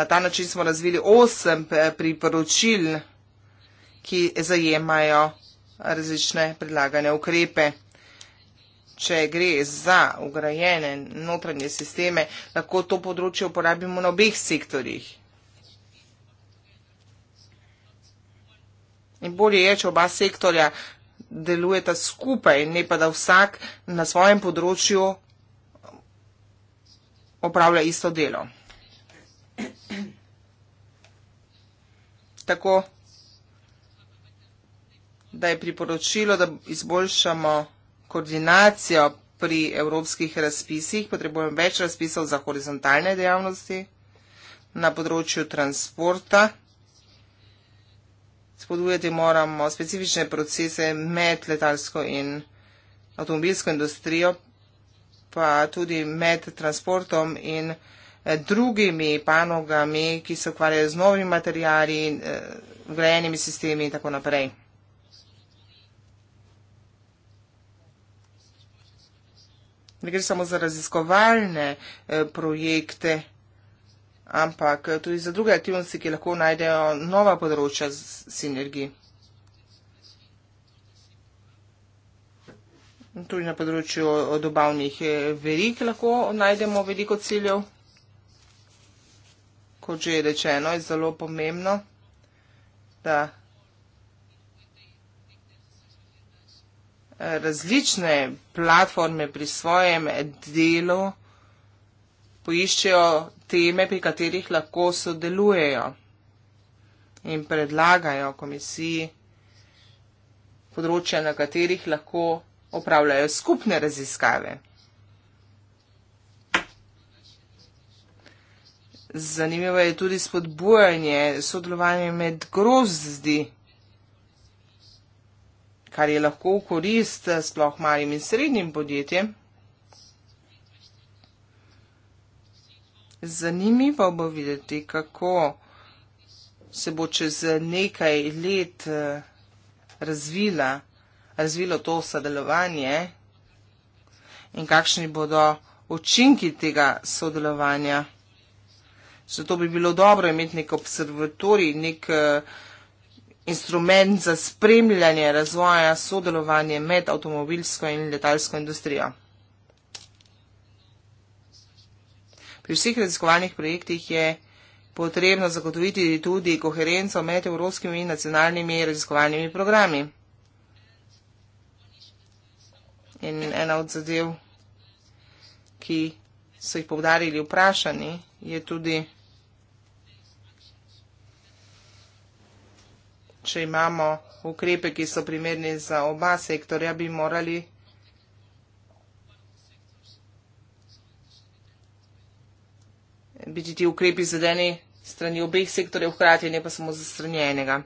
Na ta način smo razvili osem eh, priporočil, ki zajemajo različne predlagane ukrepe če gre za ugrajene notranje sisteme, lahko to področje uporabimo na obeh sektorjih. In bolje je, če oba sektorja delujeta skupaj, ne pa da vsak na svojem področju opravlja isto delo. Tako, da je priporočilo, da izboljšamo koordinacijo pri evropskih razpisih, potrebujem več razpisov za horizontalne dejavnosti na področju transporta. Spodbujati moramo specifične procese med letalsko in avtomobilsko industrijo, pa tudi med transportom in eh, drugimi panogami, ki se ukvarjajo z novimi materijali, eh, vgrajenimi sistemi in tako naprej. ne gre samo za raziskovalne eh, projekte, ampak eh, tudi za druge aktivnosti, ki lahko najdejo nova področja sinergij. Tudi na področju eh, dobavnih verik lahko najdemo veliko ciljev. Kot že je rečeno, je zelo pomembno, da različne platforme pri svojem delu poiščejo teme, pri katerih lahko sodelujejo in predlagajo komisiji področja, na katerih lahko opravljajo skupne raziskave. Zanimivo je tudi spodbujanje sodelovanja med grozdi kar je lahko v korist eh, sploh malim in srednjim podjetjem. Zanimivo bo videti, kako se bo čez nekaj let eh, razvila, razvilo to sodelovanje in kakšni bodo učinki tega sodelovanja. Zato bi bilo dobro imeti nek observatorij, nek uh, instrument za spremljanje razvoja sodelovanja med avtomobilsko in letalsko industrijo. Pri vseh raziskovalnih projektih je potrebno zagotoviti tudi koherenco med evropskimi in nacionalnimi raziskovalnimi programi. In ena od zadev, ki so jih povdarili vprašani, je tudi če imamo ukrepe, ki so primerni za oba sektorja, bi morali biti ti ukrepi zadeni strani obeh sektorjev hkrati, ne pa samo za strani enega.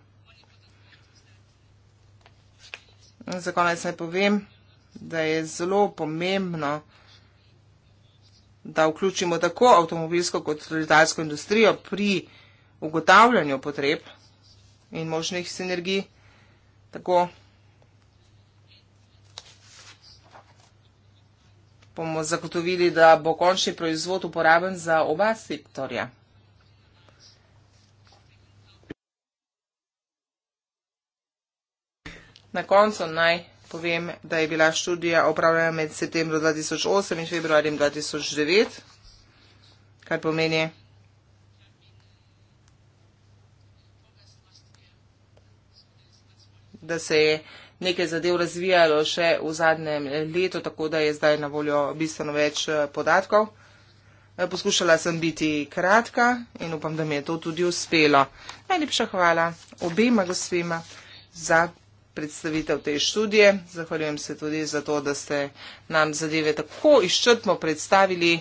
Za konec naj povem, da je zelo pomembno, da vključimo tako avtomobilsko kot solidarsko industrijo pri ugotavljanju potreb in možnih sinergij. Tako bomo zagotovili, da bo končni proizvod uporaben za oba sektorja. Na koncu naj povem, da je bila študija opravljena med septembrom 2008 in februarjem 2009, kar pomeni, da se je nekaj zadev razvijalo še v zadnjem letu, tako da je zdaj na voljo bistveno več eh, podatkov. Eh, poskušala sem biti kratka in upam, da mi je to tudi uspelo. Najlepša hvala obema gospema za predstavitev te študije. Zahvaljujem se tudi za to, da ste nam zadeve tako izčrpno predstavili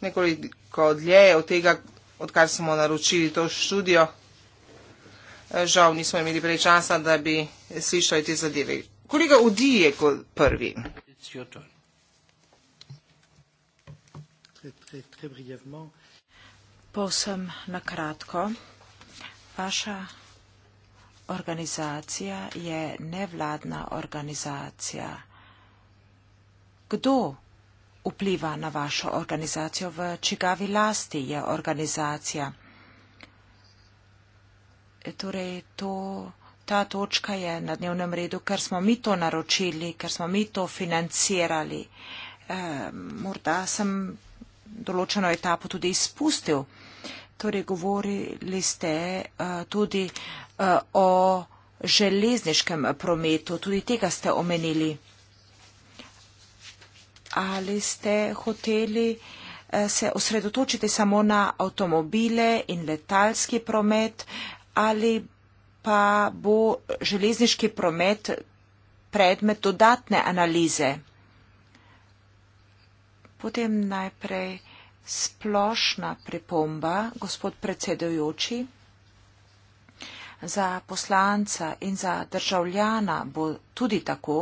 nekoliko dlje od tega, odkar smo naročili to študijo. Žal nismo imeli prej časa, da bi slišali te zadeve. Kolega Udi je kot prvi. Povsem na kratko. Vaša organizacija je nevladna organizacija. Kdo vpliva na vašo organizacijo? V čigavi lasti je organizacija? torej to, ta točka je na dnevnem redu, ker smo mi to naročili, ker smo mi to financirali. E, morda sem določeno etapo tudi izpustil. Torej, govorili ste uh, tudi uh, o železniškem prometu, tudi tega ste omenili. Ali ste hoteli uh, se osredotočiti samo na avtomobile in letalski promet, uh, ali pa bo železniški promet predmet dodatne analize. Potem najprej splošna pripomba, gospod predsedujoči. Za poslanca in za državljana bo tudi tako.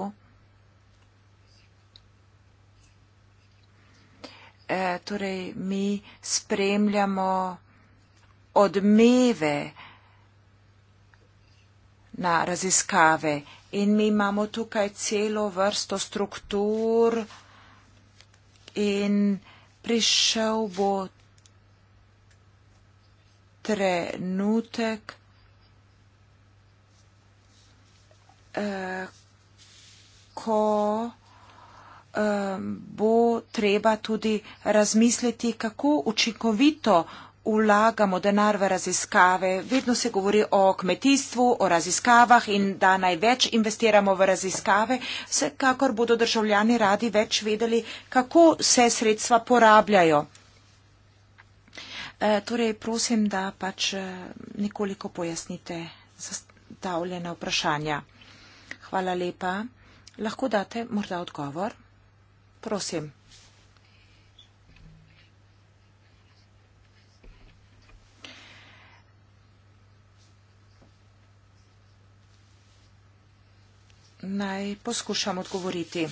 E, torej, mi spremljamo odmeve na raziskave. In mi imamo tukaj celo vrsto struktur in prišel bo trenutek, eh, ko eh, bo treba tudi razmisliti, kako učinkovito vlagamo denar v raziskave. Vedno se govori o kmetijstvu, o raziskavah in da največ investiramo v raziskave. Vsekakor bodo državljani radi več vedeli, kako se sredstva porabljajo. E, torej, prosim, da pač eh, nekoliko pojasnite zastavljene vprašanja. Hvala lepa. Lahko date morda odgovor? Prosim. naj poskušam odgovoriti.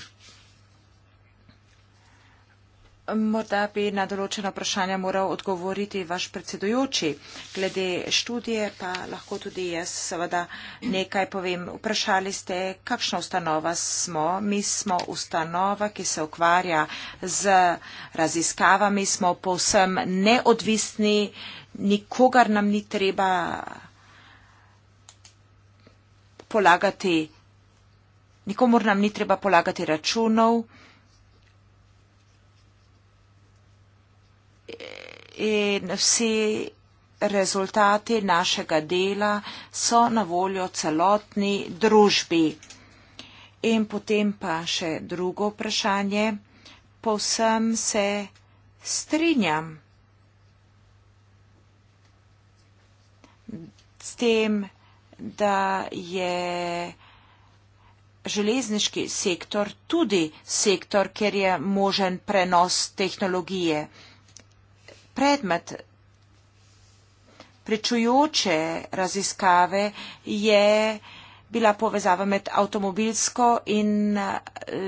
Morda bi na določena vprašanja moral odgovoriti vaš predsedujoči. Glede študije pa lahko tudi jaz seveda nekaj povem. Vprašali ste, kakšna ustanova smo. Mi smo ustanova, ki se ukvarja z raziskavami, smo povsem neodvisni, nikogar nam ni treba polagati nikomor nam ni treba polagati računov in vsi rezultati našega dela so na voljo celotni družbi. In potem pa še drugo vprašanje. Povsem se strinjam s tem, da je železniški sektor tudi sektor, kjer je možen prenos tehnologije. Predmet pričujoče raziskave je bila povezava med avtomobilsko in eh,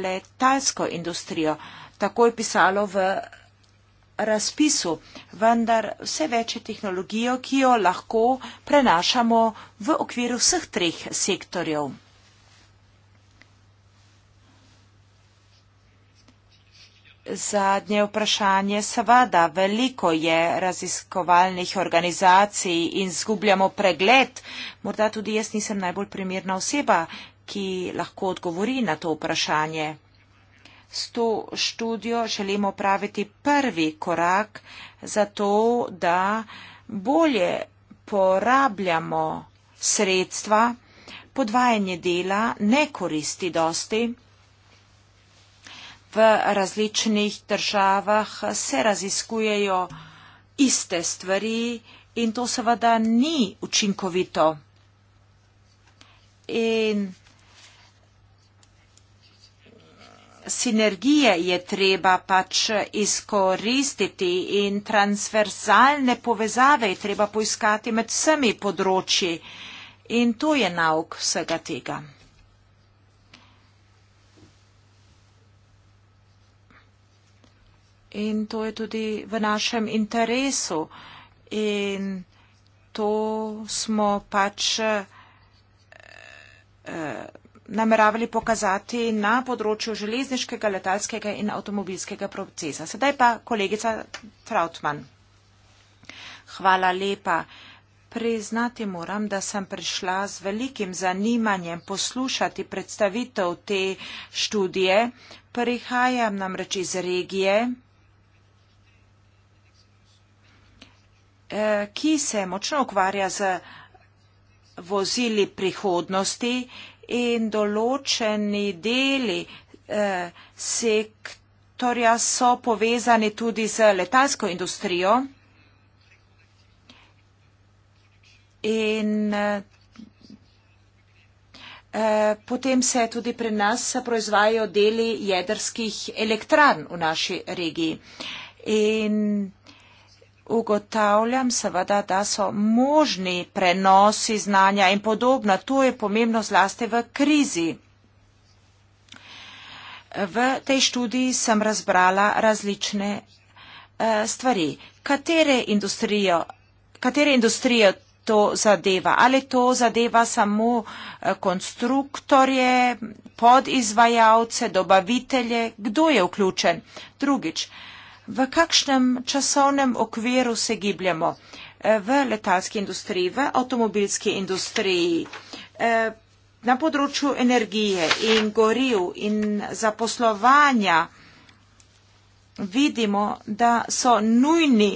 letalsko industrijo. Tako je pisalo v razpisu, vendar vse večje tehnologijo, ki jo lahko prenašamo v okviru vseh treh sektorjev. Zadnje vprašanje. Seveda, veliko je raziskovalnih organizacij in zgubljamo pregled. Morda tudi jaz nisem najbolj primerna oseba, ki lahko odgovori na to vprašanje. S to študijo želimo praviti prvi korak za to, da bolje porabljamo sredstva. Podvajanje dela ne koristi dosti v različnih državah se raziskujejo iste stvari in to seveda ni učinkovito. In sinergije je treba pač izkoristiti in transversalne povezave je treba poiskati med vsemi področji. In to je nauk vsega tega. in to je tudi v našem interesu. In to smo pač eh, nameravali pokazati na področju železniškega, letalskega in avtomobilskega procesa. Sedaj pa kolegica Trautmann. Hvala lepa. Priznati moram, da sem prišla z velikim zanimanjem poslušati predstavitev te študije. Prihajam namreč iz regije, Eh, ki se močno ukvarja z vozili prihodnosti in določeni deli eh, sektorja so povezani tudi z letalsko industrijo. In eh, potem se tudi pri nas proizvajajo deli jedrskih elektrarn v naši regiji. In ugotavljam seveda, da so možni prenosi znanja in podobno. To je pomembno zlasti v krizi. V tej študiji sem razbrala različne eh, stvari. Katere industrijo, katere industrijo to zadeva? Ali to zadeva samo eh, konstruktorje, podizvajalce, dobavitelje? Kdo je vključen? Drugič. Eh, v kakšnem časovnem okviru se gibljemo e, v letalski industriji, v avtomobilski industriji, e, na področju energije in goril in zaposlovanja vidimo, da so nujni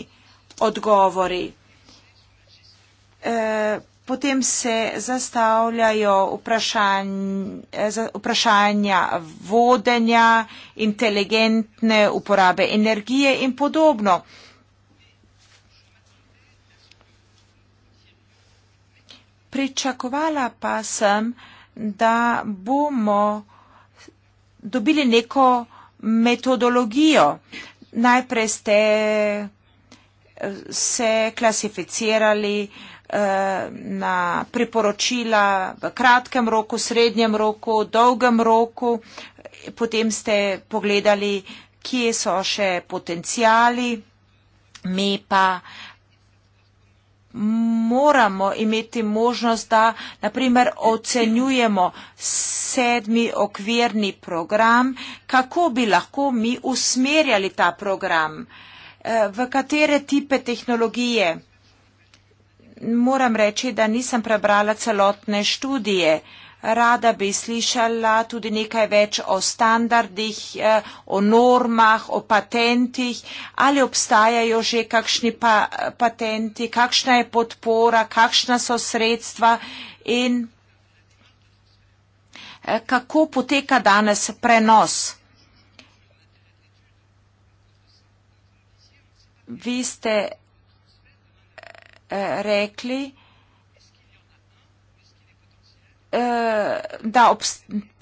odgovori. E, potem se zastavljajo vprašanja, eh, vprašanja vodenja, inteligentne uporabe energije in podobno. Pričakovala pa sem, da bomo dobili neko metodologijo. Najprej ste eh, se klasificirali, uh, Eh, na priporočila v kratkem roku, srednjem roku, dolgem roku. Potem ste pogledali, kje so še potencijali. Mi pa moramo imeti možnost, da naprimer ocenjujemo sedmi okvirni program, kako bi lahko mi usmerjali ta program, eh, v katere tipe tehnologije moram reči, da nisem prebrala celotne študije. Rada bi slišala tudi nekaj več o standardih, eh, o normah, o patentih, ali obstajajo že kakšni pa, patenti, kakšna je podpora, kakšna so sredstva in eh, kako poteka danes prenos. Vi ste rekli, eh, da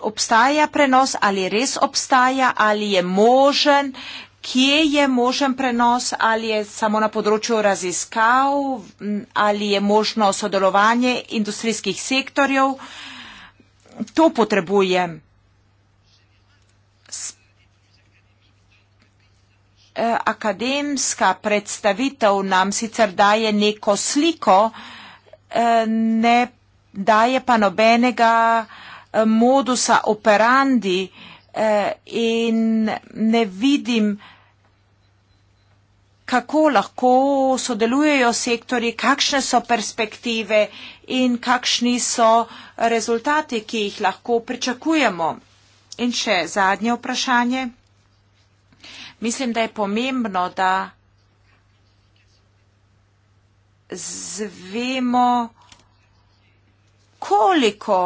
obstaja prenos, ali res obstaja, ali je možen, kje je možen prenos, ali je samo na področju raziskav, ali je možno sodelovanje industrijskih sektorjev. To potrebujem. Eh, akademska predstavitev nam sicer daje neko sliko, eh, ne daje pa nobenega eh, modusa operandi in ne vidim, kako lahko sodelujejo sektori, kakšne so perspektive in kakšni so rezultati, ki jih lahko pričakujemo. In še zadnje vprašanje. Mislim, da je pomembno, da zvemo, koliko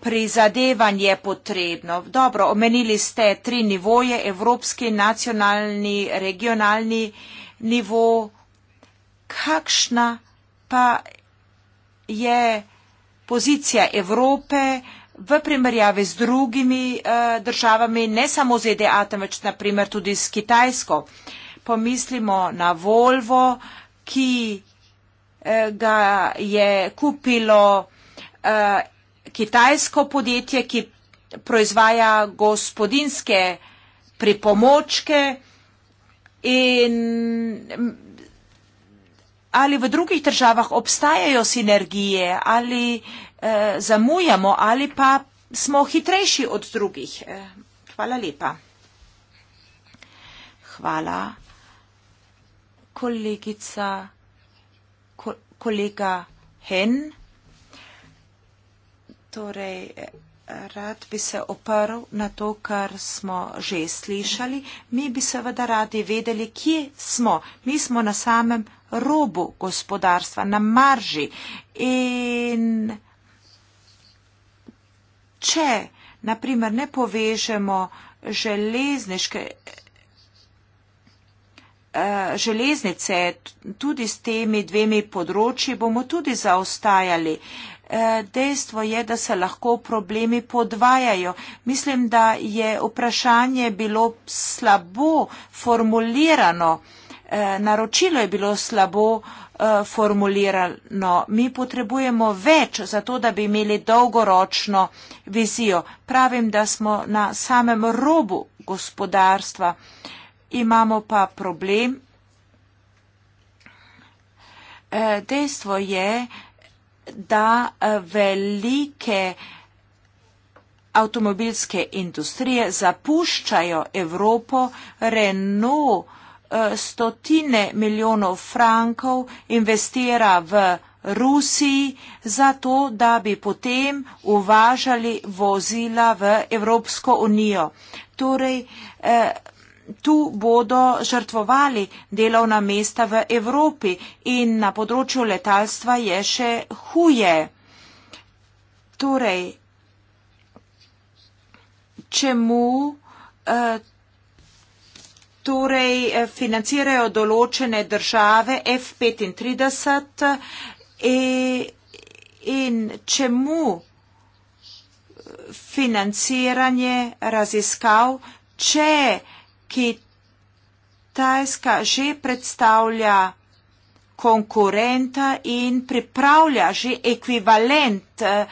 prizadevanj je potrebno. Dobro, omenili ste tri nivoje, evropski, nacionalni, regionalni nivo. Kakšna pa je pozicija Evrope? v primerjavi z drugimi uh, državami, ne samo ZDA, temveč naprimer tudi s Kitajsko. Pomislimo na Volvo, ki uh, ga je kupilo uh, kitajsko podjetje, ki proizvaja gospodinske pripomočke in mm, ali v drugih državah obstajajo sinergije ali Eh, zamujamo ali pa smo hitrejši od drugih. Eh, hvala lepa. Hvala, kolegica, ko, kolega Hen. Torej, eh, rad bi se oprl na to, kar smo že slišali. Mi bi seveda radi vedeli, kje smo. Mi smo na samem robu gospodarstva, na marži. In če naprimer ne povežemo železniške eh, železnice tudi s temi dvemi področji bomo tudi zaostajali. Eh, dejstvo je, da se lahko problemi podvajajo. Mislim, da je vprašanje bilo slabo formulirano, eh, naročilo je bilo slabo uh, Eh, formulirano. Mi potrebujemo več za to, da bi imeli dolgoročno vizijo. Pravim, da smo na samem robu gospodarstva. Imamo pa problem. Eh, dejstvo je, da eh, velike avtomobilske industrije zapuščajo Evropo. Renault stotine milijonov frankov investira v Rusiji, zato da bi potem uvažali vozila v Evropsko unijo. Torej, eh, tu bodo žrtvovali delovna mesta v Evropi in na področju letalstva je še huje. Torej, čemu eh, torej eh, financirajo določene države F-35 e, in čemu eh, financiranje raziskav, če Kitajska že predstavlja konkurenta in pripravlja že ekvivalent uh,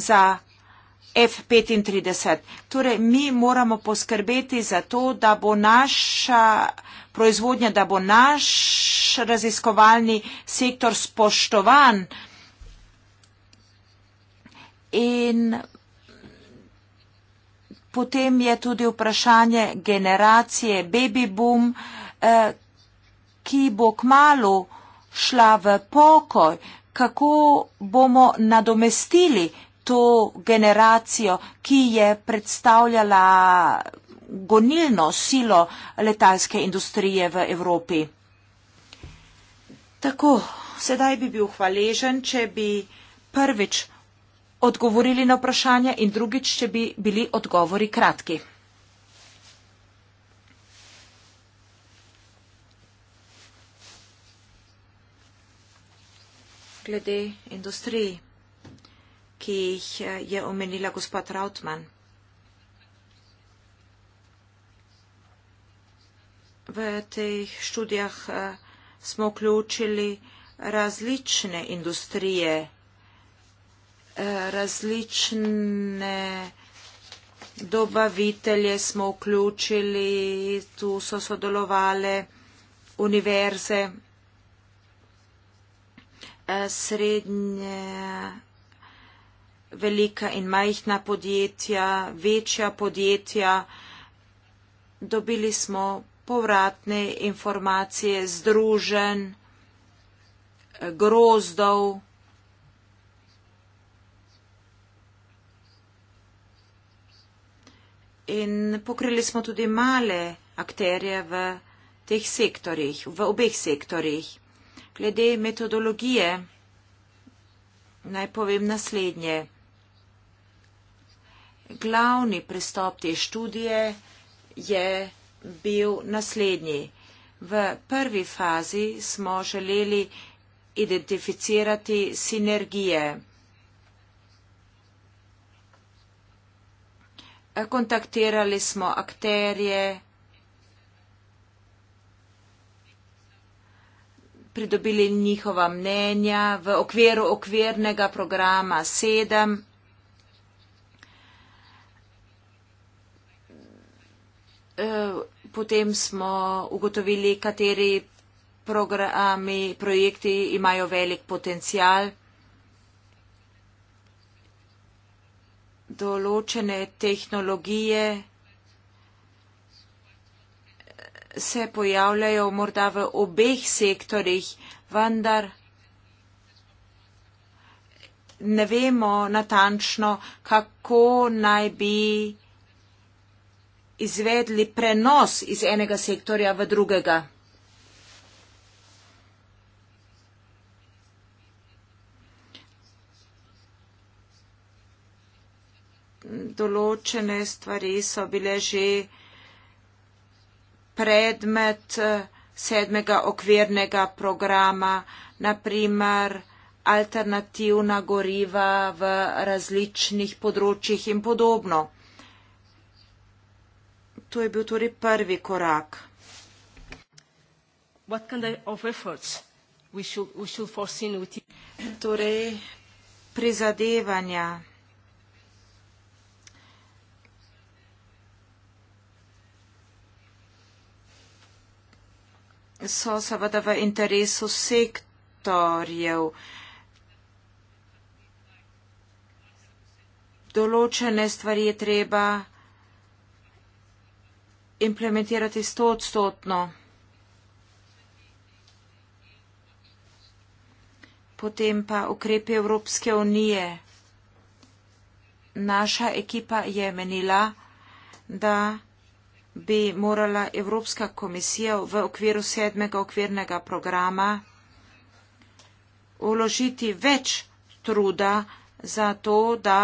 za F-35. Torej, mi moramo poskrbeti za to, da bo naša proizvodnja, da bo naš raziskovalni sektor spoštovan in potem je tudi vprašanje generacije Baby Boom, eh, ki bo k malu šla v pokoj, kako bomo nadomestili generacijo to generacijo, ki je predstavljala gonilno silo letalske industrije v Evropi. Tako, sedaj bi bil hvaležen, če bi prvič odgovorili na vprašanje in drugič, če bi bili odgovori kratki. Glede industrije ki jih eh, je omenila gospod Rautman. V teh študijah eh, smo vključili različne industrije, eh, različne dobavitelje smo vključili, tu so sodelovale univerze, srednje velika in majhna podjetja, večja podjetja. Dobili smo povratne informacije združen, grozdov. In pokrili smo tudi male akterje v teh sektorjih, v obeh sektorjih. Glede metodologije naj povem naslednje glavni prestop te študije je bil naslednji. V prvi fazi smo želeli identificirati sinergije. Kontaktirali smo akterje, pridobili njihova mnenja v okviru okvirnega programa 7. Eh, potem smo ugotovili, kateri programi, projekti imajo velik potencial. Določene tehnologije se pojavljajo morda v obeh sektorjih, vendar ne vemo natančno, kako naj bi izvedli prenos iz enega sektorja v drugega. Določene stvari so bile že predmet eh, sedmega okvirnega programa, naprimer alternativna goriva v različnih področjih in podobno. To je bil torej prvi korak. Kind of we should, we should torej, prizadevanja. so seveda v interesu sektorjev. Določene stvari je treba implementirati stotstotno. Potem pa ukrepi Evropske unije. Naša ekipa je menila, da bi morala Evropska komisija v okviru sedmega okvirnega programa uložiti več truda za to, da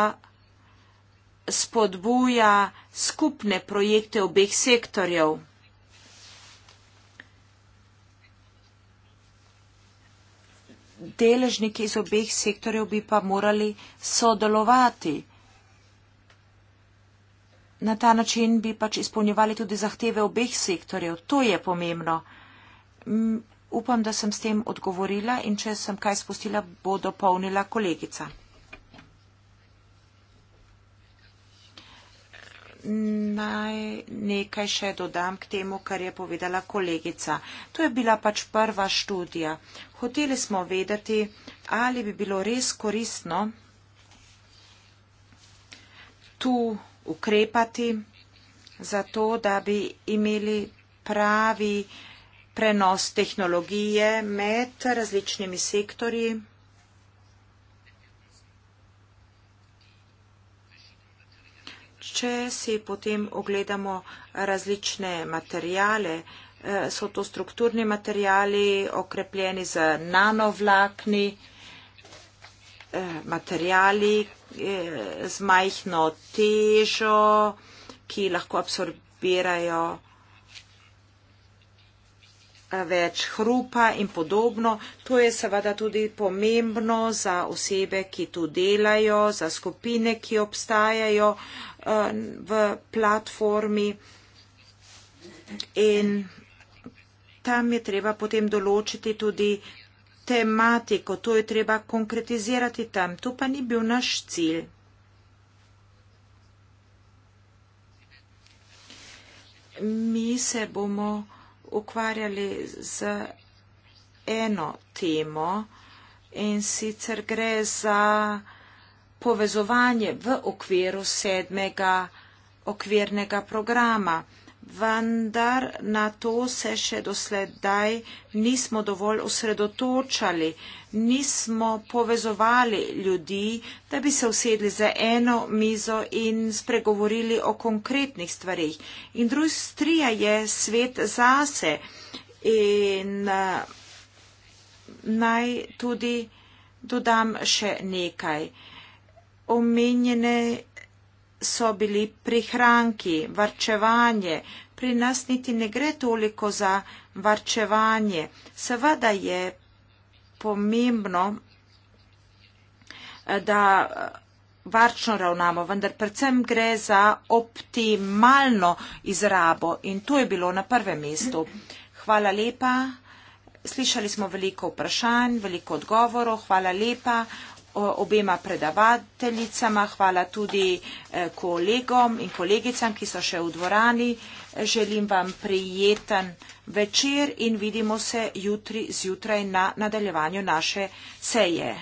spodbuja skupne projekte obeh sektorjev. Deležniki iz obeh sektorjev bi pa morali sodelovati. Na ta način bi pač izpolnjevali tudi zahteve obeh sektorjev. To je pomembno. Upam, da sem s tem odgovorila in če sem kaj spustila, bo dopolnila kolegica. naj nekaj še dodam k temu, kar je povedala kolegica. To je bila pač prva študija. Hoteli smo vedeti, ali bi bilo res koristno tu ukrepati za to, da bi imeli pravi prenos tehnologije med različnimi sektorji. če si potem ogledamo različne materijale, eh, so to strukturni materijali, okrepljeni z nanovlakni, eh, materijali eh, z majhno težo, ki lahko absorbirajo Eh, več hrupa in podobno. To je seveda tudi pomembno za osebe, ki tu delajo, za skupine, ki obstajajo eh, v platformi. In tam je treba potem določiti tudi tematiko, to je treba konkretizirati tam. To pa ni bil naš cilj. Mi se bomo ukvarjali z eno temo in sicer gre za povezovanje v okviru sedmega okvirnega programa vendar na to se še dosledaj nismo dovolj osredotočali, nismo povezovali ljudi, da bi se usedli za eno mizo in spregovorili o konkretnih stvarih. Industrija je svet zase in eh, naj tudi dodam še nekaj. Omenjene so bili prihranki, varčevanje. Pri nas niti ne gre toliko za varčevanje. Seveda je pomembno, eh, da eh, varčno ravnamo, vendar predvsem gre za optimalno izrabo in to je bilo na prvem mestu. Hvala lepa. Slišali smo veliko vprašanj, veliko odgovorov. Hvala lepa obema predavateljicama, hvala tudi eh, kolegom in kolegicam, ki so še v dvorani. Želim vam prijeten večer in vidimo se jutri zjutraj na nadaljevanju naše seje.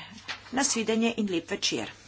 Nasvidenje in lep večer.